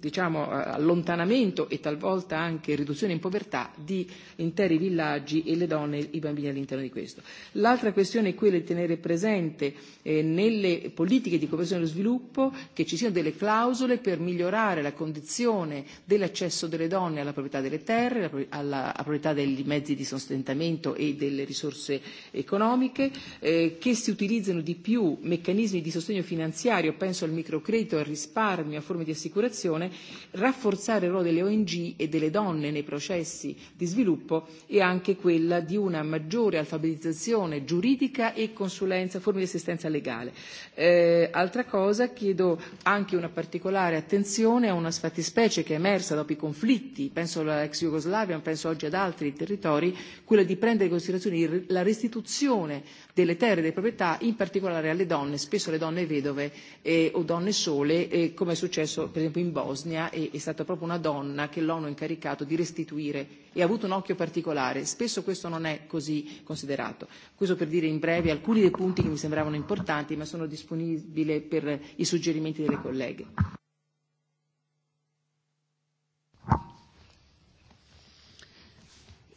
diciamo, allontanamento e talvolta anche riduzione in povertà di interi villaggi e le donne e i bambini all'interno di questo. L'altra questione è quella di tenere presente eh, nelle politiche di cooperazione allo e sviluppo che ci siano delle clausole per migliorare la condizione promozione dell'accesso delle donne alla proprietà delle terre, alla, alla proprietà dei mezzi di sostentamento e delle risorse economiche, eh, che si utilizzano di più meccanismi di sostegno finanziario, penso al microcredito, al risparmio, a forme di assicurazione, rafforzare il ruolo delle ONG e delle donne nei processi di sviluppo e anche quella di una maggiore alfabetizzazione giuridica e consulenza, forme di assistenza legale. Eh, altra cosa, chiedo anche una particolare attenzione a una fattispecie che è emersa dopo i conflitti, penso all'ex Jugoslavia, penso oggi ad altri territori, quella di prendere in considerazione la restituzione delle terre e delle proprietà, in particolare alle donne, spesso alle donne vedove eh, o donne sole, eh, come è successo per esempio in Bosnia, e, è stata proprio una donna che l'ONU ha incaricato di restituire e ha avuto un occhio particolare. Spesso questo non è così considerato. Questo per dire in breve alcuni dei punti che mi sembravano importanti, ma sono disponibile per i suggerimenti delle colleghe.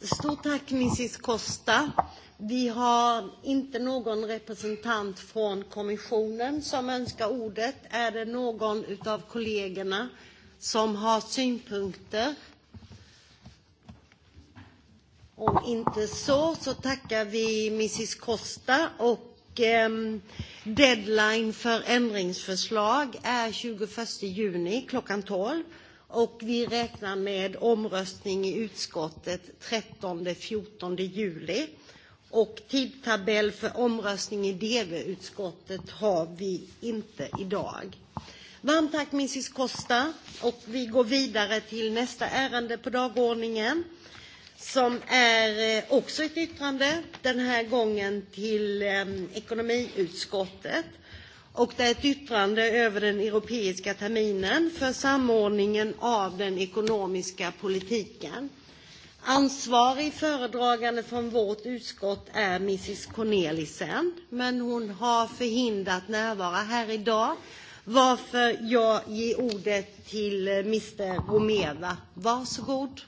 Stort tack, Mrs Costa. Vi har inte någon representant från kommissionen som önskar ordet. Är det någon av kollegorna som har synpunkter? Om inte så, så tackar vi Mrs Costa och eh, deadline för ändringsförslag är 21 juni klockan 12 och vi räknar med omröstning i utskottet 13-14 juli. Och tidtabell för omröstning i DV-utskottet har vi inte idag. Varmt tack Mrs Costa och vi går vidare till nästa ärende på dagordningen som är eh, också ett yttrande, den här gången till eh, ekonomiutskottet och det är ett yttrande över den europeiska terminen för samordningen av den ekonomiska politiken. Ansvarig föredragande från vårt utskott är Mrs Cornelissen, men hon har förhindrat närvara här idag, varför jag ger ordet till eh, Mr Romeva. Varsågod.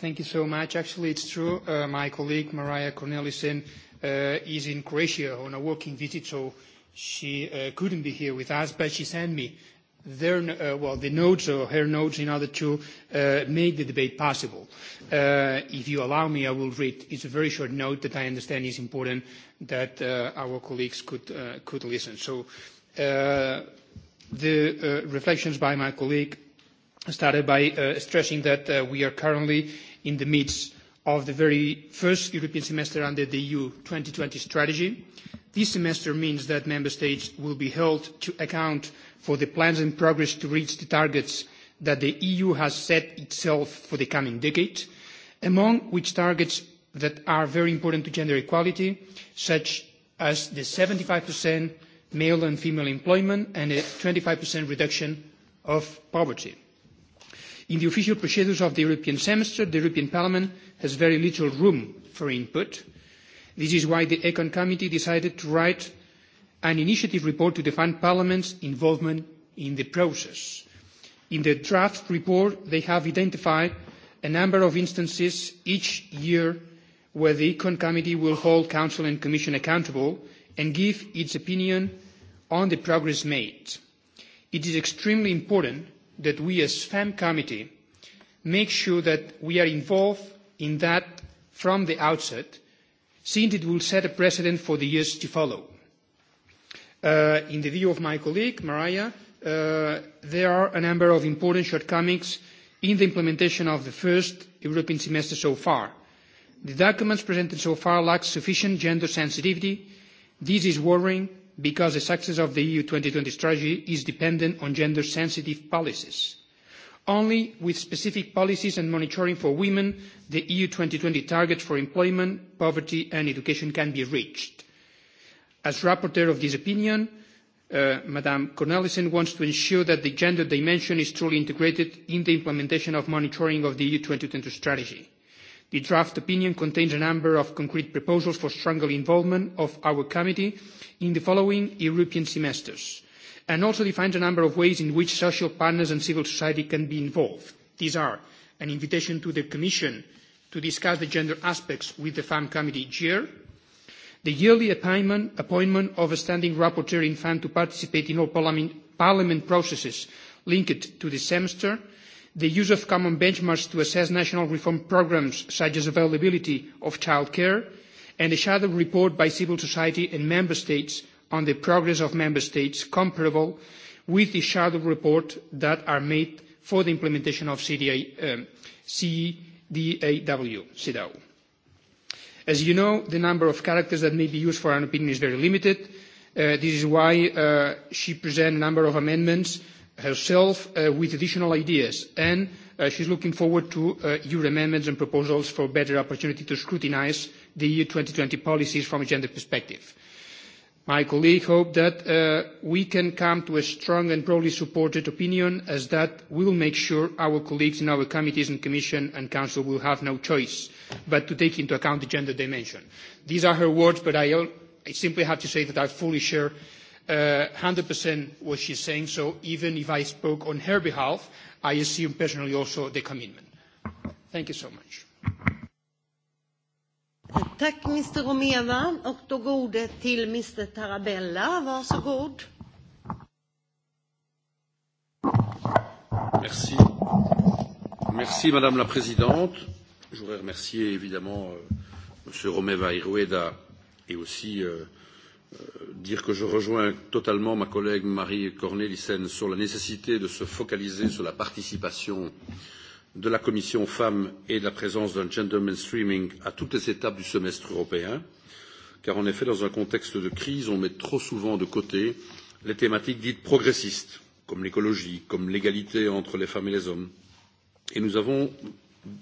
Thank you so much. Actually, it's true. Uh, my colleague Maria Cornelissen Uh, is in Croatia on a working visit, so she uh, couldn't be here with us, but she sent me their, uh, well, the notes or her notes in order to uh, make the debate possible. Uh, if you allow me, I will read. It's a very short note that I understand is important that uh, our colleagues could, uh, could listen. So uh, the uh, reflections by my colleague started by uh, stressing that uh, we are currently in the midst of the very first European semester under the EU 2020 strategy. This semester means that member states will be held to account for the plans and progress to reach the targets that the EU has set itself for the coming decade, among which targets that are very important to gender equality, such as the 75% male and female employment and a 25% reduction of poverty. In the official procedures of the European semester, the European Parliament has very little room for input. This is why the Econ Committee decided to write an initiative report to define Parliament's involvement in the process. In the draft report, they have identified a number of instances each year where the Econ Committee will hold Council and Commission accountable and give its opinion on the progress made. It is extremely important that we as FEM committee make sure that we are involved in that from the outset, since it will set a precedent for the years to follow. Uh, in the view of my colleague, Mariah, uh, there are a number of important shortcomings in the implementation of the first European semester so far. The documents presented so far lack sufficient gender sensitivity. This is worrying because the success of the EU 2020 strategy is dependent on gender-sensitive policies. Only with specific policies and monitoring for women, the EU 2020 targets for employment, poverty and education can be reached. As rapporteur of this opinion, uh, Madame Cornelissen wants to ensure that the gender dimension is truly integrated in the implementation of monitoring of the EU 2020 strategy. The draft opinion contains a number of concrete proposals for stronger involvement of our committee in the following European semesters, and also defines a number of ways in which social partners and civil society can be involved. These are an invitation to the Commission to discuss the gender aspects with the FAM committee each year, the yearly appointment, appointment of a standing rapporteur in FAM to participate in all parliament, parliament processes linked to the semester, the use of common benchmarks to assess national reform programs such as availability of childcare, and a shadow report by civil society and member states on the progress of member states comparable with the shadow report that are made for the implementation of CDA, um, CDAW, CEDAW. As you know, the number of characters that may be used for an opinion is very limited. Uh, this is why uh, she presented a number of amendments uh, herself uh, with additional ideas, and uh, she's looking forward to uh, your amendments and proposals for better opportunity to scrutinise the EU 2020 policies from a gender perspective. My colleague hopes that uh, we can come to a strong and broadly supported opinion as that will make sure our colleagues in our committees and Commission and Council will have no choice but to take into account the gender dimension. These are her words, but I, I simply have to say that I fully share uh, 100% what she's saying, so even if I spoke on her behalf, I assume personally also the commitment. Thank you so much. Tack Mr Romeva och då går ordet till Mr Tarabella. Varsågod. Merci. Madame la Présidente. Je voudrais remercier évidemment euh, Monsieur Romeva Irueda et aussi euh, Euh, dire que je rejoins totalement ma collègue Marie Cornelissen sur la nécessité de se focaliser sur la participation de la commission femmes et de la présence d'un gender mainstreaming à toutes les étapes du semestre européen car en effet dans un contexte de crise on met trop souvent de côté les thématiques dites progressistes comme l'écologie comme l'égalité entre les femmes et les hommes et nous avons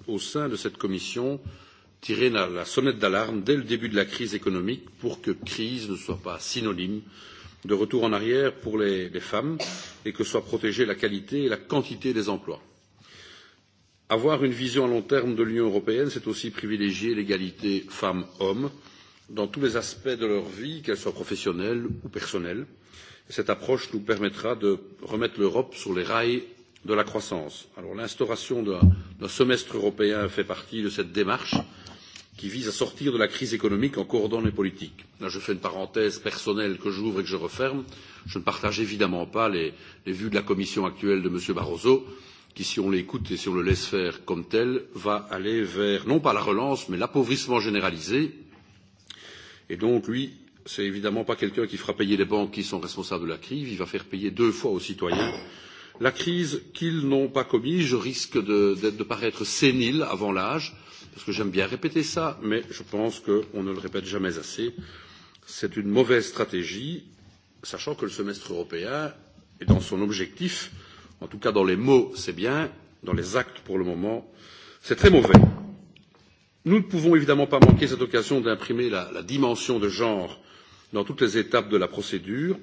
au sein de cette commission euh, tirer la, la sonnette d'alarme dès le début de la crise économique pour que crise ne soit pas synonyme de retour en arrière pour les, les femmes et que soient protégées la qualité et la quantité des emplois. Avoir une vision à long terme de l'Union européenne, c'est aussi privilégier l'égalité femmes hommes dans tous les aspects de leur vie, qu'elle soit professionnelle ou personnelle. Cette approche nous permettra de remettre l'Europe sur les rails de la croissance. Alors l'instauration d'un semestre européen fait partie de cette démarche qui vise à sortir de la crise économique en coordonnant les politiques. Là, je fais une parenthèse personnelle que j'ouvre et que je referme. Je ne partage évidemment pas les, les vues de la Commission actuelle de M. Barroso, qui, si on l'écoute et si on le laisse faire comme tel, va aller vers, non pas la relance, mais l'appauvrissement généralisé. Et donc, lui, c'est évidemment pas quelqu'un qui fera payer les banques qui sont responsables de la crise, il va faire payer deux fois aux citoyens la crise qu'ils n'ont pas commise. Je risque de, de, de paraître sénile avant l'âge parce que j'aime bien répéter cela mais je pense qu'on ne le répète jamais assez. C'est une mauvaise stratégie, sachant que le semestre européen est dans son objectif, en tout cas dans les mots, c'est bien, dans les actes pour le moment, c'est très mauvais. Nous ne pouvons évidemment pas manquer cette occasion d'imprimer la, la dimension de genre dans toutes les étapes de la procédure.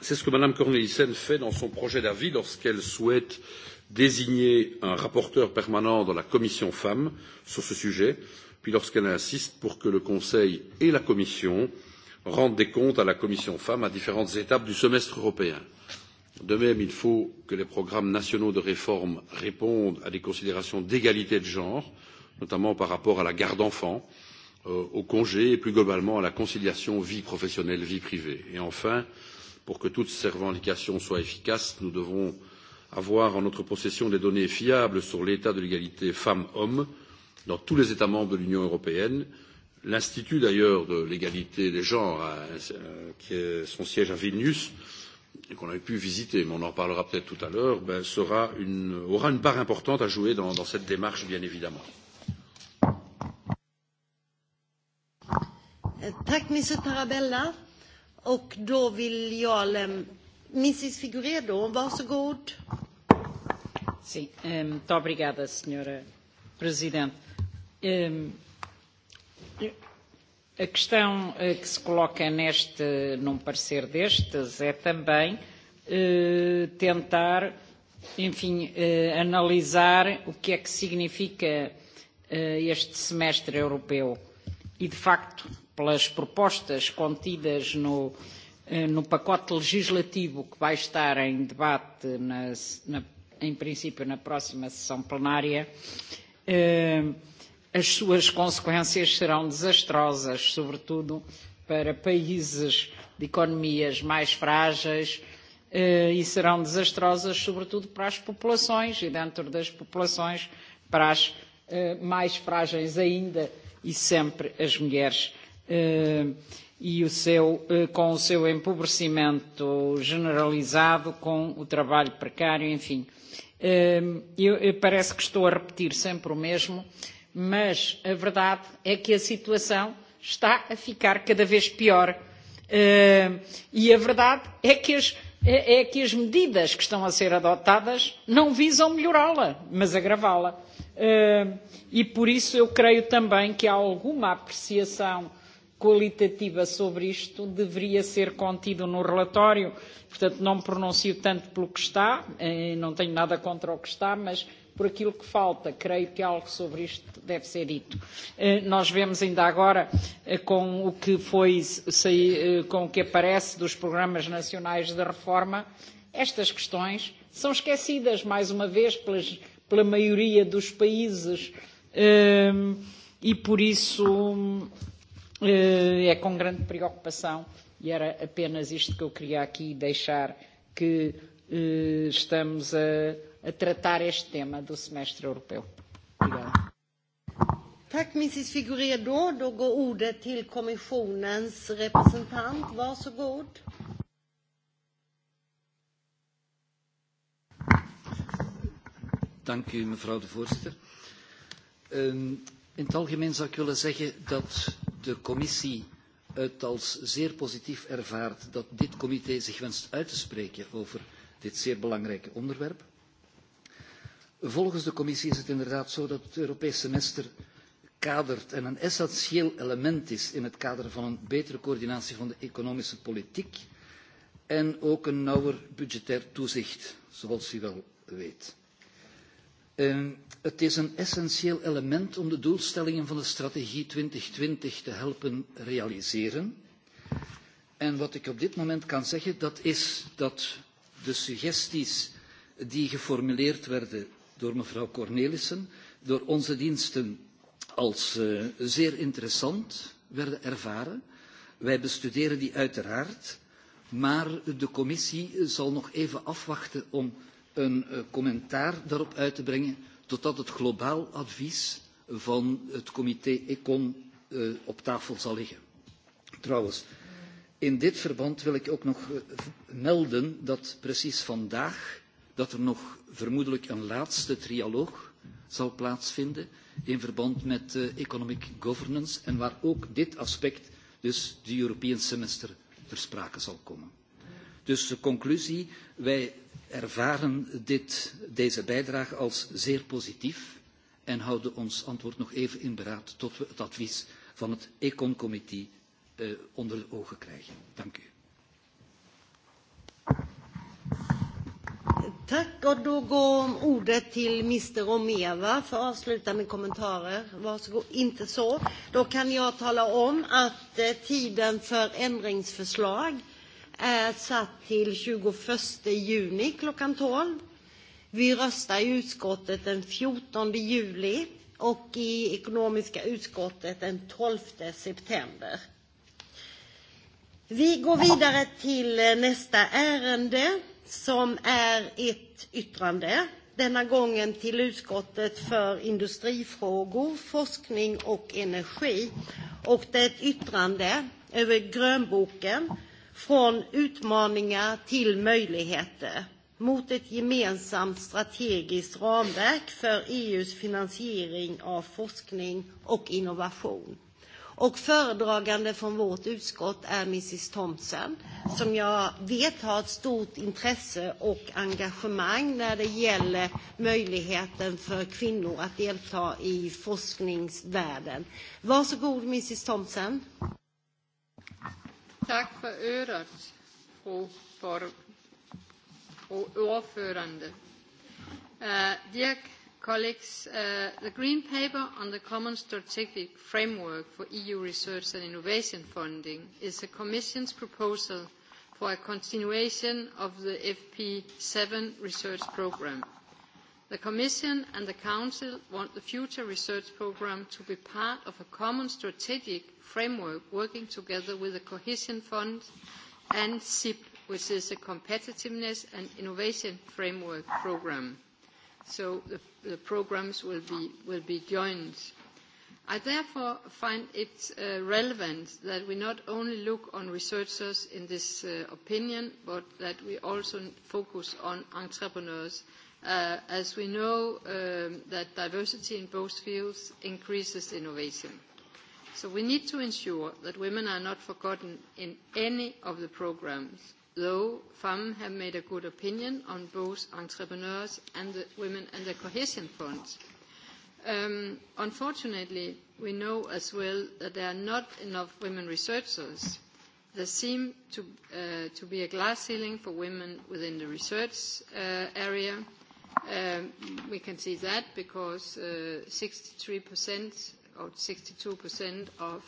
C'est ce que Mme Cornelissen fait dans son projet d'avis lorsqu'elle souhaite euh, désigner un rapporteur permanent dans la commission femm sur ce sujet puis lorsqu'elle insiste pour que le conseil et la commission rendent des comptes à la commission femm à différentes étapes du semestre européen. de même il faut que les programmes nationaux de réforme répondent à des considérations d'égalité de genre notamment par rapport à la garde d'enfants euh, aux congés et plus globalement à la conciliation vie professionnelle vie privée. et enfin pour que toutes ces revendications soient efficaces nous devons avoir en notre possession des données fiables sur l'état de l'égalité femmes hommes dans tous les États membres de l'Union européenne. L'Institut d'ailleurs de l'égalité des genres, euh, qui est son siège à Vilnius, et qu'on avait pu visiter, mais on en reparlera peut-être tout à l'heure, ben, sera une, aura une part importante à jouer dans, dans cette démarche, bien évidemment. Tack, Mr Tarabella. Och då vill jag lämna... Eh, Mrs Figuredo, varsågod. Ehm, ehm, a questão eh, que se coloca neste, num parecer destes é também eh, tentar, enfim, eh, analisar o que é que significa este semestre europeu. E, de facto, pelas propostas contidas no, no pacote legislativo que vai estar em debate na, na em princípio na próxima sessão plenária, eh, as suas consequências serão desastrosas, sobretudo para países de economias mais frágeis eh, e serão desastrosas, sobretudo para as populações e, dentro das populações, para as eh, mais frágeis ainda e sempre as mulheres. E o seu, com o seu empobrecimento generalizado, com o trabalho precário, enfim. Ehm, parece que estou a repetir sempre o mesmo, mas a verdade é que a situação está a ficar cada vez pior. Ehm, e a verdade é que as, é que as medidas que estão a ser adotadas não visam melhorá-la, mas agravá-la. Ehm, e por isso eu creio também que há alguma apreciação qualitativa sobre isto deveria ser contido no relatório. Portanto, não me pronuncio tanto pelo que está, eh, não tenho nada contra o que está, mas por aquilo que falta. Creio que algo sobre isto deve ser dito. Eh, nós vemos ainda agora eh, com o que foi, com o que aparece dos programas nacionais de reforma, estas questões são esquecidas mais uma vez pelas, pela maioria dos países e por isso Eh, é com grande preocupação, e era apenas isto que eu queria aqui deixar, que eh, estamos a, a tratar este tema do semestre europeu. Obrigada. Tack Mrs Figuredo. Då går ordet till kommissionens representant. Varsågod. Dank u mevrouw de voorzitter. Um, in het algemeen zou ik willen zeggen dat de commissie het als zeer positief ervaart dat dit comité zich wenst uit te spreken over dit zeer belangrijke onderwerp. Volgens de commissie is het inderdaad zo dat het Europees semester kadert en een essentieel element is in het kader van een betere coördinatie van de economische politiek en ook een nauwer budgetair toezicht, zoals u wel weet. Ehm, het is een essentieel element om de doelstellingen van de strategie 2020 te helpen realiseren. En wat ik op dit moment kan zeggen, dat is dat de suggesties die geformuleerd werden door mevrouw Cornelissen, door onze diensten als uh, zeer interessant werden ervaren. Wij bestuderen die uiteraard, maar de commissie zal nog even afwachten om een eh, commentaar daarop uit te brengen totdat het globaal advies van het comité ECON eh, op tafel zal liggen. Trouwens, in dit verband wil ik ook nog eh, melden dat precies vandaag dat er nog vermoedelijk een laatste trialoog zal plaatsvinden in verband met economic governance en waar ook dit aspect, dus de European semester, ter sprake zal komen. Dus de conclusie, wij ervaren dit, deze bijdrage als zeer positief en houden ons antwoord nog even in beraad tot we het advies van het Econ-comité eh, onder de ogen krijgen. Dank u. Tack och då går ordet till Mr Romeva för att avsluta med kommentarer. Varsågod. Inte så. Då kan jag tala om att eh, tiden för ändringsförslag är satt till 21 juni klockan 12. Vi röstar i utskottet den 14 juli och i ekonomiska utskottet den 12 september. Vi går vidare till eh, nästa ärende som är ett yttrande. Denna gången till utskottet för industrifrågor, forskning och energi. Och det är ett yttrande över grönboken från utmaningar till möjligheter mot ett gemensamt strategiskt ramverk för EUs finansiering av forskning och innovation. Och föredragande från vårt utskott är Mrs Thompson som jag vet har ett stort intresse och engagemang när det gäller möjligheten för kvinnor att delta i forskningsvärlden. Varsågod Mrs Thompson. Tack för örat, fru ordförande. Uh, dear colleagues, uh, the Green Paper on the Common Strategic Framework for EU Research and Innovation Funding is the Commission's proposal for a continuation of the FP7 research programme The Commission and the Council want the future research programme to be part of a common strategic framework working together with the Cohesion Fund and cip which is a competitiveness and innovation framework programme. So the, the programmes will be, will be joined. I therefore find it uh, relevant that we not only look on researchers in this uh, opinion, but that we also focus on entrepreneurs Uh, as we know um, that diversity in both fields increases innovation. So we need to ensure that women are not forgotten in any of the programs, though FAM have made a good opinion on both entrepreneurs and the women and the cohesion funds. Um, unfortunately, we know as well that there are not enough women researchers. There seems to, uh, to be a glass ceiling for women within the research uh, area, Um, we can see that because uh, 63% or 62% of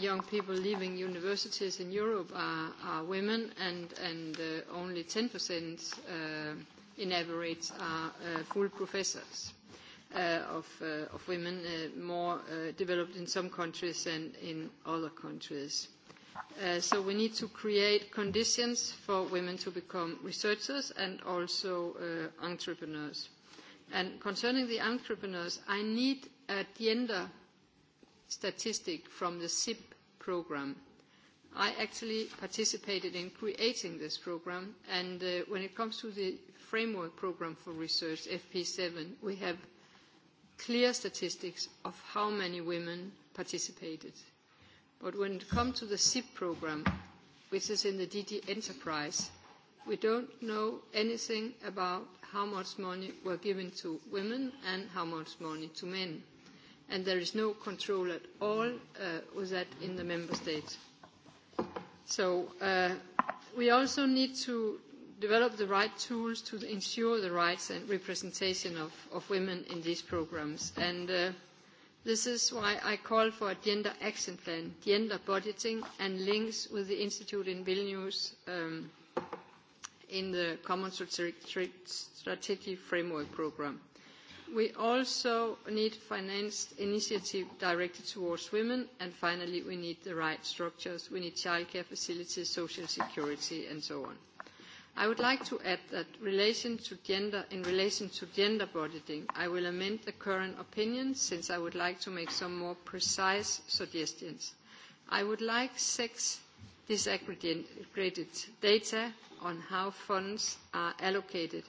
young people leaving universities in Europe are, are women and, and uh, only 10% uh, in average are uh, full professors uh, of, uh, of women, uh, more uh, developed in some countries than in other countries. Uh, so we need to create conditions for women to become researchers and also uh, entrepreneurs. And concerning the entrepreneurs, I need a gender statistic from the SIP program. I actually participated in creating this program, and uh, when it comes to the framework program for research, FP7, we have clear statistics of how many women participated But when it comes to the SIP program, which is in the DG Enterprise, we don't know anything about how much money were given to women and how much money to men. And there is no control at all uh, with that in the member states. So uh, we also need to develop the right tools to ensure the rights and representation of, of women in these programs. And uh, This is why I call for a gender action plan, gender budgeting, and links with the Institute in Vilnius um, in the Common Strategy Framework Programme. We also need financed initiative directed towards women, and finally, we need the right structures. We need childcare facilities, social security, and so on. I would like to add that relation to gender, in relation to gender budgeting, I will amend the current opinion since I would like to make some more precise suggestions. I would like sex disaggregated data on how funds are allocated,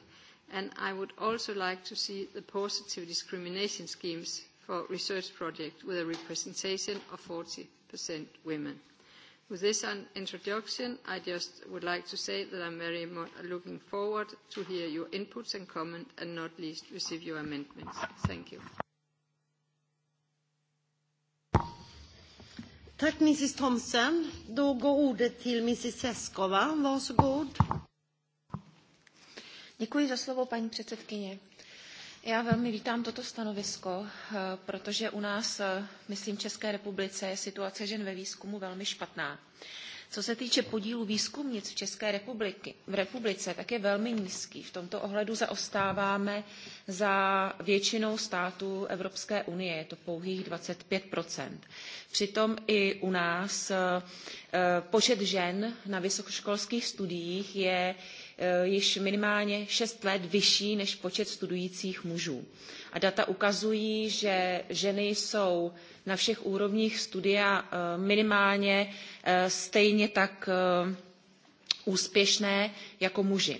and I would also like to see the positive discrimination schemes for research projects with a representation of 40% women. With this introduction, I just would like to say that I'm very much looking forward to hear your inputs and comments and not least receive your amendments. Thank you. Tack Mrs Thomsen. Då går ordet till Mrs Seskova. Varsågod. Děkuji za slovo, paní předsedkyně. Já velmi vítám toto stanovisko, eh, protože u nás, eh, myslím České republice, je situace žen ve výzkumu velmi špatná. Co se týče podílu výzkumnic v České republiky, v republice, tak je velmi nízký. V tomto ohledu zaostáváme za většinou států Evropské unie, je to pouhých 25 Přitom i u nás eh, počet žen na vysokoškolských studiích je Eh, již minimálně šest let vyšší než počet studujících mužů. A data ukazují, že ženy jsou na všech úrovních studia eh, minimálně eh, stejně tak úspěšné jako muži.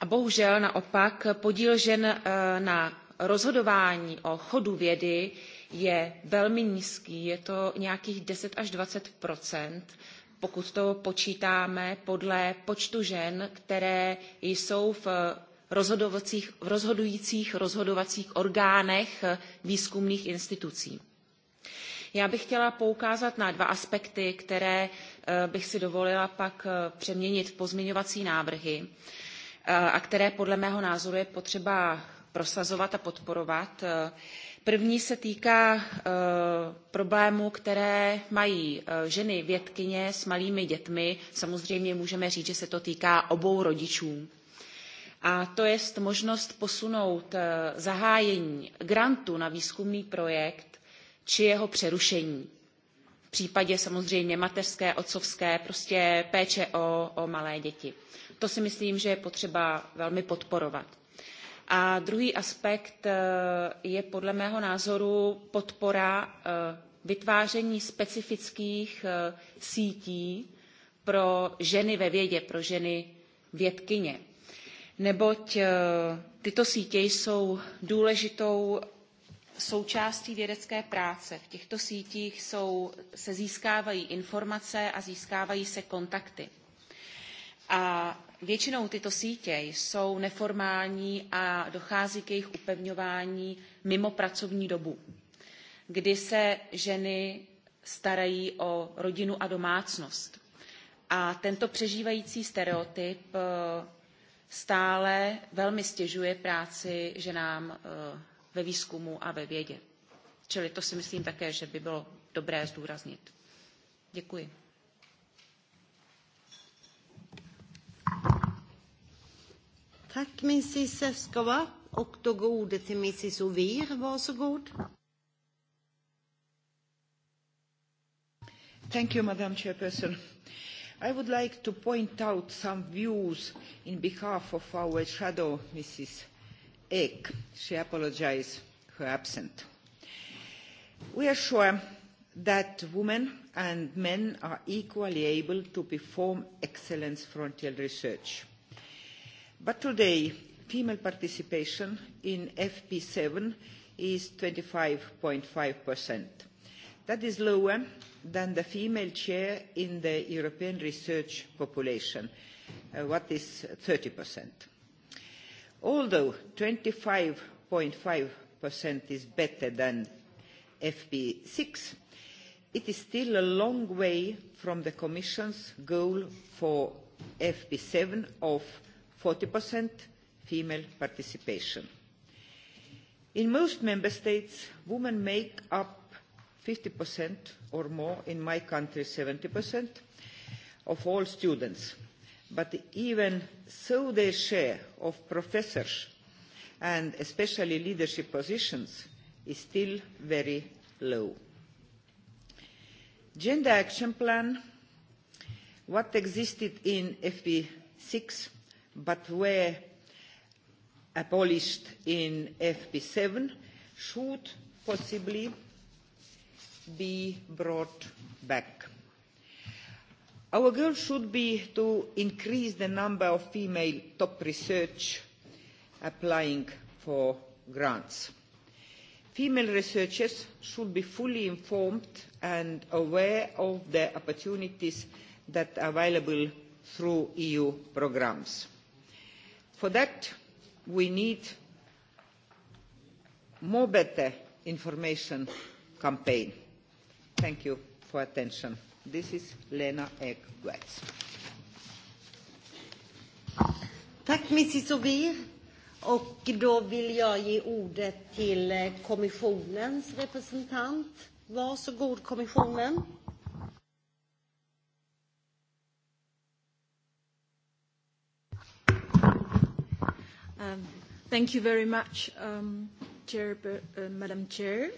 A bohužel naopak podíl žen na rozhodování o chodu vědy je velmi nízký, je to nějakých 10 až 20 pokud to počítáme podle počtu žen, které jsou v rozhodovacích, v rozhodujících rozhodovacích orgánech výzkumných institucí. Já bych chtěla poukázat na dva aspekty, které eh, bych si dovolila pak eh, přeměnit v pozměňovací návrhy eh, a které podle mého názoru je potřeba prosazovat a podporovat. Uh, První se týká eh, problémů, které mají eh, ženy vědkyně s malými dětmi. Samozřejmě můžeme říct, že se to týká obou rodičů a to je možnost posunout eh, zahájení grantu na výzkumný projekt či jeho přerušení. V případě samozřejmě mateřské, otcovské, prostě péče o, o malé děti. To si myslím, že je potřeba velmi podporovat. A druhý aspekt eh, je podle mého názoru podpora eh, vytváření specifických eh, sítí pro ženy ve vědě, pro ženy vědkyně. Neboť tyto sítě jsou důležitou součástí vědecké práce. V těchto sítích jsou, se získávají informace a získávají se kontakty. A Většinou tyto sítě jsou neformální a dochází k jejich upevňování mimo pracovní dobu, kdy se ženy starají o rodinu a domácnost. A tento přežívající stereotyp eh, stále velmi stěžuje práci ženám eh, ve výzkumu a ve vědě. Čili to si myslím také, že by bylo dobré zdůraznit. Děkuji. Tack Mrs Eskova och då går ordet till Mrs Ovir. Varsågod. Thank you, Madam Chairperson. I would like to point out some views in behalf of our shadow, Mrs. Ek. She apologized her absent. We are sure that women and men are equally able to perform excellence frontier research But today, female participation in fp seven is twenty five five That is lower than the female share in the European research population, uh, which is thirty Although twenty five five is better than fp six it is still a long way from the Commission's goal for fp seven of forty female participation. In most member states, women make up fifty or more, in my country seventy of all students. But even so, their share of professors and especially leadership positions is still very low. Gender Action Plan, what existed in fp six but were abolished in FP7 should possibly be brought back. Our goal should be to increase the number of female top research applying for grants. Female researchers should be fully informed and aware of the opportunities that are available through EU programmes for that we need more better information campaign. thank you for attention. this is lena ek -Guetz. Tack Mrs. Sobir. Och då vill jag ge ordet till eh, kommissionens representant. Varsågod kommissionen. Um, thank you very much, um, Chair, uh, Madam Chair.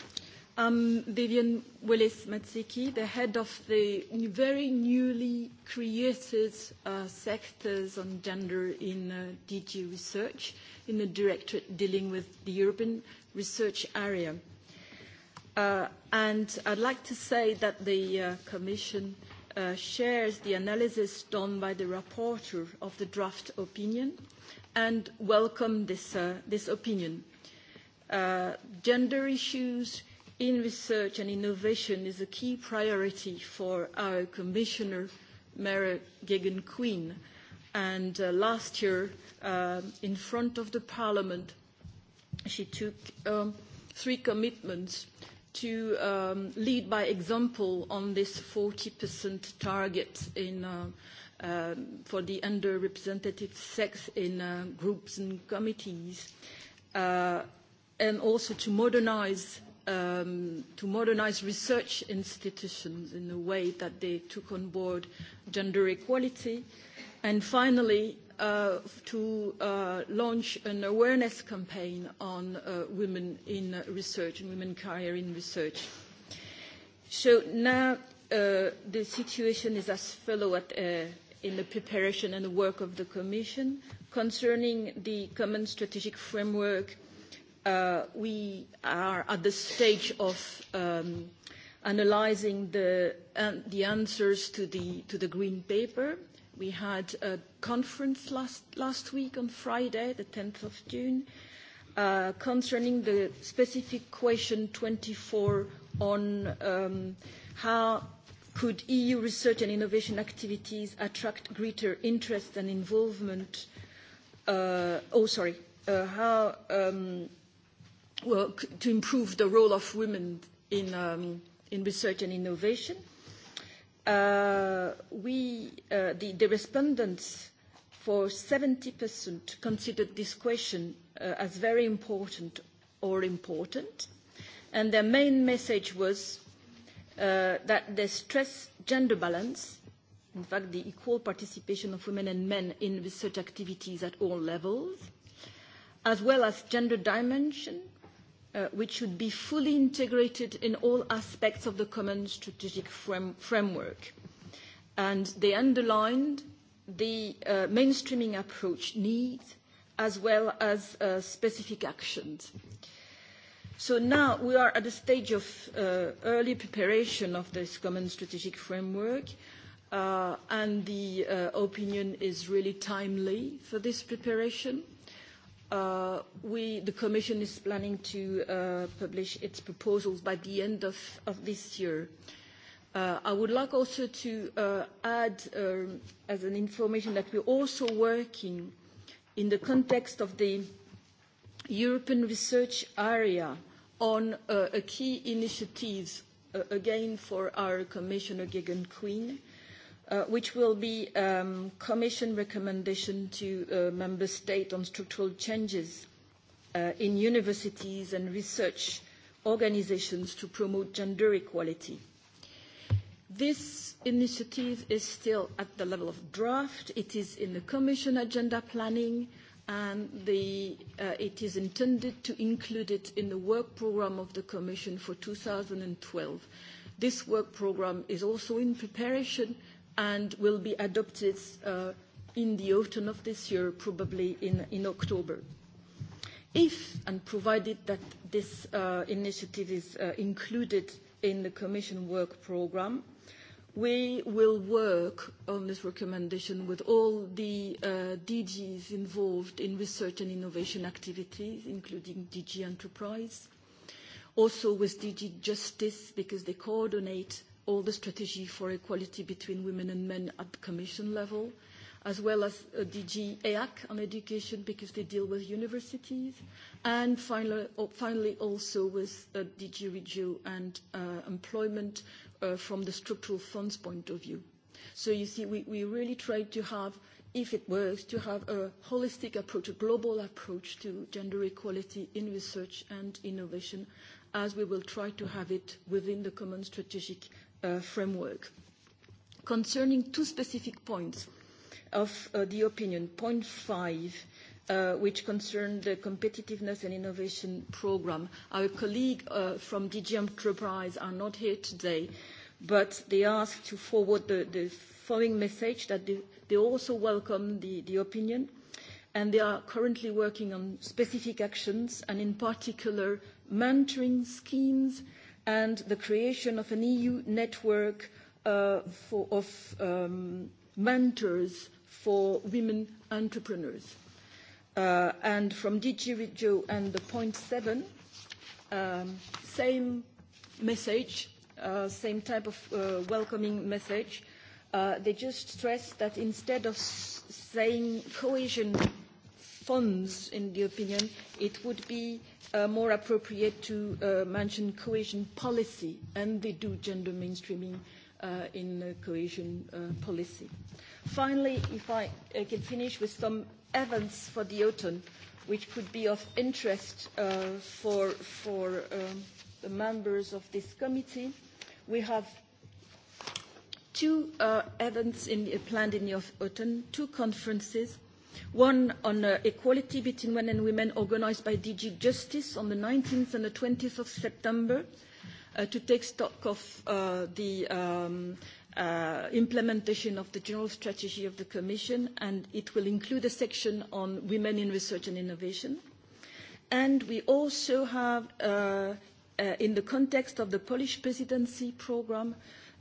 I'm um, Vivian Willis-Matsiki, the head of the very newly created uh, sectors on gender in uh, DG Research, in the directorate dealing with the European research area. Uh, and I'd like to say that the uh, Commission uh, shares the analysis done by the rapporteur of the draft opinion and welcome this, uh, this opinion. Uh, gender issues in research and innovation is a key priority for our Commissioner, Mary Gagan Queen. And uh, last year, uh, in front of the Parliament, she took um, three commitments to um, lead by example on this 40% target in uh, uh, for the underrepresented sex in uh, groups and committees, uh, and also to modernize um, to modernize research institutions in a way that they took on board gender equality, and finally uh, to uh, launch an awareness campaign on uh, women in research and women career in research. So now uh, the situation is as follows at uh, in the preparation and the work of the Commission. Concerning the common strategic framework, uh, we are at the stage of um, analyzing the, uh, the answers to the, to the Green Paper. We had a conference last, last week on Friday, the 10th of June, uh, concerning the specific question 24 on um, how Could EU research and innovation activities attract greater interest and involvement? Uh, oh, sorry. Uh, how um, well, to improve the role of women in, um, in research and innovation? Uh, we, uh, the, the respondents for 70% considered this question uh, as very important or important. And their main message was uh, that they stress gender balance, in fact, the equal participation of women and men in research activities at all levels, as well as gender dimension, uh, which should be fully integrated in all aspects of the common strategic frame framework. And they underlined the uh, mainstreaming approach needs, as well as uh, specific actions. Uh, So now we are at the stage of uh, early preparation of this common strategic framework, uh, and the uh, opinion is really timely for this preparation. Uh, we, the Commission is planning to uh, publish its proposals by the end of, of this year. Uh, I would like also to uh, add um, as an information that we're also working in the context of the European research area on uh, a key initiatives, uh, again for our Commissioner geoghegan Queen, uh, which will be a um, Commission recommendation to Member State on structural changes in universities and research organisations to promote gender equality. This initiative is still at the level of draft. It is in the Commission agenda planning and the, uh, it is intended to include it in the work programme of the Commission for 2012. This work programme is also in preparation and will be adopted uh, in the autumn of this year, probably in, in October. If, and provided that this uh, initiative is uh, included in the Commission work programme, We will work on this recommendation with all the uh, DGs involved in research and innovation activities, including DG Enterprise, also with DG Justice, because they coordinate all the strategy for equality between women and men at the Commission level, as well as uh, DG EAC on education, because they deal with universities, and finally, finally also with uh, DG Regio and uh, employment, Uh, from the structural funds point of view. So you see, we, we really try to have, if it works, to have a holistic approach, a global approach to gender equality in research and innovation, as we will try to have it within the common strategic uh, framework. Concerning two specific points of uh, the opinion, point five, Uh, which concern the competitiveness and innovation program. Our colleague uh, from DG Enterprise are not here today, but they asked to forward the, the following message that they, they also welcome the, the opinion and they are currently working on specific actions and in particular mentoring schemes and the creation of an EU network uh, for, of um, mentors for women entrepreneurs. Uh, and from DG Regio and the point seven, um, same message, uh, same type of uh, welcoming message. Uh, they just stress that instead of saying cohesion funds, in the opinion, it would be uh, more appropriate to uh, mention cohesion policy, and they do gender mainstreaming uh, in the cohesion uh, policy. Finally, if I uh, can finish with some events for the autumn which could be of interest uh, for, for um, the members of this committee. We have two uh, events in, uh, planned in the autumn, two conferences, one on uh, equality between men and women organised by DG Justice on the 19th and the 20th of September uh, to take stock of uh, the um, uh, implementation of the general strategy of the Commission, and it will include a section on women in research and innovation. And we also have, uh, uh, in the context of the Polish presidency program,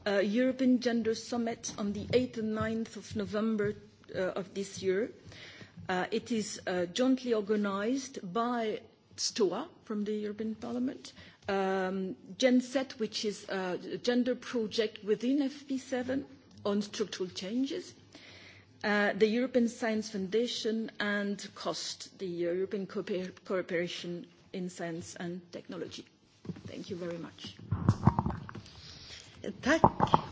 uh, European Gender Summit on the 8th and 9th of November uh, of this year. Uh, it is uh, jointly organized by STOA from the European Parliament, uh, um, GenSet, which is a gender project within FP7 on structural changes, uh, the European Science Foundation, and COST, the European Cooperation in Science and Technology. Thank you very much. Tack.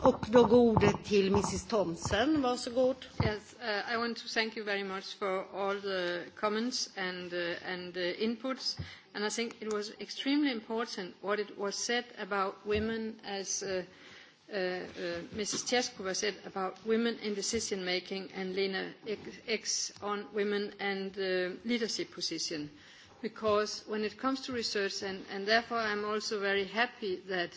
Och då går ordet till Mrs Thompson. Varsågod. Yes, uh, I want to thank you very much for all the comments and, uh, and uh, inputs. And I think it was extremely important what it was said about women, as uh, uh, uh, Mrs. Cheskova said, about women in decision making and Lena X on women and uh, leadership position. Because when it comes to research, and, and therefore I'm also very happy that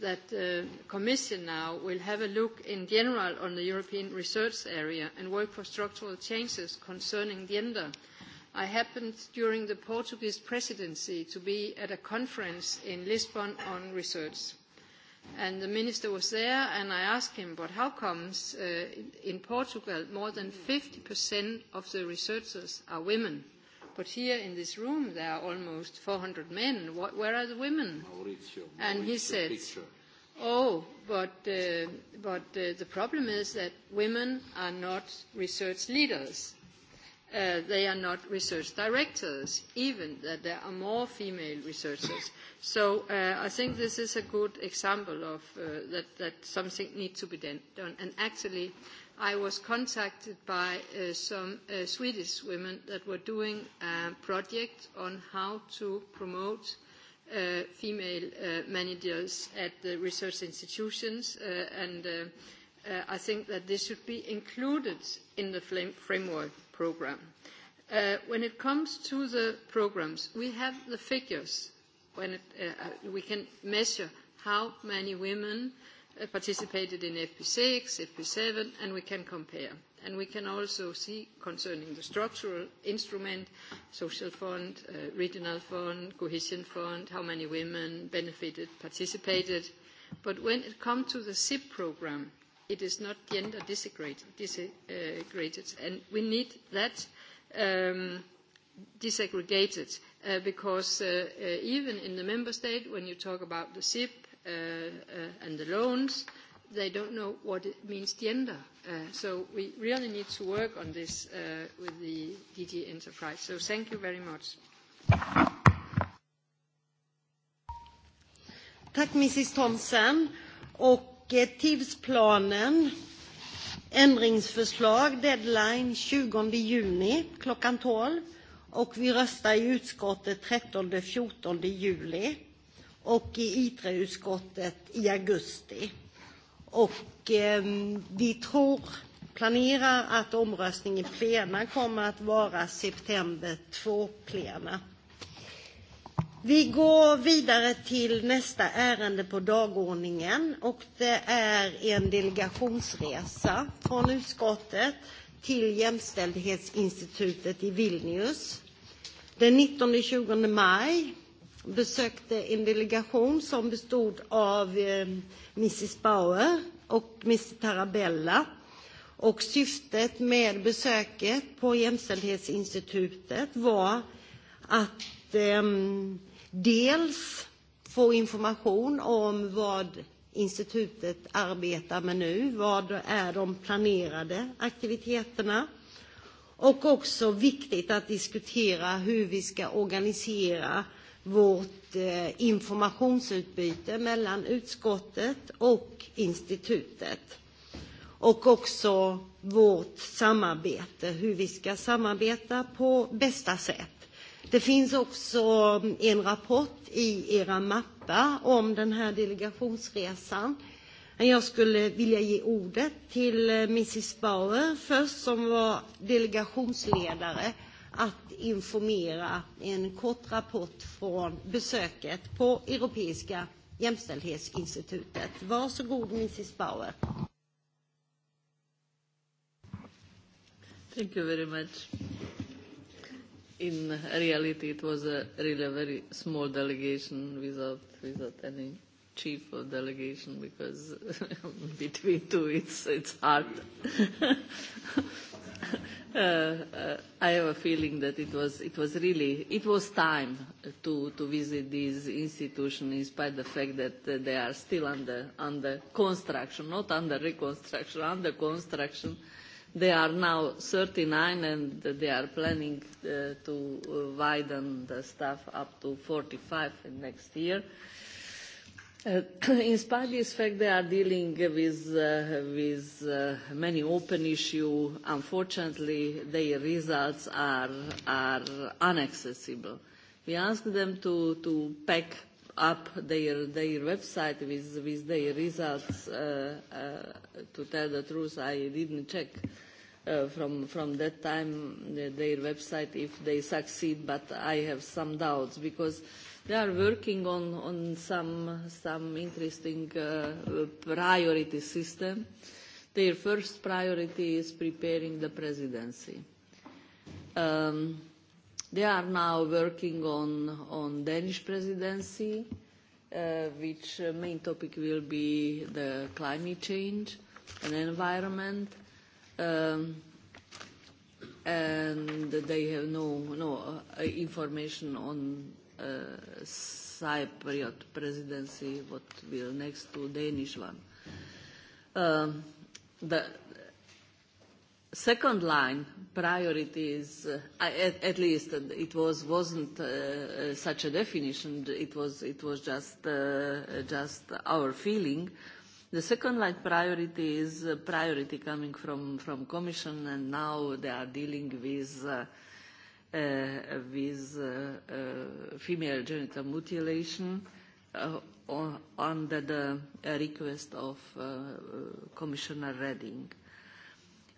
that the uh, Commission now will have a look in general on the European research area and work for structural changes concerning gender. Uh, I happened during the Portuguese presidency to be at a conference in Lisbon on research. And the minister was there, and I asked him, but how comes uh, in Portugal more than 50% of the researchers are women? But here in this room, there are almost 400 men. What, where are the women? and he said, picture. Oh, but, uh, but uh, the problem is that women are not research leaders Uh, they are not research directors, even that there are more female researchers. So uh, I think this is a good example of uh, that, that something needs to be done. And actually, I was contacted by uh, some uh, Swedish women that were doing a project on how to promote uh, female uh, managers at the research institutions uh, and uh, uh, I think that this should be included in the framework program. Uh, when it comes to the programs, we have the figures. When it, uh, uh we can measure how many women uh, participated in FP6, FP7, and we can compare. And we can also see concerning the structural instrument, social fund, uh, regional fund, cohesion fund, how many women benefited, participated. But when it comes to the SIP program, it is not gender disaggregated. And we need that um, disaggregated uh, because uh, uh, even in the member state, when you talk about the SIP uh, uh, and the loans, they don't know what it means gender. Uh, so we really need to work on this uh, with the DG Enterprise. So thank you very much. Tack Mrs Thompson. Och Eh, tidsplanen, ändringsförslag, deadline 20 juni klockan 12 och vi röstar i utskottet 13-14 juli och i ITRE-utskottet i augusti. Och eh, vi tror, planerar att omröstningen i plena kommer att vara september 2-plena. Vi går vidare till nästa ärende på dagordningen och det är en delegationsresa från utskottet till Jämställdhetsinstitutet i Vilnius. Den 19-20 maj besökte en delegation som bestod av eh, Mrs Bauer och Mrs Tarabella. Och syftet med besöket på Jämställdhetsinstitutet var att eh, Dels få information om vad institutet arbetar med nu, vad är de planerade aktiviteterna och också viktigt att diskutera hur vi ska organisera vårt eh, informationsutbyte mellan utskottet och institutet och också vårt samarbete, hur vi ska samarbeta på bästa sätt. Det finns också mm, en rapport i era mappar om den här delegationsresan. Jag skulle vilja ge ordet till eh, Mrs Bauer först, som var delegationsledare, att informera en kort rapport från besöket på Europeiska jämställdhetsinstitutet. Varsågod, Mrs Bauer. Thank you very much in reality, it was a really a very small delegation without without any chief of delegation because between two, it's it's hard. uh, uh, I have a feeling that it was it was really it was time to to visit these institutions, in spite the fact that uh, they are still under under construction, not under reconstruction, under construction. Uh, They are now 39 and they are planning uh, to uh, widen the staff up to 45 next year. Uh, in spite of this fact, they are dealing with, uh, with uh, many open issues. Unfortunately, their results are, are inaccessible. We ask them to, to pack up their their website with with their results. Uh, uh, to tell the truth, I didn't check uh, from from that time their website if they succeed, but I have some doubts because they are working on on some some interesting uh, priority system. Their first priority is preparing the presidency. Um, They are now working on, on Danish presidency, uh, which uh, main topic will be the climate change and environment. Um, and they have no, no uh, information on uh, Cypriot presidency, what will next to Danish one. Um, the, second line priorities, uh, at, at least it was, wasn't uh, uh, such a definition, it was, it was just, uh, just our feeling. The second line priority is a uh, priority coming from, from Commission and now they are dealing with, uh, uh, with uh, uh, female genital mutilation uh, under the uh, request of uh, Commissioner Reding.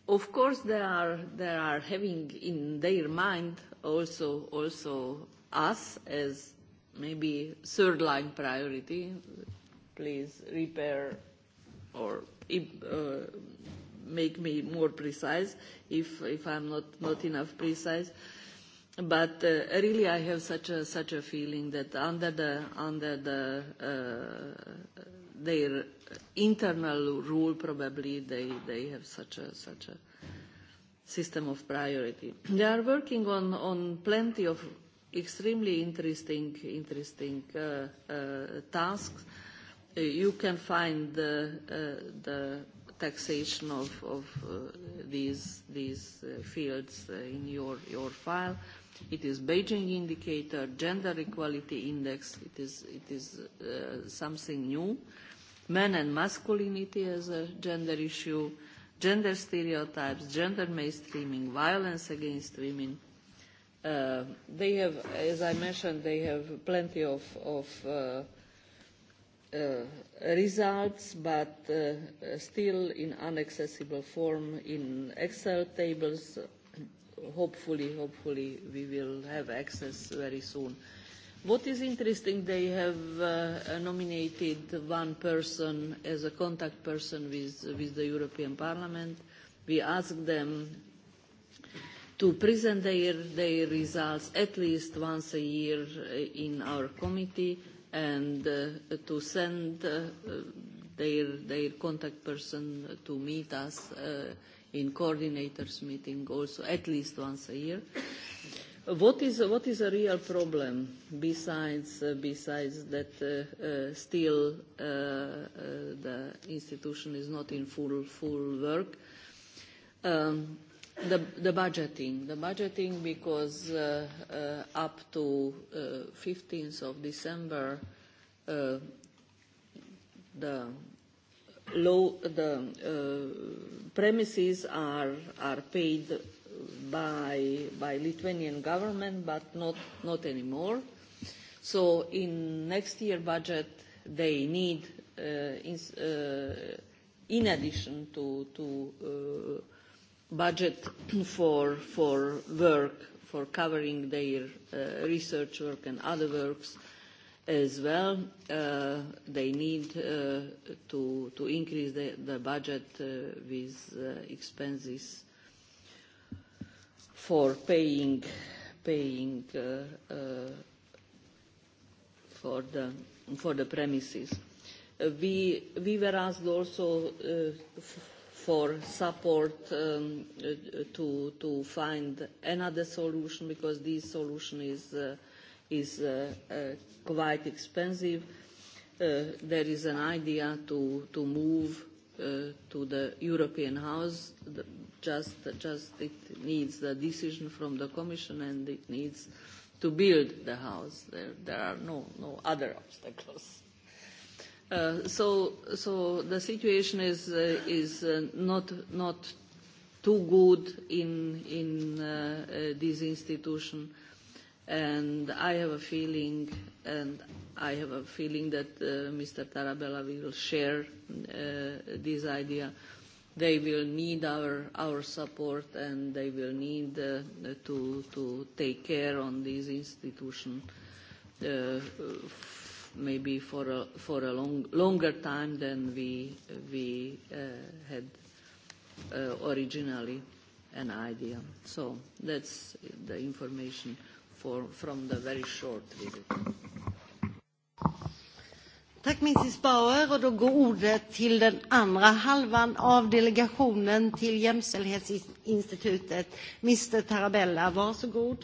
Of course, they are, they are having in their mind also, also us as maybe third line priority. Please repair or uh, make me more precise if, if I'm not, not enough precise. But uh, really, I have such a, such a feeling that under the, under the, uh, their internal rule probably they, they have such a, such a system of priority. They are working on, on plenty of extremely interesting, interesting uh, uh, tasks. Uh, you can find the, uh, the taxation of, of uh, these, these uh, fields uh, in your, your file. It is Beijing indicator, gender equality index. It is, it is uh, something new. Uh, men and masculinity as a gender issue, gender stereotypes, gender mainstreaming, violence against women. Uh, they have, as I mentioned, they have plenty of, of uh, Uh, results, but uh, still in inaccessible form in Excel tables. hopefully, hopefully we will have access very soon. What is interesting, they have uh, nominated one person as a contact person with, with the European Parliament. We asked them to present their, their results at least once a year uh, in our committee and uh, to send uh, their, their contact person to meet us uh, in coordinators meeting also at least once a year. What is, what is a real problem besides, uh, besides that uh, uh, still uh, uh, the institution is not in full, full work? Um, the, the budgeting. The budgeting because uh, uh, up to uh, 15th of December uh, the low, the uh, premises are, are paid by, by Lithuanian government, but not, not anymore. So in next year budget, they need, uh, in, uh, in addition to, to uh, budget for, for work, for covering their uh, research work and other works, as well. Uh, they need uh, to, to increase the, the budget uh, with uh, expenses for paying, paying uh, uh, for, the, for the premises. Uh, we, we were asked also uh, for support um, uh, to, to find another solution because this solution is, uh, is uh, uh, quite expensive. Uh, there is an idea to, to move uh, to the European House, the, just, just it needs the decision from the Commission and it needs to build the house. There, there are no, no other obstacles. Uh, so, so the situation is, uh, is uh, not, not too good in, in uh, uh, this institution. And I have a feeling, and I have a feeling that uh, Mr. Tarabella will share uh, this idea they will need our, our support and they will need uh, to, to take care on these institutions uh, maybe for a, for a long, longer time than we, we uh, had uh, originally an idea. So that's the information for, from the very short visit. Tack Mrs Bauer och då går ordet till den andra halvan av delegationen till Jämställdhetsinstitutet. Mr Tarabella, varsågod.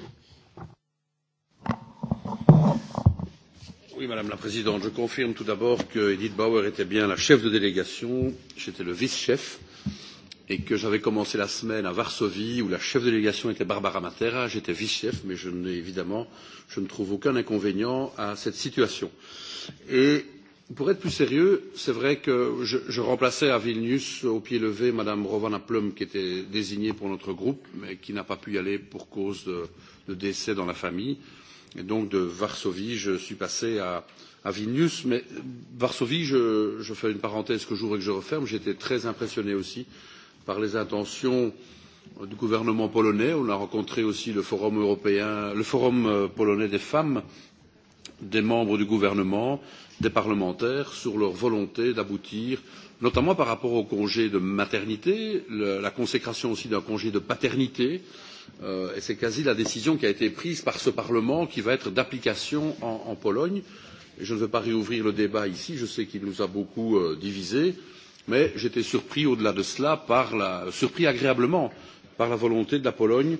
Oui, Madame la Présidente, je confirme tout d'abord que Edith Bauer était bien la chef de délégation, j'étais le vice-chef, et que j'avais commencé la semaine à Varsovie, où la chef de délégation était Barbara Matera, j'étais vice-chef, mais je n'ai évidemment, je ne trouve aucun inconvénient à cette situation. Et pour être plus sérieux, c'est vrai que je, remplaçais à Vilnius au pied levé mme Rovana plumb qui était désignée pour notre groupe, mais qui n'a pas pu y aller pour cause de, de décès dans la famille. Et donc de Varsovie, je suis passé à, à Vilnius. Mais Varsovie, je, je fais une parenthèse que j'ouvre et que je referme, j'étais très impressionné aussi par les intentions du gouvernement polonais. On a rencontré aussi le forum, européen, le forum euh, polonais des femmes, des membres du gouvernement, des parlementaires sur leur volonté d'aboutir, notamment par rapport au congé de maternité, la consécration aussi d'un congé de paternité, euh, et c'est quasi la décision qui a été prise par ce Parlement qui va être d'application en, Pologne. Je ne veux pas rouvrir le débat ici, je sais qu'il nous a beaucoup euh, divisés, mais j'étais surpris au-delà de cela, par la, surpris agréablement par la volonté de la Pologne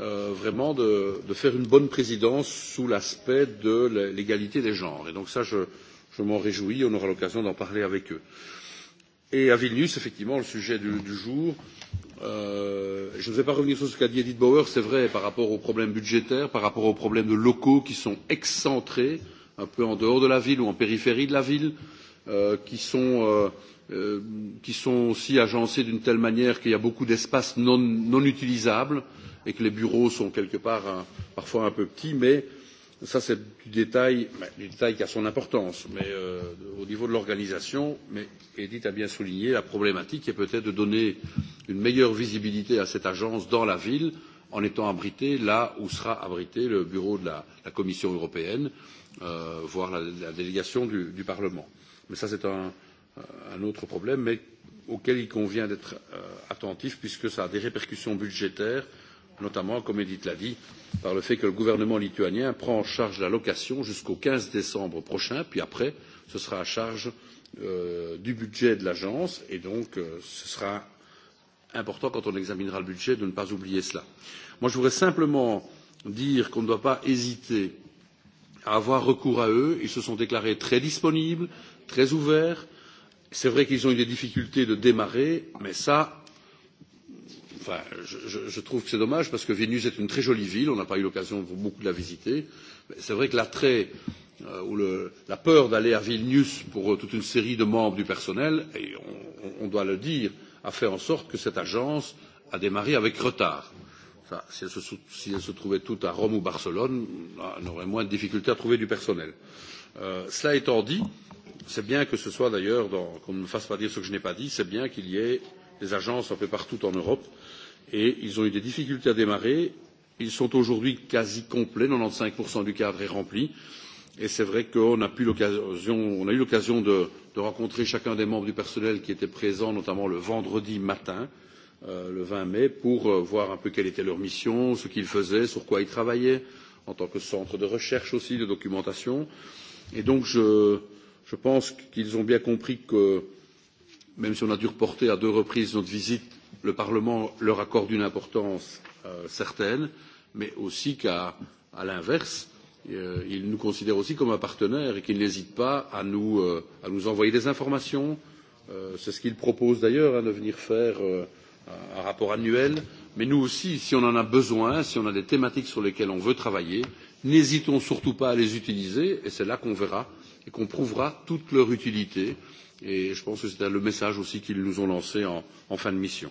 euh, vraiment de, de faire une bonne présidence sous l'aspect de l'égalité des genres. Et donc ça, je, Je m'en réjouis, on aura l'occasion d'en parler avec eux. Et à Vilnius, effectivement, le sujet du, du jour, euh, je ne vais pas revenir sur ce qu'a dit Edith Bauer, c'est vrai, par rapport aux problèmes budgétaires, par rapport aux problèmes de locaux qui sont excentrés, un peu en dehors de la ville ou en périphérie de la ville, euh, qui sont euh, euh, qui sont aussi agencés d'une telle manière qu'il y a beaucoup d'espaces non, non utilisables et que les bureaux sont quelque part un, parfois un peu petits, mais euh, ça c'est du détail, du détail qui a son importance, euh, au niveau de l'organisation, mais Edith a bien souligné la problématique qui est peut-être de donner une meilleure visibilité à cette agence dans la ville en étant abrité là où sera abrité le bureau de la, la Commission européenne, euh, voire la, la délégation du, du Parlement. Mais ça c'est un, un autre problème, mais auquel il convient d'être euh, attentif puisque ça a des répercussions budgétaires notamment comme edit l'a dit par le fait que le gouvernement lituanien prend en charge la location jusqu'au quinze décembre prochain puis après ce sera à charge euh, du budget de l'agence et donc euh, ce sera important quand on examinera le budget de ne pas oublier cela. Moi, je voudrais simplement dire qu'on ne doit pas hésiter à avoir recours à eux. Ils se sont déclarés très disponibles, très ouverts. C'est vrai qu'ils ont eu des difficultés de démarrer, mais ça, enfin, je, je trouve que c'est dommage parce que Vilnius est une très jolie ville, on n'a pas eu l'occasion beaucoup de la visiter. C'est vrai que l'attrait euh, ou le, la peur d'aller à Vilnius pour euh, toute une série de membres du personnel, et on, on doit le dire, a fait en sorte que cette agence a démarré avec retard. Ça, si, elle se, si elle se trouvait toute à Rome ou Barcelone, on aurait moins de difficultés à trouver du personnel. Euh, cela étant dit, c'est bien que ce soit d'ailleurs, qu'on ne me fasse pas dire ce que je n'ai pas dit, c'est bien qu'il y ait des agences un peu partout en Europe et ils ont eu des difficultés à démarrer. Ils sont aujourd'hui quasi complets, quatre vingt quinze du cadre est rempli. Et c'est vrai qu'on a, eu l'occasion de, rencontrer chacun des membres du personnel qui étaient présents, notamment le vendredi matin, euh, le vingt mai, pour euh, voir un peu quelle était leur mission, ce qu'ils faisaient, sur quoi ils travaillaient, en tant que centre de recherche aussi, de documentation. Et donc, je, je pense qu'ils ont bien compris que, même si on a dû reporter à deux reprises notre visite le Parlement leur accorde une importance euh, certaine, mais aussi qu'à l'inverse, euh, il nous considère aussi comme un partenaire et qu'il n'hésite pas à nous, euh, à nous envoyer des informations. C'est ce qu'il propose d'ailleurs de venir faire un rapport annuel. Mais nous aussi, si on en a besoin, si on a des thématiques sur lesquelles on veut travailler, n'hésitons surtout pas à les utiliser et c'est là qu'on verra et qu'on prouvera toute leur utilité et je pense que c'est le message aussi qu'ils nous ont lancé en, en fin de mission.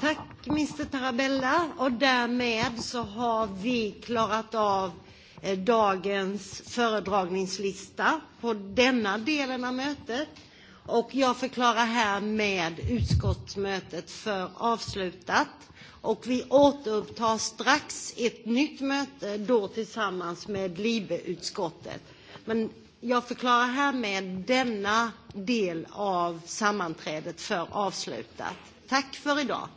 Tack Mr Tarabella och därmed så har vi klarat av eh, dagens föredragningslista på denna delen av mötet och jag förklarar härmed utskottsmötet för avslutat och vi återupptar strax ett nytt möte, då tillsammans med LIBE-utskottet. Men jag förklarar härmed denna del av sammanträdet för avslutat. Tack för idag.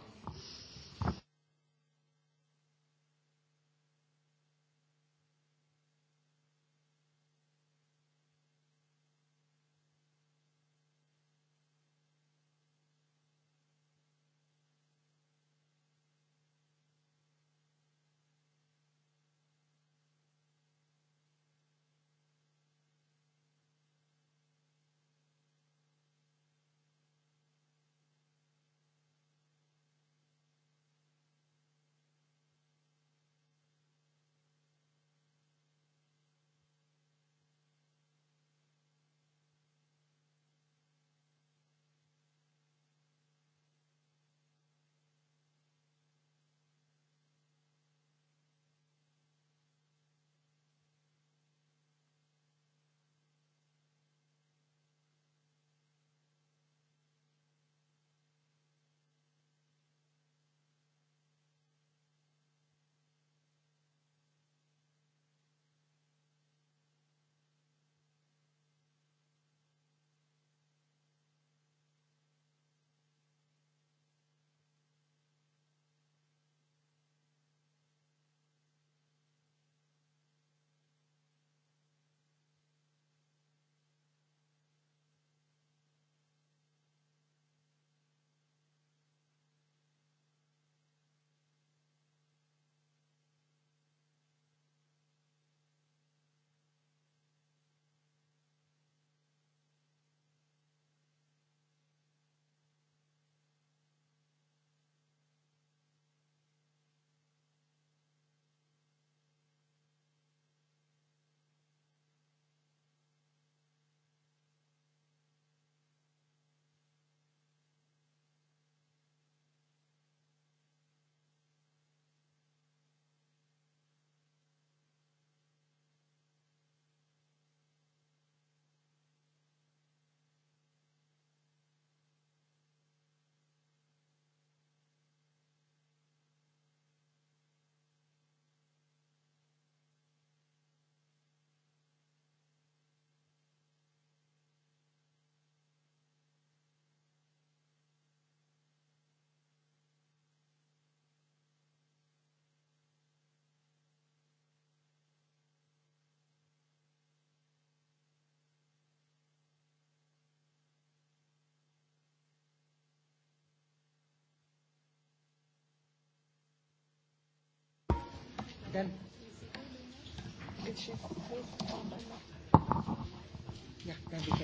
Then.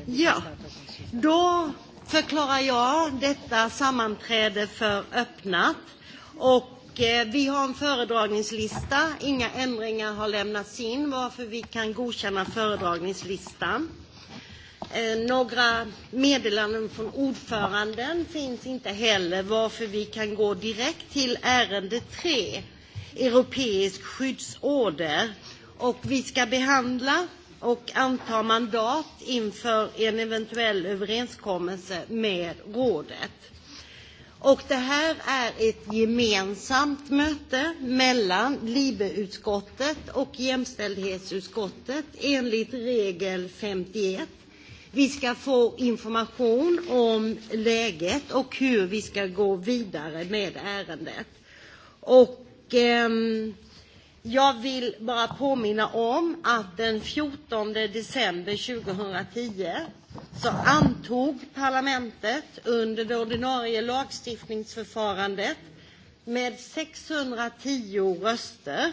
Ja, då förklarar jag detta sammanträde för öppnat. Och eh, vi har en föredragningslista. Inga ändringar har lämnats in varför vi kan godkänna föredragningslistan. Eh, några meddelanden från ordföranden finns inte heller varför vi kan gå direkt till ärende 3 europeisk skyddsorder och vi ska behandla och anta mandat inför en eventuell överenskommelse med rådet. Och det här är ett gemensamt möte mellan LIBE-utskottet och jämställdhetsutskottet enligt regel 51. Vi ska få information om läget och hur vi ska gå vidare med ärendet. Och eh, jag vill bara påminna om att den 14 december 2010 så antog parlamentet under det ordinarie lagstiftningsförfarandet med 610 röster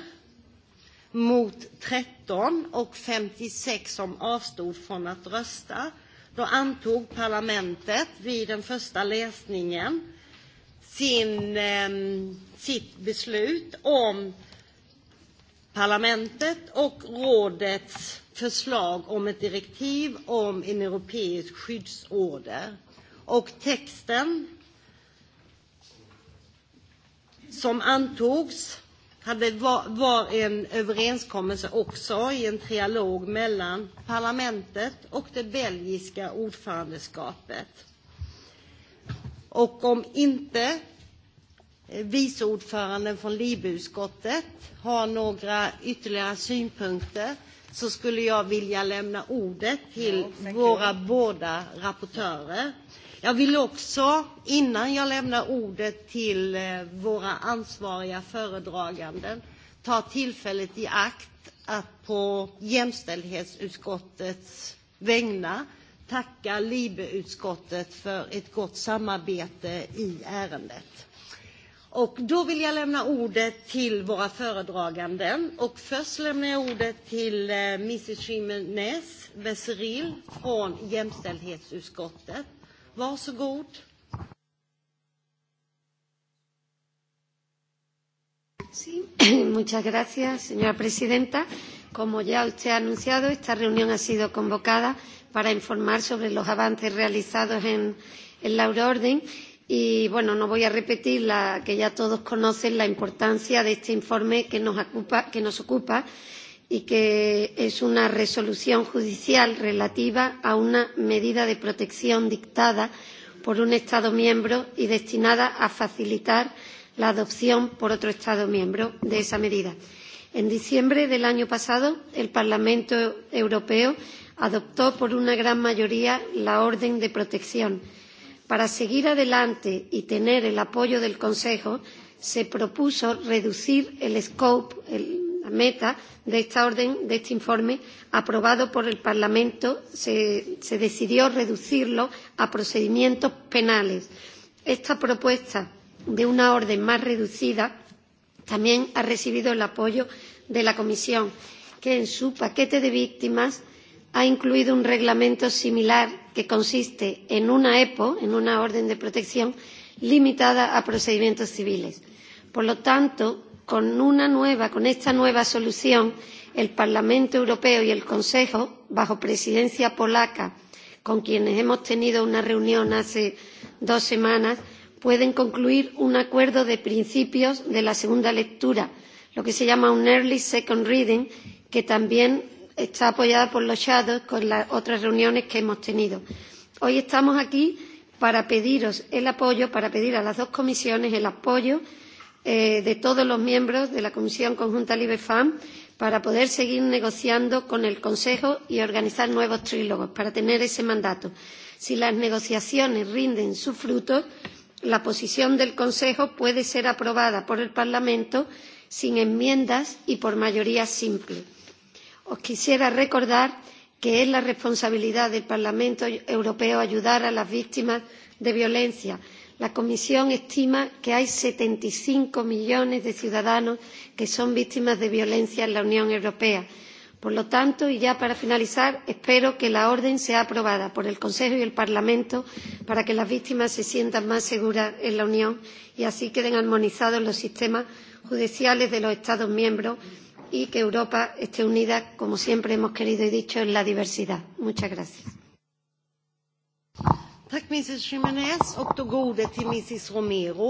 mot 13 och 56 som avstod från att rösta. Då antog parlamentet vid den första läsningen sin eh, sitt beslut om parlamentet och rådets förslag om ett direktiv om en europeisk skyddsorder. Och texten som antogs hade var, var en överenskommelse också i en trialog mellan parlamentet och det belgiska ordförandeskapet. Och om inte Eh, vice ordföranden från LIBE-utskottet har några ytterligare synpunkter så skulle jag vilja lämna ordet till no, våra you. båda rapportörer. Jag vill också, innan jag lämnar ordet till eh, våra ansvariga föredraganden, ta tillfället i akt att på jämställdhetsutskottets vägnar tacka LIBE-utskottet för ett gott samarbete i ärendet. Och då vill jag lämna ordet till våra föredraganden. Och först lämnar jag ordet till eh, Mrs. Jiménez Becerril från jämställdhetsutskottet. Varsågod. Sí, muchas gracias, señora presidenta. Como ya usted ha anunciado, esta reunión ha sido convocada para informar sobre los avances realizados en, en la euroorden Y bueno, no voy a repetir la que ya todos conocen la importancia de este informe que nos ocupa, que nos ocupa y que es una resolución judicial relativa a una medida de protección dictada por un Estado miembro y destinada a facilitar la adopción por otro Estado miembro de esa medida. En diciembre del año pasado, el Parlamento Europeo adoptó por una gran mayoría la orden de protección para seguir adelante y tener el apoyo del Consejo, se propuso reducir el scope, el, la meta de esta orden, de este informe aprobado por el Parlamento, se, se decidió reducirlo a procedimientos penales. Esta propuesta de una orden más reducida también ha recibido el apoyo de la Comisión, que en su paquete de víctimas ha incluido un reglamento similar que consiste en una EPO, en una orden de protección limitada a procedimientos civiles. Por lo tanto, con, una nueva, con esta nueva solución, el Parlamento Europeo y el Consejo, bajo presidencia polaca, con quienes hemos tenido una reunión hace dos semanas, pueden concluir un acuerdo de principios de la segunda lectura, lo que se llama un early second reading, que también está apoyada por los shadows con las otras reuniones que hemos tenido. Hoy estamos aquí para pediros el apoyo, para pedir a las dos comisiones el apoyo eh, de todos los miembros de la Comisión Conjunta LibreFam para poder seguir negociando con el Consejo y organizar nuevos trílogos, para tener ese mandato. Si las negociaciones rinden sus frutos, la posición del Consejo puede ser aprobada por el Parlamento sin enmiendas y por mayoría simple os quisiera recordar que es la responsabilidad del Parlamento Europeo ayudar a las víctimas de violencia. La Comisión estima que hay setenta y cinco millones de ciudadanos que son víctimas de violencia en la Unión Europea. Por lo tanto, y ya para finalizar, espero que la orden sea aprobada por el Consejo y el Parlamento para que las víctimas se sientan más seguras en la Unión y así queden armonizados los sistemas judiciales de los Estados miembros y que Europa esté unida, como siempre hemos querido y dicho, en la diversidad. Muchas gracias. Tack Mrs Jiménez Mrs Romero.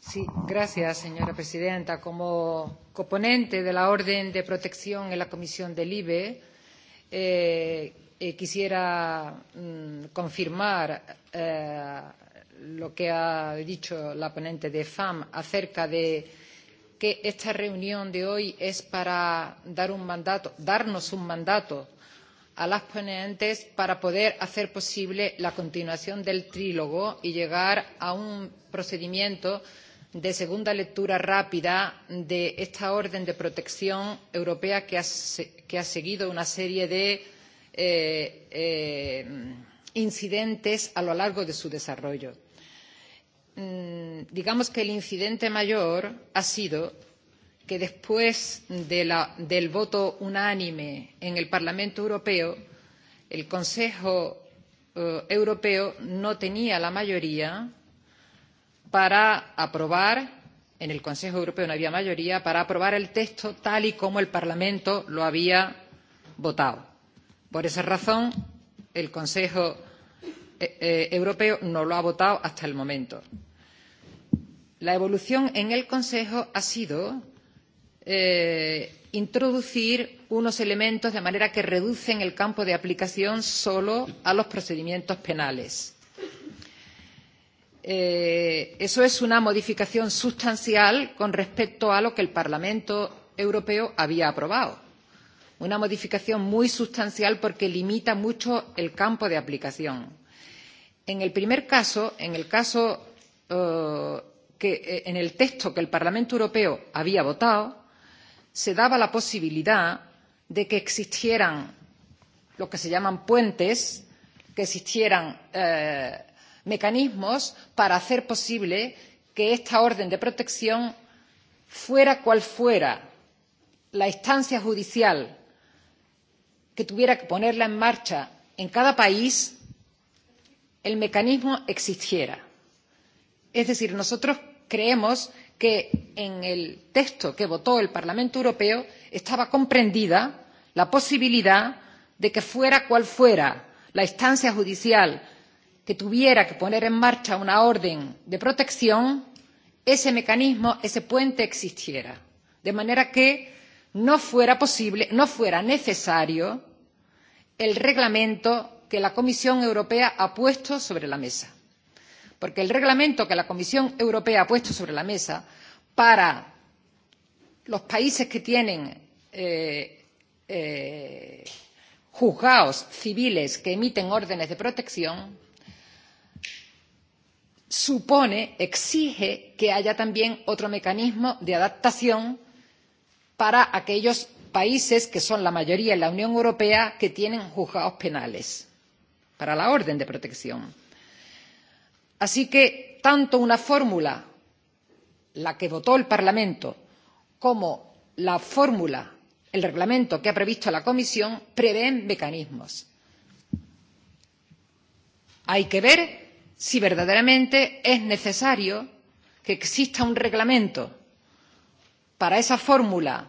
Sí, gracias, señora presidenta. Como coponente de la Orden de Protección en la Comisión del IBE, eh, eh, quisiera mm, confirmar eh, lo que ha dicho la ponente de FAM acerca de que esta reunión de hoy es para dar un mandato, darnos un mandato a las ponentes para poder hacer posible la continuación del trílogo y llegar a un procedimiento de segunda lectura rápida de esta orden de protección europea que ha, que ha seguido una serie de eh, eh, incidentes a lo largo de su desarrollo. Mm, digamos que el incidente mayor ha sido que después de la, del voto unánime en el Parlamento Europeo, el Consejo eh, Europeo no tenía la mayoría para aprobar, en el Consejo Europeo no había mayoría, para aprobar el texto tal y como el Parlamento lo había votado. Por esa razón, el Consejo Europeo Eh, eh, europeo no lo ha votado hasta el momento. La evolución en el Consejo ha sido eh, introducir unos elementos de manera que reducen el campo de aplicación solo a los procedimientos penales. eso es una modificación sustancial con respecto a lo que el Parlamento Europeo había aprobado. Una modificación muy sustancial porque limita mucho el campo de aplicación en el primer caso en el caso eh, que eh, en el texto que el parlamento europeo había votado se daba la posibilidad de que existieran lo que se llaman puentes que existieran eh, mecanismos para hacer posible que esta orden de protección fuera cual fuera la instancia judicial que tuviera que ponerla en marcha en cada país el mecanismo existiera. Es decir, nosotros creemos que en el texto que votó el Parlamento Europeo estaba comprendida la posibilidad de que fuera cual fuera la instancia judicial que tuviera que poner en marcha una orden de protección, ese mecanismo, ese puente existiera. De manera que no fuera posible, no fuera necesario el reglamento que la Comisión Europea ha puesto sobre la mesa. Porque el reglamento que la Comisión Europea ha puesto sobre la mesa para los países que tienen eh, eh, juzgados civiles que emiten órdenes de protección supone, exige que haya también otro mecanismo de adaptación para aquellos países que son la mayoría en la Unión Europea que tienen juzgados penales para la orden de protección. Así que tanto una fórmula, la que votó el Parlamento, como la fórmula, el reglamento que ha previsto la Comisión, prevén mecanismos. Hay que ver si verdaderamente es necesario que exista un reglamento para esa fórmula,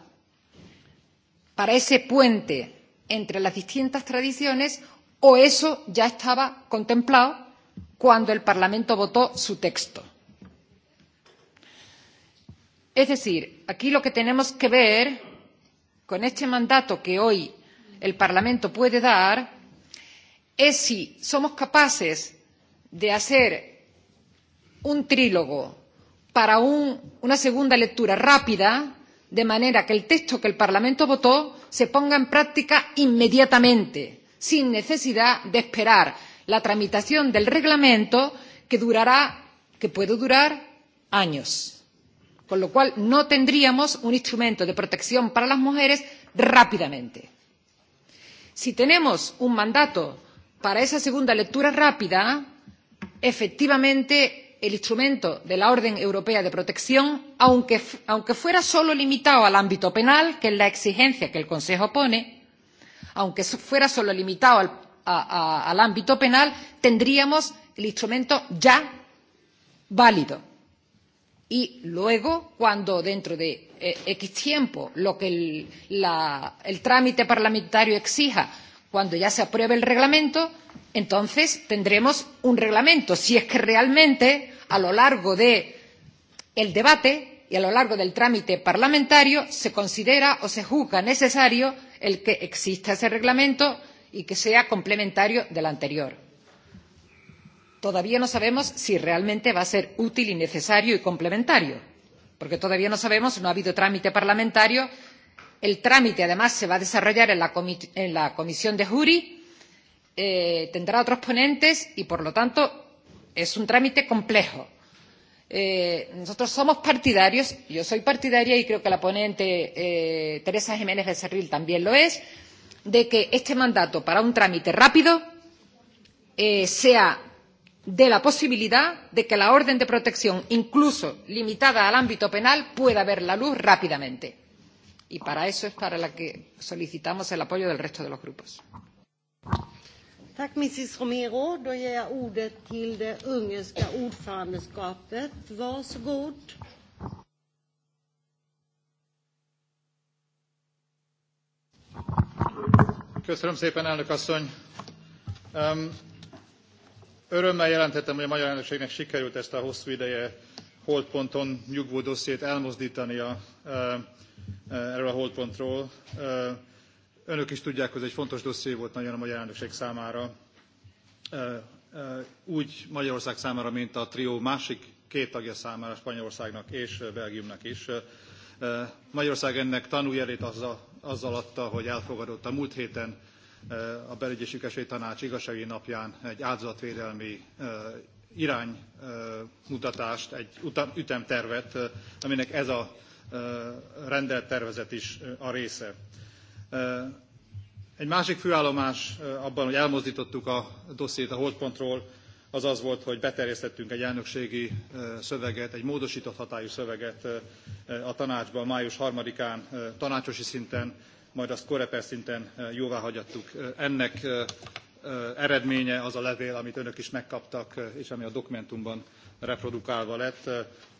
para ese puente entre las distintas tradiciones o eso ya estaba contemplado cuando el Parlamento votó su texto. Es decir, aquí lo que tenemos que ver con este mandato que hoy el Parlamento puede dar es si somos capaces de hacer un trílogo para un, una segunda lectura rápida, de manera que el texto que el Parlamento votó se ponga en práctica inmediatamente sin necesidad de esperar la tramitación del reglamento que durará, que puede durar años. Con lo cual no tendríamos un instrumento de protección para las mujeres rápidamente. Si tenemos un mandato para esa segunda lectura rápida, efectivamente el instrumento de la Orden Europea de Protección, aunque, aunque fuera solo limitado al ámbito penal, que es la exigencia que el Consejo pone, aunque fuera solo limitado al, a, a, al ámbito penal, tendríamos el instrumento ya válido. Y luego, cuando dentro de eh, X tiempo lo que el, la, el trámite parlamentario exija, cuando ya se apruebe el reglamento, entonces tendremos un reglamento. Si es que realmente a lo largo del de debate y a lo largo del trámite parlamentario se considera o se juzga necesario el que exista ese reglamento y que sea complementario del anterior. Todavía no sabemos si realmente va a ser útil y necesario y complementario, porque todavía no sabemos, no ha habido trámite parlamentario. El trámite, además, se va a desarrollar en la, en la comisión de Juri, eh, tendrá otros ponentes y, por lo tanto, es un trámite complejo Eh, nosotros somos partidarios, yo soy partidaria y creo que la ponente eh, Teresa Jiménez Becerril también lo es, de que este mandato para un trámite rápido eh, sea de la posibilidad de que la orden de protección, incluso limitada al ámbito penal, pueda ver la luz rápidamente. Y para eso es para lo que solicitamos el apoyo del resto de los grupos. Tack Mrs Romero. Då ger jag ordet till det ungerska ordförandeskapet. Varsågod. Köszönöm szépen, elnök asszony! Örömmel jelenthetem, hogy a magyar elnökségnek sikerült ezt a hosszú ideje holdponton nyugvó dossziét elmozdítani a, erről a holdpontról. Önök is tudják, hogy ez egy fontos dosszié volt nagyon a magyar elnökség számára. Úgy Magyarország számára, mint a trió másik két tagja számára, Spanyolországnak és Belgiumnak is. Magyarország ennek tanújelét azzal, azzal adta, hogy elfogadott a múlt héten a belügyi sikerség tanács igazságügyi napján egy áldozatvédelmi iránymutatást, egy ütemtervet, aminek ez a rendelettervezet is a része. Egy másik főállomás abban, hogy elmozdítottuk a dossziét a holdpontról, az az volt, hogy beterjesztettünk egy elnökségi szöveget, egy módosított hatályú szöveget a tanácsban május 3-án tanácsosi szinten, majd azt koreper szinten jóvá hagyattuk. Ennek eredménye az a levél, amit önök is megkaptak, és ami a dokumentumban reprodukálva lett.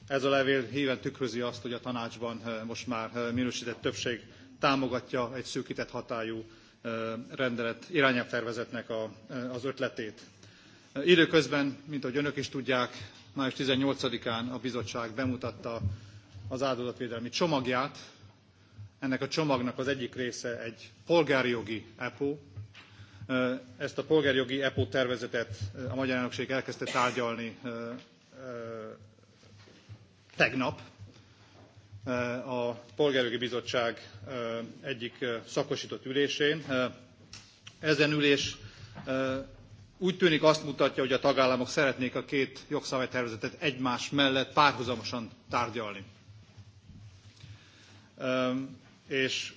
Ez a levél híven tükrözi azt, hogy a tanácsban most már minősített többség támogatja egy szűkített hatályú rendelet irányelvtervezetnek az ötletét. Időközben, mint ahogy önök is tudják, május 18-án a bizottság bemutatta az áldozatvédelmi csomagját. Ennek a csomagnak az egyik része egy polgári jogi EPO. Ezt a polgári jogi EPO tervezetet a Magyar Elnökség elkezdte tárgyalni tegnap, a Polgárjogi Bizottság egyik szakosított ülésén. Ezen ülés úgy tűnik azt mutatja, hogy a tagállamok szeretnék a két jogszabálytervezetet egymás mellett párhuzamosan tárgyalni. És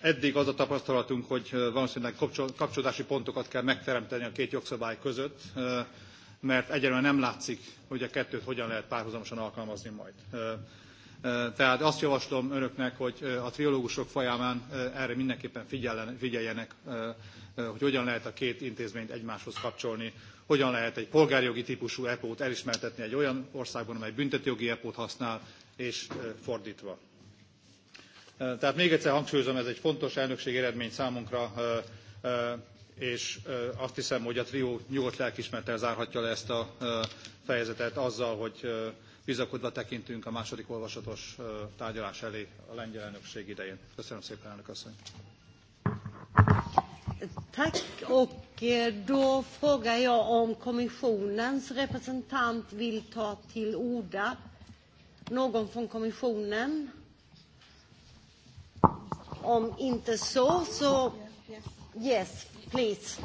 eddig az a tapasztalatunk, hogy valószínűleg kapcsolódási pontokat kell megteremteni a két jogszabály között, mert egyelőre nem látszik, hogy a kettőt hogyan lehet párhuzamosan alkalmazni majd. Tehát azt javaslom önöknek, hogy a triológusok folyamán erre mindenképpen figyeljenek, hogy hogyan lehet a két intézményt egymáshoz kapcsolni, hogyan lehet egy polgárjogi típusú EPO-t elismertetni egy olyan országban, amely büntetőjogi EPO-t használ, és fordítva. Tehát még egyszer hangsúlyozom, ez egy fontos elnökség eredmény számunkra, és azt hiszem, hogy a trió nyugodt lelkismertel zárhatja le ezt a fejezetet azzal, hogy bizakodva tekintünk a második olvasatos tárgyalás elé a lengyel elnökség idején. Köszönöm szépen, elnök asszony! Tack. Och eh, då frågar jag om kommissionens representant vill ta till orda. Någon från kommissionen? Om inte så, så... Yes, please.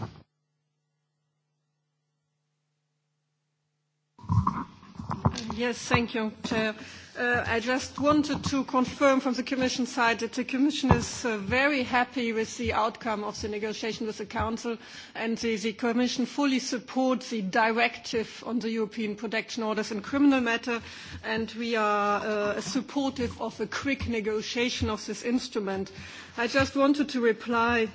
Yes, thank you, Chair. Uh, I just wanted to confirm from the Commission side that the Commission is uh, very happy with the outcome of the negotiation with the Council, and the, the Commission fully supports the directive on the European protection orders in criminal matter, and we are uh, supportive of a quick negotiation of this instrument. I just wanted to reply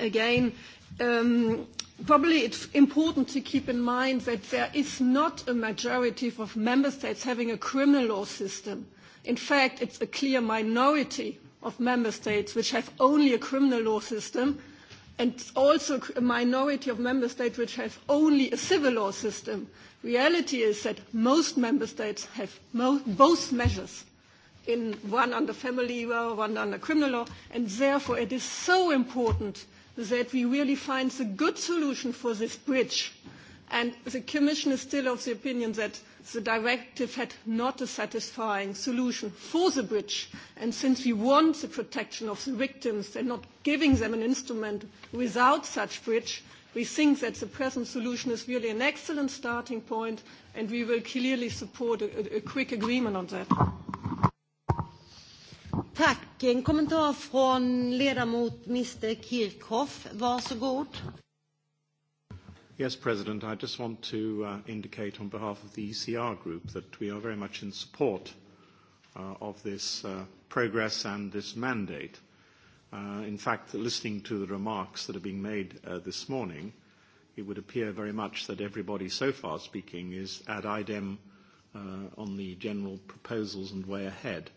again um, Probably it's important to keep in mind that there is not a majority of member states having a criminal law system. In fact, it's a clear minority of member states which have only a criminal law system, and it's also a minority of member states which have only a civil law system. Reality is that most member states have both measures in one under family law, one under criminal law, and therefore it is so important that we really find the good solution for this bridge. And the Commission is still of the opinion that the directive had not a satisfying solution for the bridge. And since we want the protection of the victims and not giving them an instrument without such bridge, we think that the present solution is really an excellent starting point, and we will clearly support a, a quick agreement on that. Tack. En kommentar från ledamot Mr Kirchhoff. Varsågod. Yes, President, I just want to uh, indicate on behalf of the ECR group that we are very much in support uh, of this uh, progress and this mandate. Uh, in fact, listening to the remarks that are being made uh, this morning, it would appear very much that everybody so far speaking is ad idem uh, on the general proposals and way ahead.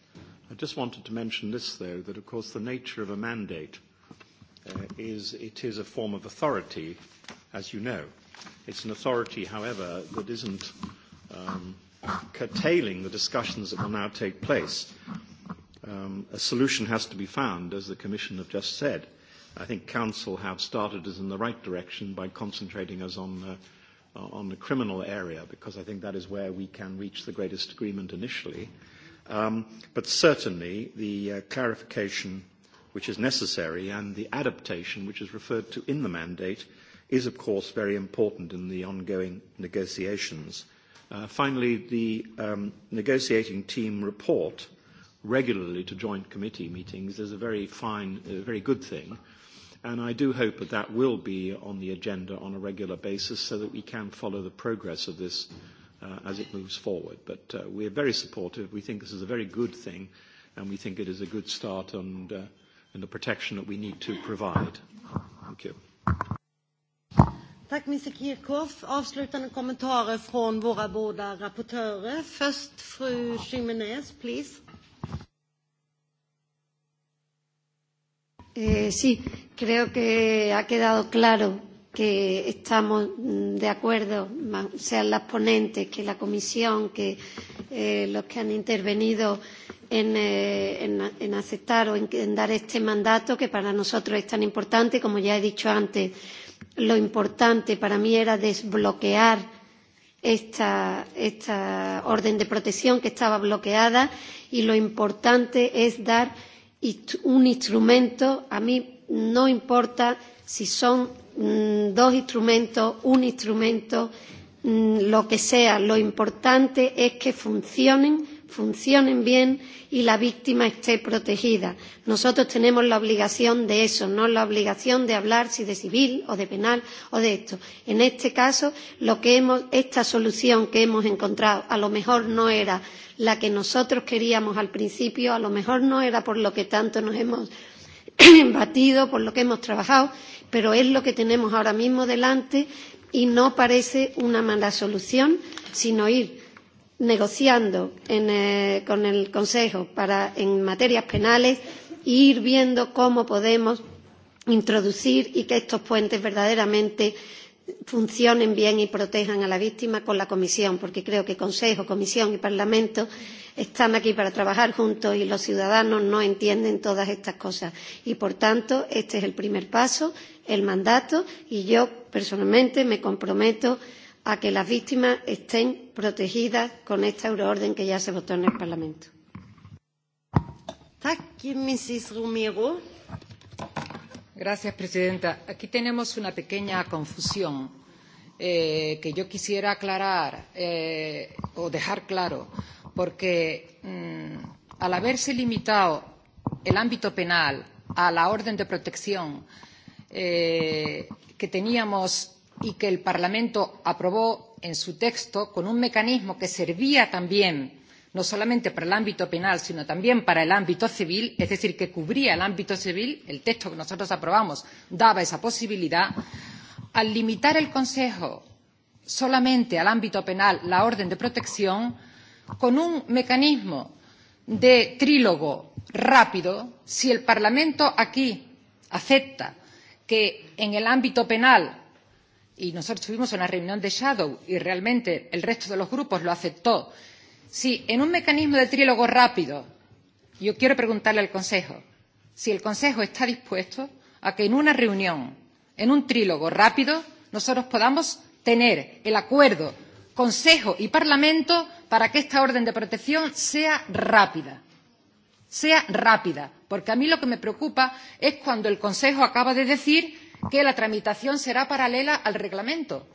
I just wanted to mention this, though, that of course the nature of a mandate uh, is it is a form of authority, as you know. It's an authority, however, that isn't um, curtailing the discussions that will now take place. Um, a solution has to be found, as the Commission have just said. I think Council have started us in the right direction by concentrating us on uh, on the criminal area, because I think that is where we can reach the greatest agreement initially. Um, but certainly the uh, clarification which is necessary and the adaptation which is referred to in the mandate is of course very important in the ongoing negotiations. Uh, finally, the um, negotiating team report regularly to joint committee meetings is a very fine, a uh, very good thing. And I do hope that that will be on the agenda on a regular basis so that we can follow the progress of this uh, as it moves forward. But uh, we're very supportive. We think this is a very good thing, and we think it is a good start and, uh, and the protection that we need to provide. Thank you. Tack Mr Kirchhoff. Avslutande kommentarer från våra båda rapportörer. Först fru Jiménez, please. Eh, sí, creo que ha quedado claro que estamos mm, de acuerdo, sean las ponentes, que la comisión, que eh, los que han intervenido en, eh, en, en aceptar o en, en dar este mandato que para nosotros es tan importante. Como ya he dicho antes, lo importante para mí era desbloquear esta, esta orden de protección que estaba bloqueada y lo importante es dar un instrumento. A mí no importa si son Mm, dos instrumentos, un instrumento, mm, lo que sea. Lo importante es que funcionen, funcionen bien y la víctima esté protegida. Nosotros tenemos la obligación de eso, no la obligación de hablar si de civil o de penal o de esto. En este caso, lo que hemos, esta solución que hemos encontrado a lo mejor no era la que nosotros queríamos al principio, a lo mejor no era por lo que tanto nos hemos batido, por lo que hemos trabajado, pero es lo que tenemos ahora mismo delante y no parece una mala solución, sino ir negociando en, eh, con el Consejo para, en materias penales e ir viendo cómo podemos introducir y que estos puentes verdaderamente funcionen bien y protejan a la víctima con la Comisión, porque creo que Consejo, Comisión y Parlamento están aquí para trabajar juntos y los ciudadanos no entienden todas estas cosas. Y, por tanto, este es el primer paso el mandato y yo personalmente me comprometo a que las víctimas estén protegidas con esta euroorden que ya se votó en el Parlamento. Señora presidenta. Aquí tenemos una pequeña confusión eh, que yo quisiera aclarar eh, o dejar claro, porque mmm, al haberse limitado el ámbito penal a la orden de protección Eh, que teníamos y que el Parlamento aprobó en su texto con un mecanismo que servía también no solamente para el ámbito penal, sino también para el ámbito civil, es decir, que cubría el ámbito civil, el texto que nosotros aprobamos daba esa posibilidad, al limitar el Consejo solamente al ámbito penal la orden de protección, con un mecanismo de trílogo rápido, si el Parlamento aquí acepta que en el ámbito penal y nosotros tuvimos una reunión de shadow y realmente el resto de los grupos lo aceptó si en un mecanismo de trílogo rápido yo quiero preguntarle al consejo si el consejo está dispuesto a que en una reunión en un trílogo rápido nosotros podamos tener el acuerdo consejo y parlamento para que esta orden de protección sea rápida sea rápida porque a mí lo que me preocupa es cuando el Consejo acaba de decir que la tramitación será paralela al reglamento,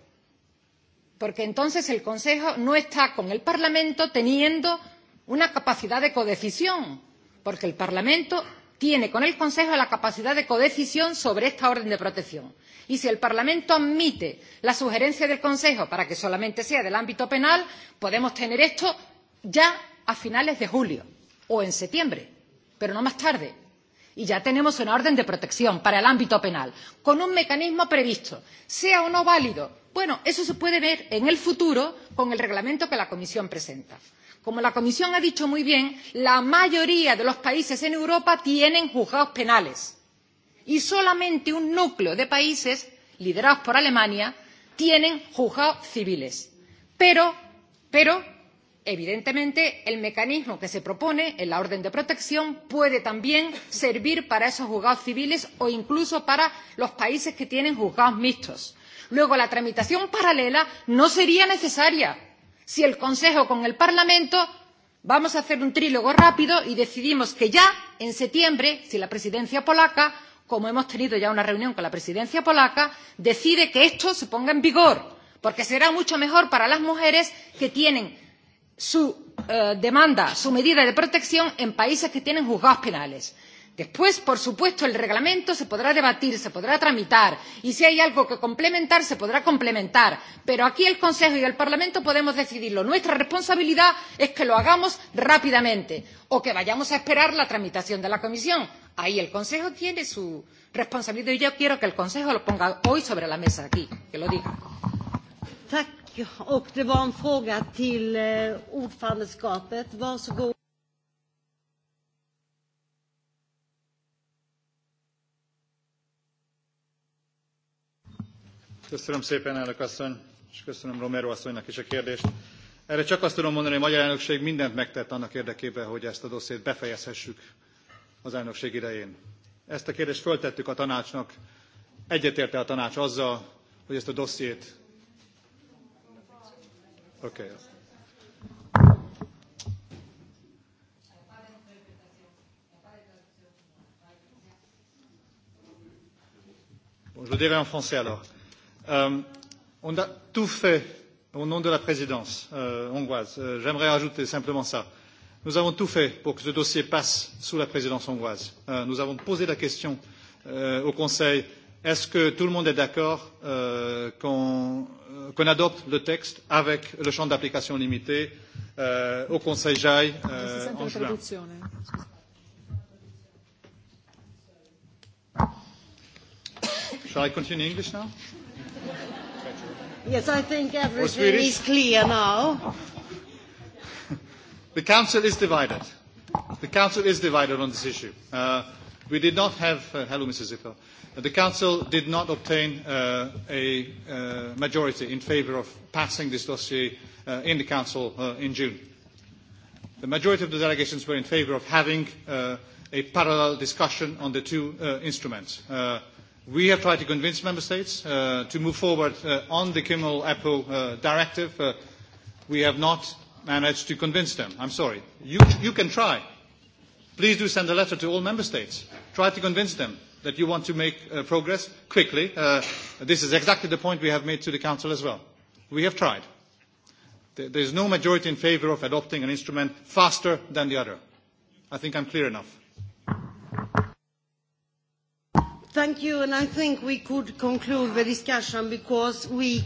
porque entonces el Consejo no está con el Parlamento teniendo una capacidad de codecisión, porque el Parlamento tiene con el Consejo la capacidad de codecisión sobre esta orden de protección. Y si el Parlamento admite la sugerencia del Consejo para que solamente sea del ámbito penal, podemos tener esto ya a finales de julio o en septiembre pero no más tarde. Y ya tenemos una orden de protección para el ámbito penal, con un mecanismo previsto, sea o no válido. Bueno, eso se puede ver en el futuro con el reglamento que la Comisión presenta. Como la Comisión ha dicho muy bien, la mayoría de los países en Europa tienen juzgados penales y solamente un núcleo de países, liderados por Alemania, tienen juzgados civiles. Pero, pero evidentemente el mecanismo que se propone en la orden de protección puede también servir para esos juzgados civiles o incluso para los países que tienen juzgados mixtos. luego la tramitación paralela no sería necesaria si el consejo con el parlamento vamos a hacer un trílogo rápido y decidimos que ya en septiembre si la presidencia polaca como hemos tenido ya una reunión con la presidencia polaca decide que esto se ponga en vigor porque será mucho mejor para las mujeres que tienen su eh, demanda, su medida de protección en países que tienen juzgados penales. Después, por supuesto, el reglamento se podrá debatir, se podrá tramitar y si hay algo que complementar, se podrá complementar. Pero aquí el Consejo y el Parlamento podemos decidirlo. Nuestra responsabilidad es que lo hagamos rápidamente o que vayamos a esperar la tramitación de la Comisión. Ahí el Consejo tiene su responsabilidad y yo quiero que el Consejo lo ponga hoy sobre la mesa aquí, que lo diga. Tack och det var en fråga till eh, ordförandeskapet. Varsågod. Köszönöm szépen, elnök asszony, és köszönöm Romero asszonynak is a kérdést. Erre csak azt tudom mondani, hogy a magyar elnökség mindent megtett annak érdekében, hogy ezt a dossziét befejezhessük az elnökség idején. Ezt a kérdést föltettük a tanácsnak, egyetérte a tanács azzal, hogy ezt a dossziét Okay. Bon, je le dirai en français alors. Euh, on a tout fait au nom de la présidence euh, hongroise. Euh, J'aimerais ajouter simplement ça. Nous avons tout fait pour que ce dossier passe sous la présidence hongroise. Euh, nous avons posé la question euh, au Conseil Est-ce que tout le monde est d'accord euh, qu'on euh, qu adopte le texte avec le champ d'application limité euh, au Conseil JAI ah, euh, en juin Shall I continue in English now? Yes, I think everything is clear now. the Council is divided. The Council is divided on this issue. Uh, we did not have... Uh, hello, Mrs. Zipper. Uh, The Council did not obtain uh, a uh, majority in favour of passing this dossier uh, in the Council uh, in June. The majority of the delegations were in favour of having uh, a parallel discussion on the two uh, instruments. Uh, we have tried to convince Member States uh, to move forward uh, on the Kimmel EPO uh, directive. Uh, we have not managed to convince them. I'm sorry. You, you can try. Please do send a letter to all Member States. Try to convince them that you want to make uh, progress quickly. Uh, this is exactly the point we have made to the Council as well. We have tried. There is no majority in favour of adopting an instrument faster than the other. I think I'm clear enough. Thank you, and I think we could conclude the discussion because we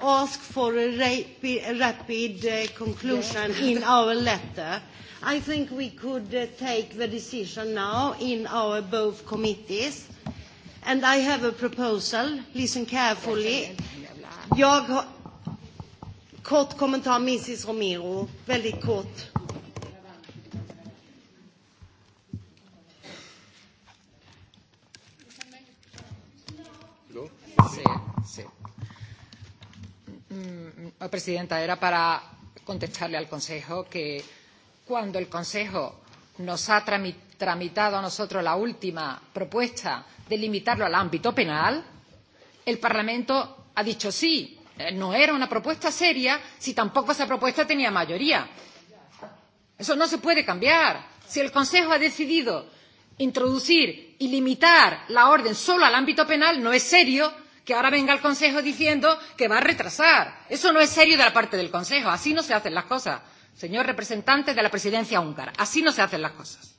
ask for a rapid uh, conclusion in our letter. I think we could uh, take the decision now in our both committees. And I have a proposal. Listen carefully. Jag har... Kort kommentar, Mrs Romero. Väldigt kort. señora mm, oh, presidenta, era para contestarle al Consejo que cuando el Consejo nos ha tramitado a nosotros la última propuesta de limitarlo al ámbito penal, el Parlamento ha dicho sí, eh, no era una propuesta seria si tampoco esa propuesta tenía mayoría. Eso no se puede cambiar. Si el Consejo ha decidido introducir y limitar la orden solo al ámbito penal, no es serio que ahora venga el Consejo diciendo que va a retrasar. Eso no es serio de la parte del Consejo. Así no se hacen las cosas, señor representante de la presidencia húngara. Así no se hacen las cosas.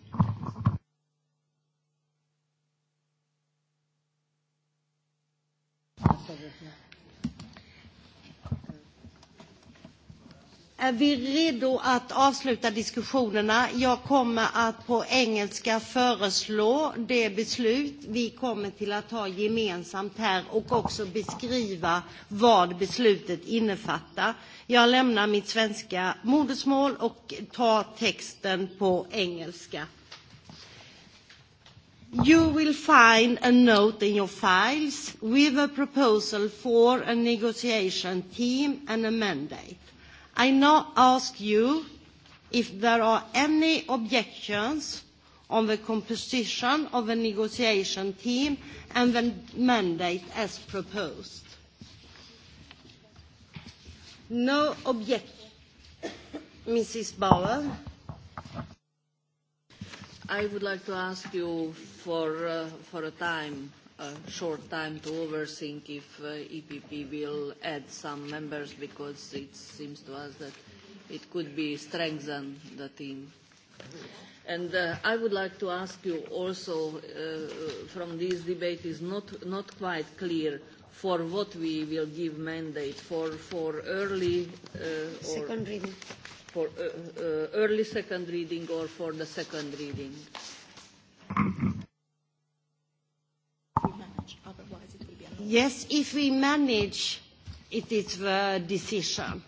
är vi redo att avsluta diskussionerna? Jag kommer att på engelska föreslå det beslut vi kommer till att ta gemensamt här och också beskriva vad beslutet innefattar. Jag lämnar mitt svenska modersmål och tar texten på engelska. You will find a note in your files with a proposal for a negotiation team and a mandate. I now ask you if there are any objections on the composition of the negotiation team and the mandate as proposed. No objection. Mrs. Bauer. I would like to ask you for, uh, for a time a short time to overthink if uh, EPP will add some members because it seems to us that it could be strengthen the team. And uh, I would like to ask you also, uh, from this debate is not, not quite clear for what we will give mandate, for, for early uh, or second reading. for uh, uh, early second reading or for the second reading. yes, if we manage it is the decision.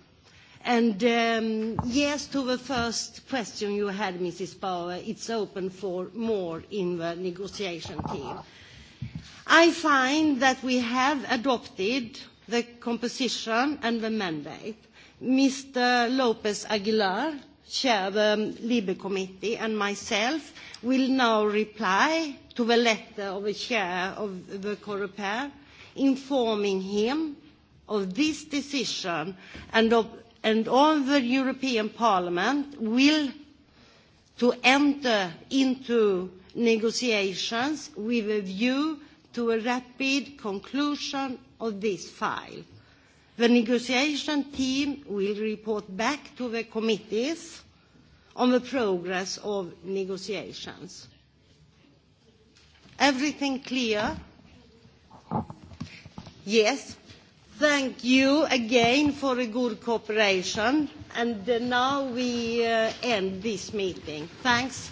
And um, yes, to the first question you had, Mrs. Bauer, it's open for more in the negotiation team. I find that we have adopted the composition and the mandate. Mr. Lopez Aguilar, Chair of the LIBE Committee, and myself will now reply to the letter of the Chair of the Coreper informing him of this decision and of, and of the European Parliament will to enter into negotiations with a view to a rapid conclusion of this file. The negotiation team will report back to the committees on the progress of negotiations. Everything clear? Yes, thank you again for a good cooperation. And now we uh, end this meeting. Thanks.